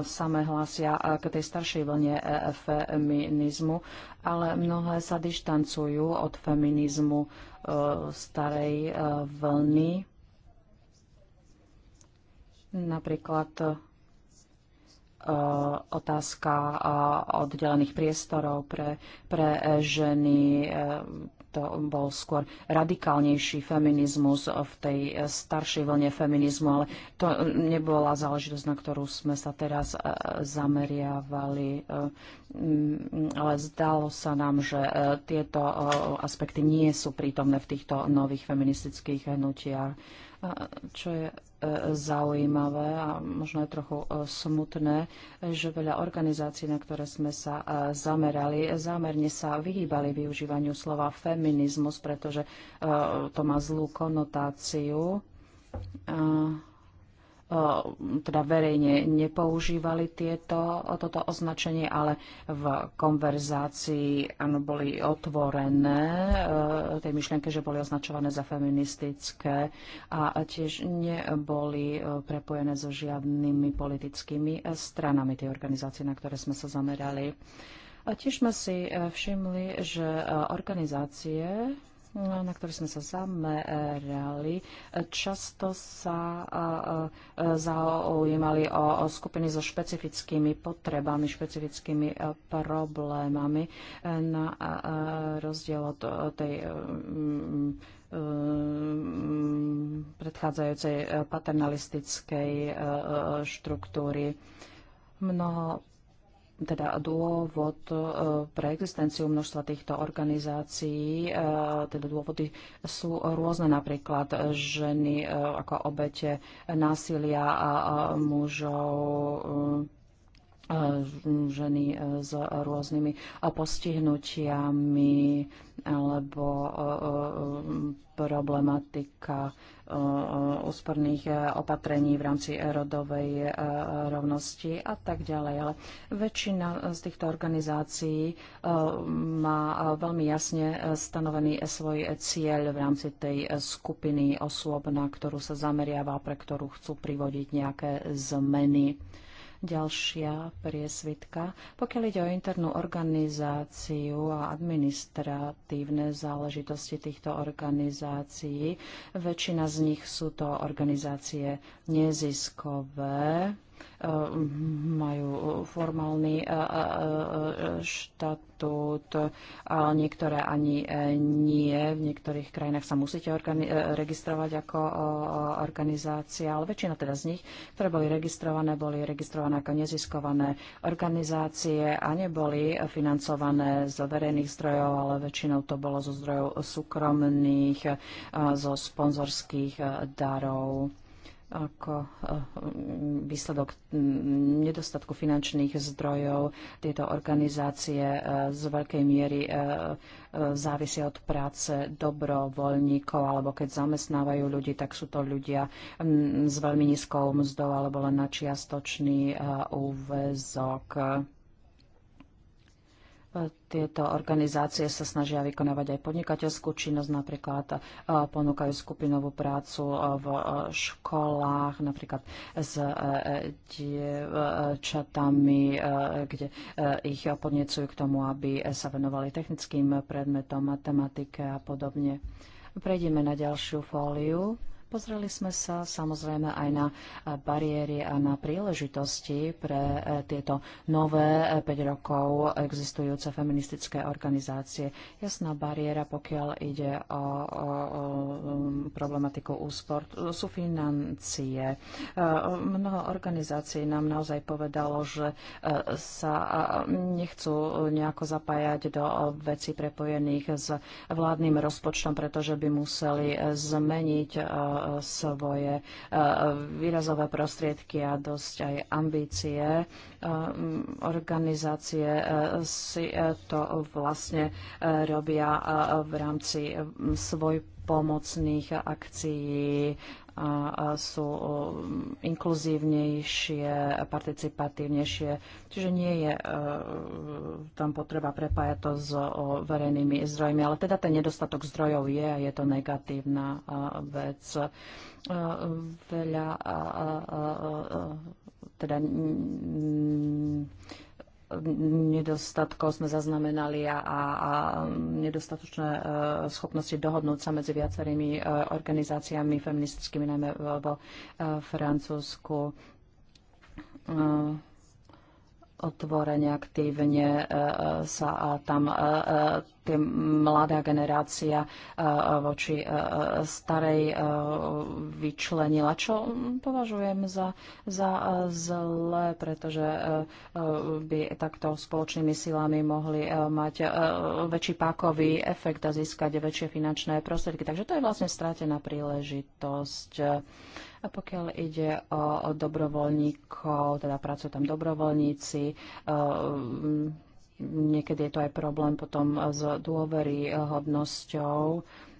[SPEAKER 3] same hlásia k tej staršej vlne feminizmu, ale mnohé sa dištancujú od feminizmu starej vlny Napríklad e, otázka e, oddelených priestorov pre, pre e, ženy, to bol skôr radikálnejší feminizmus v tej staršej vlne feminizmu, ale to nebola záležitosť, na ktorú sme sa teraz zameriavali. Mm, ale zdalo sa nám, že tieto aspekty nie sú prítomné v týchto nových feministických hnutiach. Čo je zaujímavé a možno aj trochu e, smutné, že veľa organizácií, na ktoré sme sa e, zamerali, zámerne sa vyhýbali využívaniu slova feminizmus, pretože e, to má zlú konotáciu. Eh, teda verejne nepoužívali tieto, toto označenie, ale v konverzácii ano, boli otvorené eh, tej myšlienke, že boli označované za feministické a tiež neboli eh, prepojené so žiadnymi politickými stranami tej organizácie, na ktoré sme sa zamerali. A tiež sme si všimli, že organizácie No, na ktorý sme sa zamerali. Často sa zaujímali o skupiny so špecifickými potrebami, špecifickými e, problémami na rozdiel od tej e, e, predchádzajúcej paternalistickej štruktúry. Mnoho teda dôvod e, pre existenciu množstva týchto organizácií, e, teda dôvody sú rôzne, napríklad ženy e, ako obete násilia a mužov, ženy s rôznymi postihnutiami alebo problematika úsporných e, opatrení v rámci rodovej e, rovnosti a tak ďalej. Ale väčšina z týchto organizácií e, má veľmi jasne stanovený svoj cieľ v rámci tej skupiny osôb, na ktorú sa zameriava, pre ktorú chcú privodiť nejaké zmeny. Ďalšia priesvitka. Pokiaľ ide o internú organizáciu a administratívne záležitosti týchto organizácií, väčšina z nich sú to organizácie neziskové, Ehm, majú eh, formálny eh, eh, štatút, ale niektoré ani nie. V niektorých krajinách sa musíte registrovať ako organizácia, ale väčšina teda z nich, ktoré boli registrované, boli registrované ako neziskované organizácie a neboli financované z verejných zdrojov, ale väčšinou to bolo zo zdrojov súkromných, zo sponzorských darov ako eh, výsledok mm, nedostatku finančných zdrojov. Tieto organizácie eh, z veľkej miery eh, závisia od práce dobrovoľníkov, alebo keď zamestnávajú ľudí, tak sú to ľudia mm, s veľmi nízkou mzdou alebo len na čiastočný úvezok. Tieto organizácie sa snažia vykonávať aj podnikateľskú činnosť, napríklad e, ponúkajú skupinovú prácu e, v e, školách, napríklad s dievčatami, kde ich podnecujú k tomu, aby sa venovali technickým predmetom, matematike a podobne. Prejdeme na ďalšiu fóliu. Pozreli sme sa samozrejme aj na e, bariéry a na príležitosti pre e, tieto nové 5 e, rokov existujúce feministické organizácie. Jasná bariéra, pokiaľ ide o, o, o problematiku úspor, sú financie. Mnoho organizácií nám naozaj povedalo, že sa nechcú nejako zapájať do vecí prepojených s vládnym rozpočtom, pretože by museli zmeniť svoje e, výrazové prostriedky a dosť aj ambície. E, organizácie e, si to vlastne robia v rámci svoj pomocných akcií, sú inkluzívnejšie, participatívnejšie. Čiže nie je e, tam potreba prepájať to s verejnými zdrojmi, ale teda ten nedostatok zdrojov je a je to negatívna vec. E, veľa teda nedostatkov sme zaznamenali a, a nedostatočné e, schopnosti dohodnúť sa medzi viacerými e, organizáciami feministickými, najmä vo e, Francúzsku otvorene, aktívne sa tam mladá generácia eh, voči eh, starej eh, vyčlenila, čo považujem za, za zlé, pretože by takto spoločnými silami mohli mať väčší pákový efekt a získať väčšie finančné prostriedky. Takže to je vlastne strátená príležitosť. A pokiaľ ide o, o dobrovoľníkov, teda pracujú tam dobrovoľníci, Niekedy je to aj problém potom s dôveryhodnosťou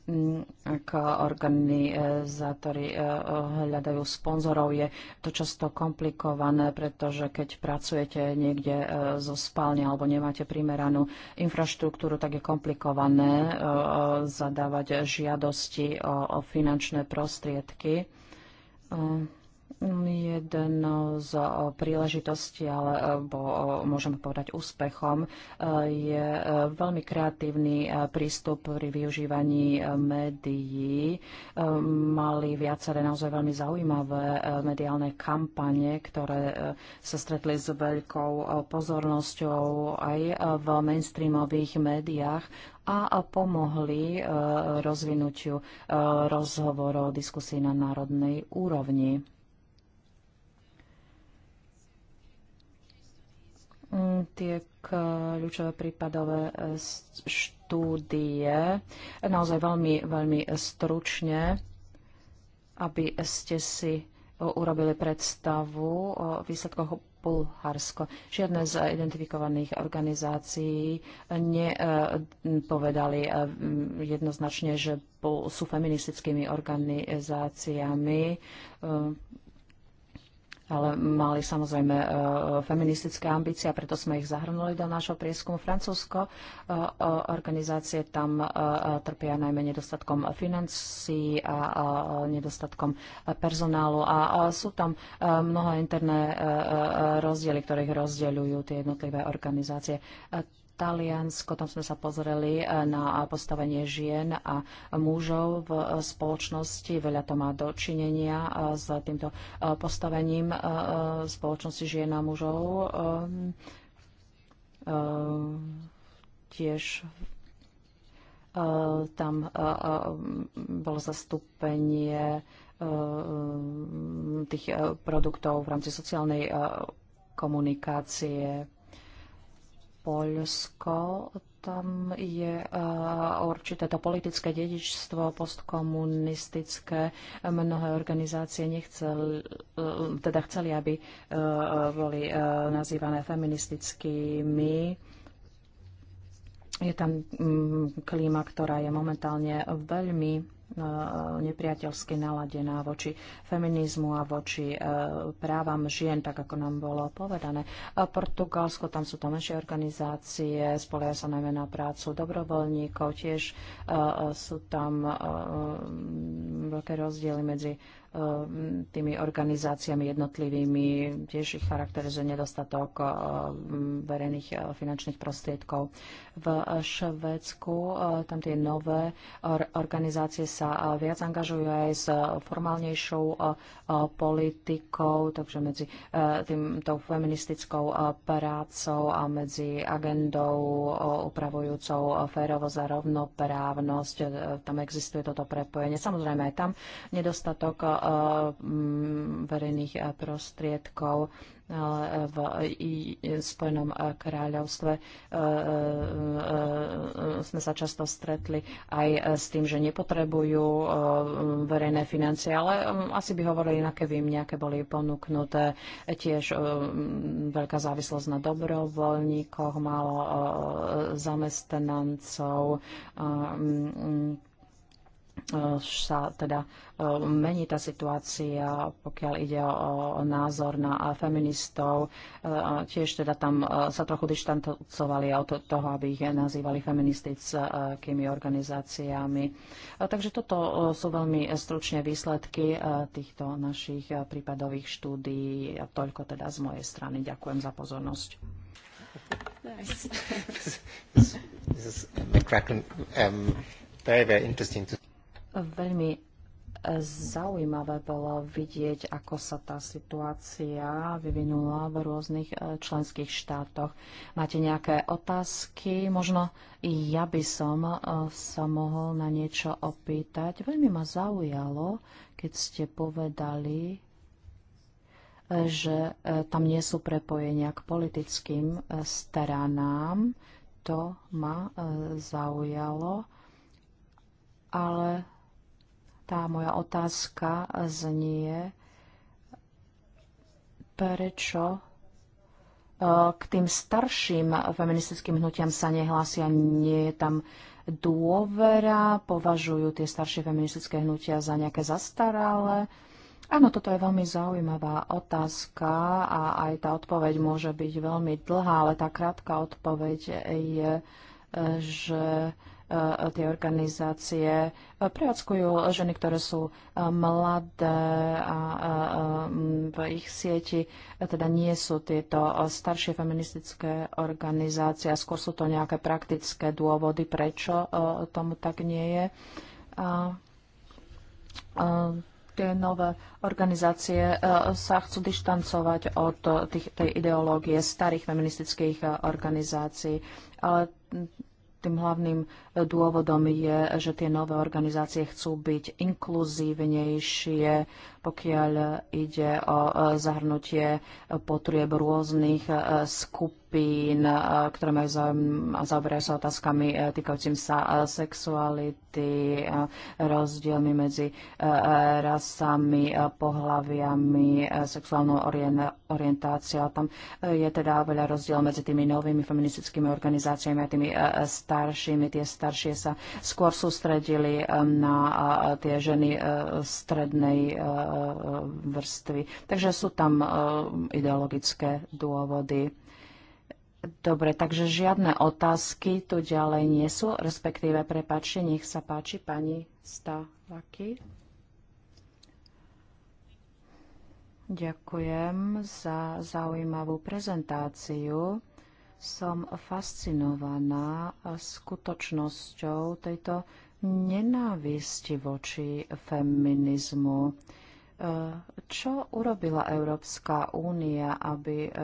[SPEAKER 3] mm, ak organizátori e, hľadajú sponzorov, je to často komplikované, pretože keď pracujete niekde e, zo spálne alebo nemáte primeranú infraštruktúru, tak je komplikované e, zadávať žiadosti o finančné prostriedky. Jedno z eh, príležitostí, alebo eh, eh, môžeme povedať úspechom, je veľmi kreatívny prístup pri využívaní médií. Mali viaceré naozaj veľmi zaujímavé mediálne kampane, ktoré sa stretli s veľkou pozornosťou aj v mainstreamových médiách a pomohli rozvinutiu rozhovorov, diskusí na národnej úrovni. Mm, tie kľúčové prípadové e, štúdie naozaj veľmi, veľmi stručne, aby ste si e, urobili predstavu o výsledkoch Bulharsko. Žiadne z identifikovaných organizácií nepovedali e, jednoznačne, že sú feministickými organizáciami ale mali samozrejme e, feministické ambície a preto sme ich zahrnuli do nášho prieskumu. Francúzsko e, organizácie tam e, trpia najmä nedostatkom financí a nedostatkom personálu a sú tam mnohé interné rozdiely, ktorých rozdeľujú tie jednotlivé organizácie. Taliansko, tam sme sa pozreli e, na postavenie žien a mužov v e, spoločnosti. Veľa to má dočinenia e, s týmto postavením spoločnosti žien a mužov. Tiež tam bolo zastúpenie tých produktov v rámci sociálnej komunikácie Poľsko, tam je e, určité to politické dedičstvo postkomunistické. Mnohé organizácie nechceli, e, teda chceli, aby e, boli nazývané feministickými. Je tam mm, klíma, ktorá je momentálne veľmi E, nepriateľsky naladená voči feminizmu a voči e, právam žien, tak ako nám bolo povedané. A Portugalsko, tam sú tam menšie organizácie, spolia sa najmä na prácu dobrovoľníkov, tiež e, sú tam veľké rozdiely medzi E, tými organizáciami jednotlivými, tiež ich charakterizuje nedostatok e, verejných e, finančných prostriedkov. V Švedsku tam tie nové organizácie sa viac angažujú aj s formálnejšou politikou, takže medzi tou feministickou prácou a medzi agendou upravujúcou férovo za rovnoprávnosť. Tam existuje toto prepojenie. Samozrejme aj tam nedostatok Eh, verejných eh, prostriedkov eh, v Spojenom kráľovstve sme sa často stretli aj s tým, že nepotrebujú verejné financie, ale asi by hovorili, na vím, im nejaké boli ponúknuté. Tiež veľká závislosť na dobrovoľníkoch, málo zamestnancov, E, sa teda e, mení tá situácia, pokiaľ ide o názor na e, feministov. Tiež teda tam sa trochu dištancovali od toho, aby ich nazývali feministickými organizáciami. Takže toto sú veľmi stručne výsledky týchto našich prípadových štúdií. Toľko teda z mojej strany. Ďakujem za pozornosť. Nice.
[SPEAKER 1] McCracken, um, very, very interesting to
[SPEAKER 3] Veľmi e, zaujímavé bolo vidieť, ako sa tá situácia vyvinula v rôznych e, členských štátoch. Máte nejaké otázky? Možno ja by som e, sa mohol na niečo opýtať. Veľmi ma zaujalo, keď ste povedali, že tam nie sú prepojenia k politickým stranám. To ma zaujalo, ale tá moja otázka znie, prečo e, k tým starším feministickým hnutiam sa nehlásia, nie je tam dôvera, považujú tie staršie feministické hnutia za nejaké zastaralé. Áno, toto je veľmi zaujímavá otázka a aj tá odpoveď môže byť veľmi dlhá, ale tá krátka odpoveď je, e, že E, tie organizácie prevádzkujú ženy, ktoré sú e, mladé a e, v ich sieti teda nie sú tieto staršie feministické organizácie, a skôr sú to nejaké praktické dôvody, prečo tomu tak nie je. A, a tie nové organizácie sa chcú dištancovať od tých, tej ideológie starých feministických organizácií. Ale tým hlavným e, dôvodom je, že tie nové organizácie chcú byť inkluzívnejšie, pokiaľ ide o e, zahrnutie potrieb rôznych e, skupín, e, ktoré majú zaoberajú sa otázkami týkajúcim sa sexuality, rozdielmi medzi rasami, pohlaviami, sexuálnou orientáciou. Tam je teda veľa rozdiel medzi tými novými feministickými organizáciami a tými staršími. Tie staršie sa skôr sústredili na tie ženy strednej E, vrstvy. Takže sú tam e, ideologické dôvody. Dobre, takže žiadne otázky tu ďalej nie sú, respektíve, prepáči, nech sa páči pani Stavaky. Ďakujem za zaujímavú prezentáciu. Som fascinovaná skutočnosťou tejto nenávisti voči feminizmu E, čo urobila Európska únia, aby e, e,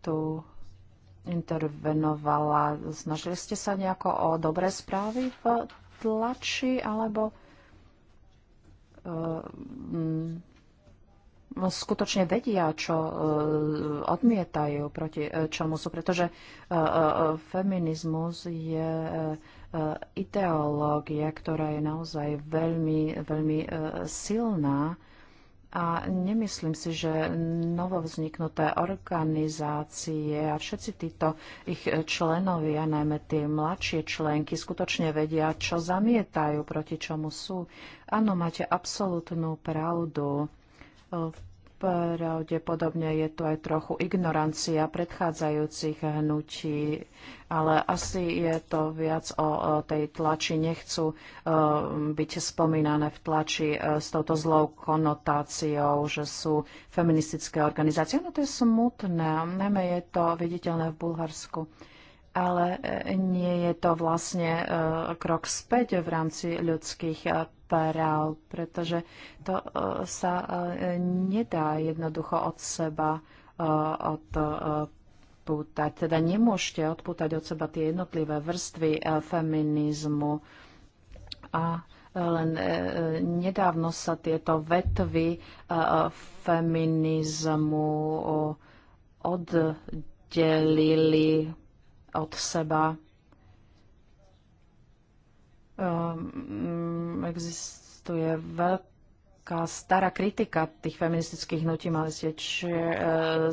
[SPEAKER 3] tu intervenovala? Snažili ste sa nejako o dobré správy v tlači, alebo mm, skutočne vedia, čo odmietajú, proti čomu sú, pretože feminizmus je E, ideológia, ktorá je naozaj veľmi, veľmi e, silná. A nemyslím si, že novovzniknuté organizácie a všetci títo ich členovia, najmä tie mladšie členky, skutočne vedia, čo zamietajú, proti čomu sú. Áno, máte absolútnu pravdu. V e, Pravdepodobne je tu aj trochu ignorancia predchádzajúcich hnutí, ale asi je to viac o, tej tlači. Nechcú e, byť spomínané v tlači e, s touto zlou konotáciou, že sú feministické organizácie. No to je smutné, najmä je to viditeľné v Bulharsku ale e, nie je to vlastne e, krok späť v rámci ľudských e, práv, pretože to sa nedá jednoducho od seba odpútať. Teda nemôžete odpútať od seba tie jednotlivé vrstvy feminizmu. A len nedávno sa tieto vetvy feminizmu oddelili od seba. Um, existuje veľká stará kritika tých feministických hnutí, mali ste či, e,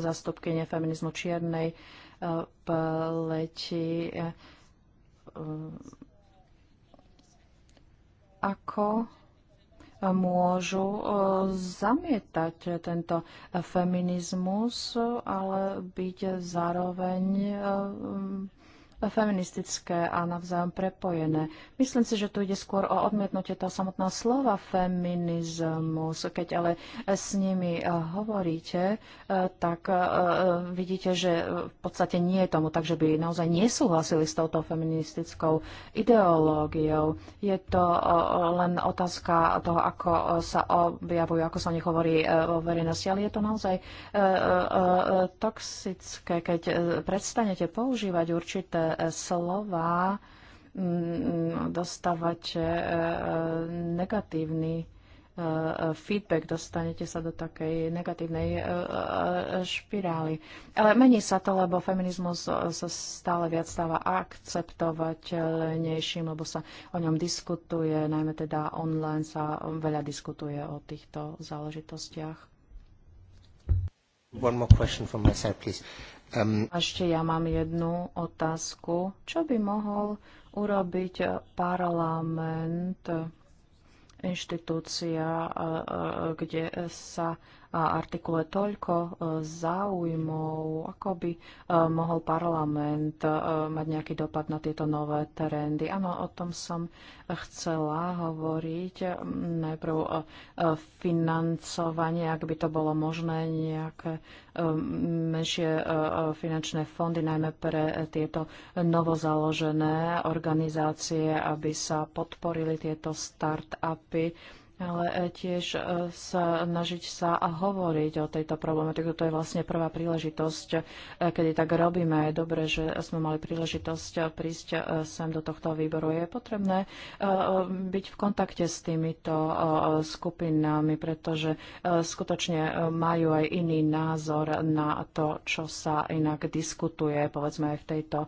[SPEAKER 3] zastupky feminizmu čiernej e, pleti. E, e, ako môžu e, zamietať tento feminizmus, ale byť zároveň e, feministické a navzájom prepojené. Myslím si, že tu ide skôr o odmietnutie toho samotného slova feminizmus. Keď ale s nimi eh, hovoríte, eh, tak eh, vidíte, že v podstate nie je tomu tak, že by naozaj nesúhlasili s touto feministickou ideológiou. Je to len otázka toho, ako sa objavujú, ako sa o nich hovorí vo verejnosti, ale je to naozaj toxické, keď prestanete používať určité slova mm, dostávate e, e, negatívny e, feedback, dostanete sa do takej negatívnej špirály. Ale mení sa to, lebo feminizmus sa stále viac stáva akceptovateľnejším, lebo sa o ňom diskutuje, najmä teda online sa veľa diskutuje o týchto záležitostiach.
[SPEAKER 1] One more question from my side,
[SPEAKER 3] please. Um, Ešte ja mám jednu otázku. Čo by mohol urobiť parlament, inštitúcia, e, e, e, kde sa a artikuluje toľko e, záujmov, ako by e, mohol parlament e, mať nejaký dopad na tieto nové trendy. Áno, o tom som chcela hovoriť. Najprv o financovanie, ak by to bolo možné, nejaké menšie finančné fondy, najmä pre tieto novozaložené organizácie, aby sa podporili tieto start-upy ale e, tiež e, snažiť sa a hovoriť o tejto problematike. To je vlastne prvá príležitosť, e, kedy tak robíme. Je dobré, že sme mali príležitosť prísť sem do tohto výboru. Je potrebné byť v kontakte s týmito skupinami, pretože skutočne majú aj iný názor na to, čo sa inak diskutuje, povedzme aj v tejto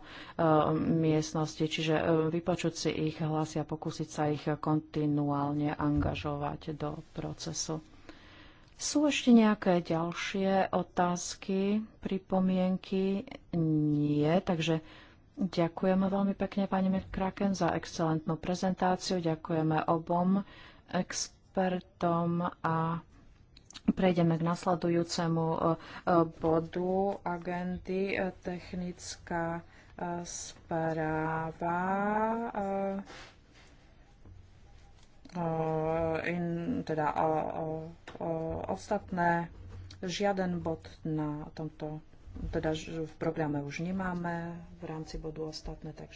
[SPEAKER 3] miestnosti. Čiže vypočuť si ich hlasy a pokúsiť sa ich kontinuálne angažovať zapojovať do procesu. Sú ešte nejaké ďalšie otázky, pripomienky? Nie, takže ďakujeme veľmi pekne pani Kraken za excelentnú prezentáciu, ďakujeme obom expertom a Prejdeme k nasledujúcemu e, e, bodu agendy e, technická správa Eh, in, teda o, o, o, ostatné. Žiaden bod na tomto, teda v programe už nemáme v rámci bodu ostatné, takže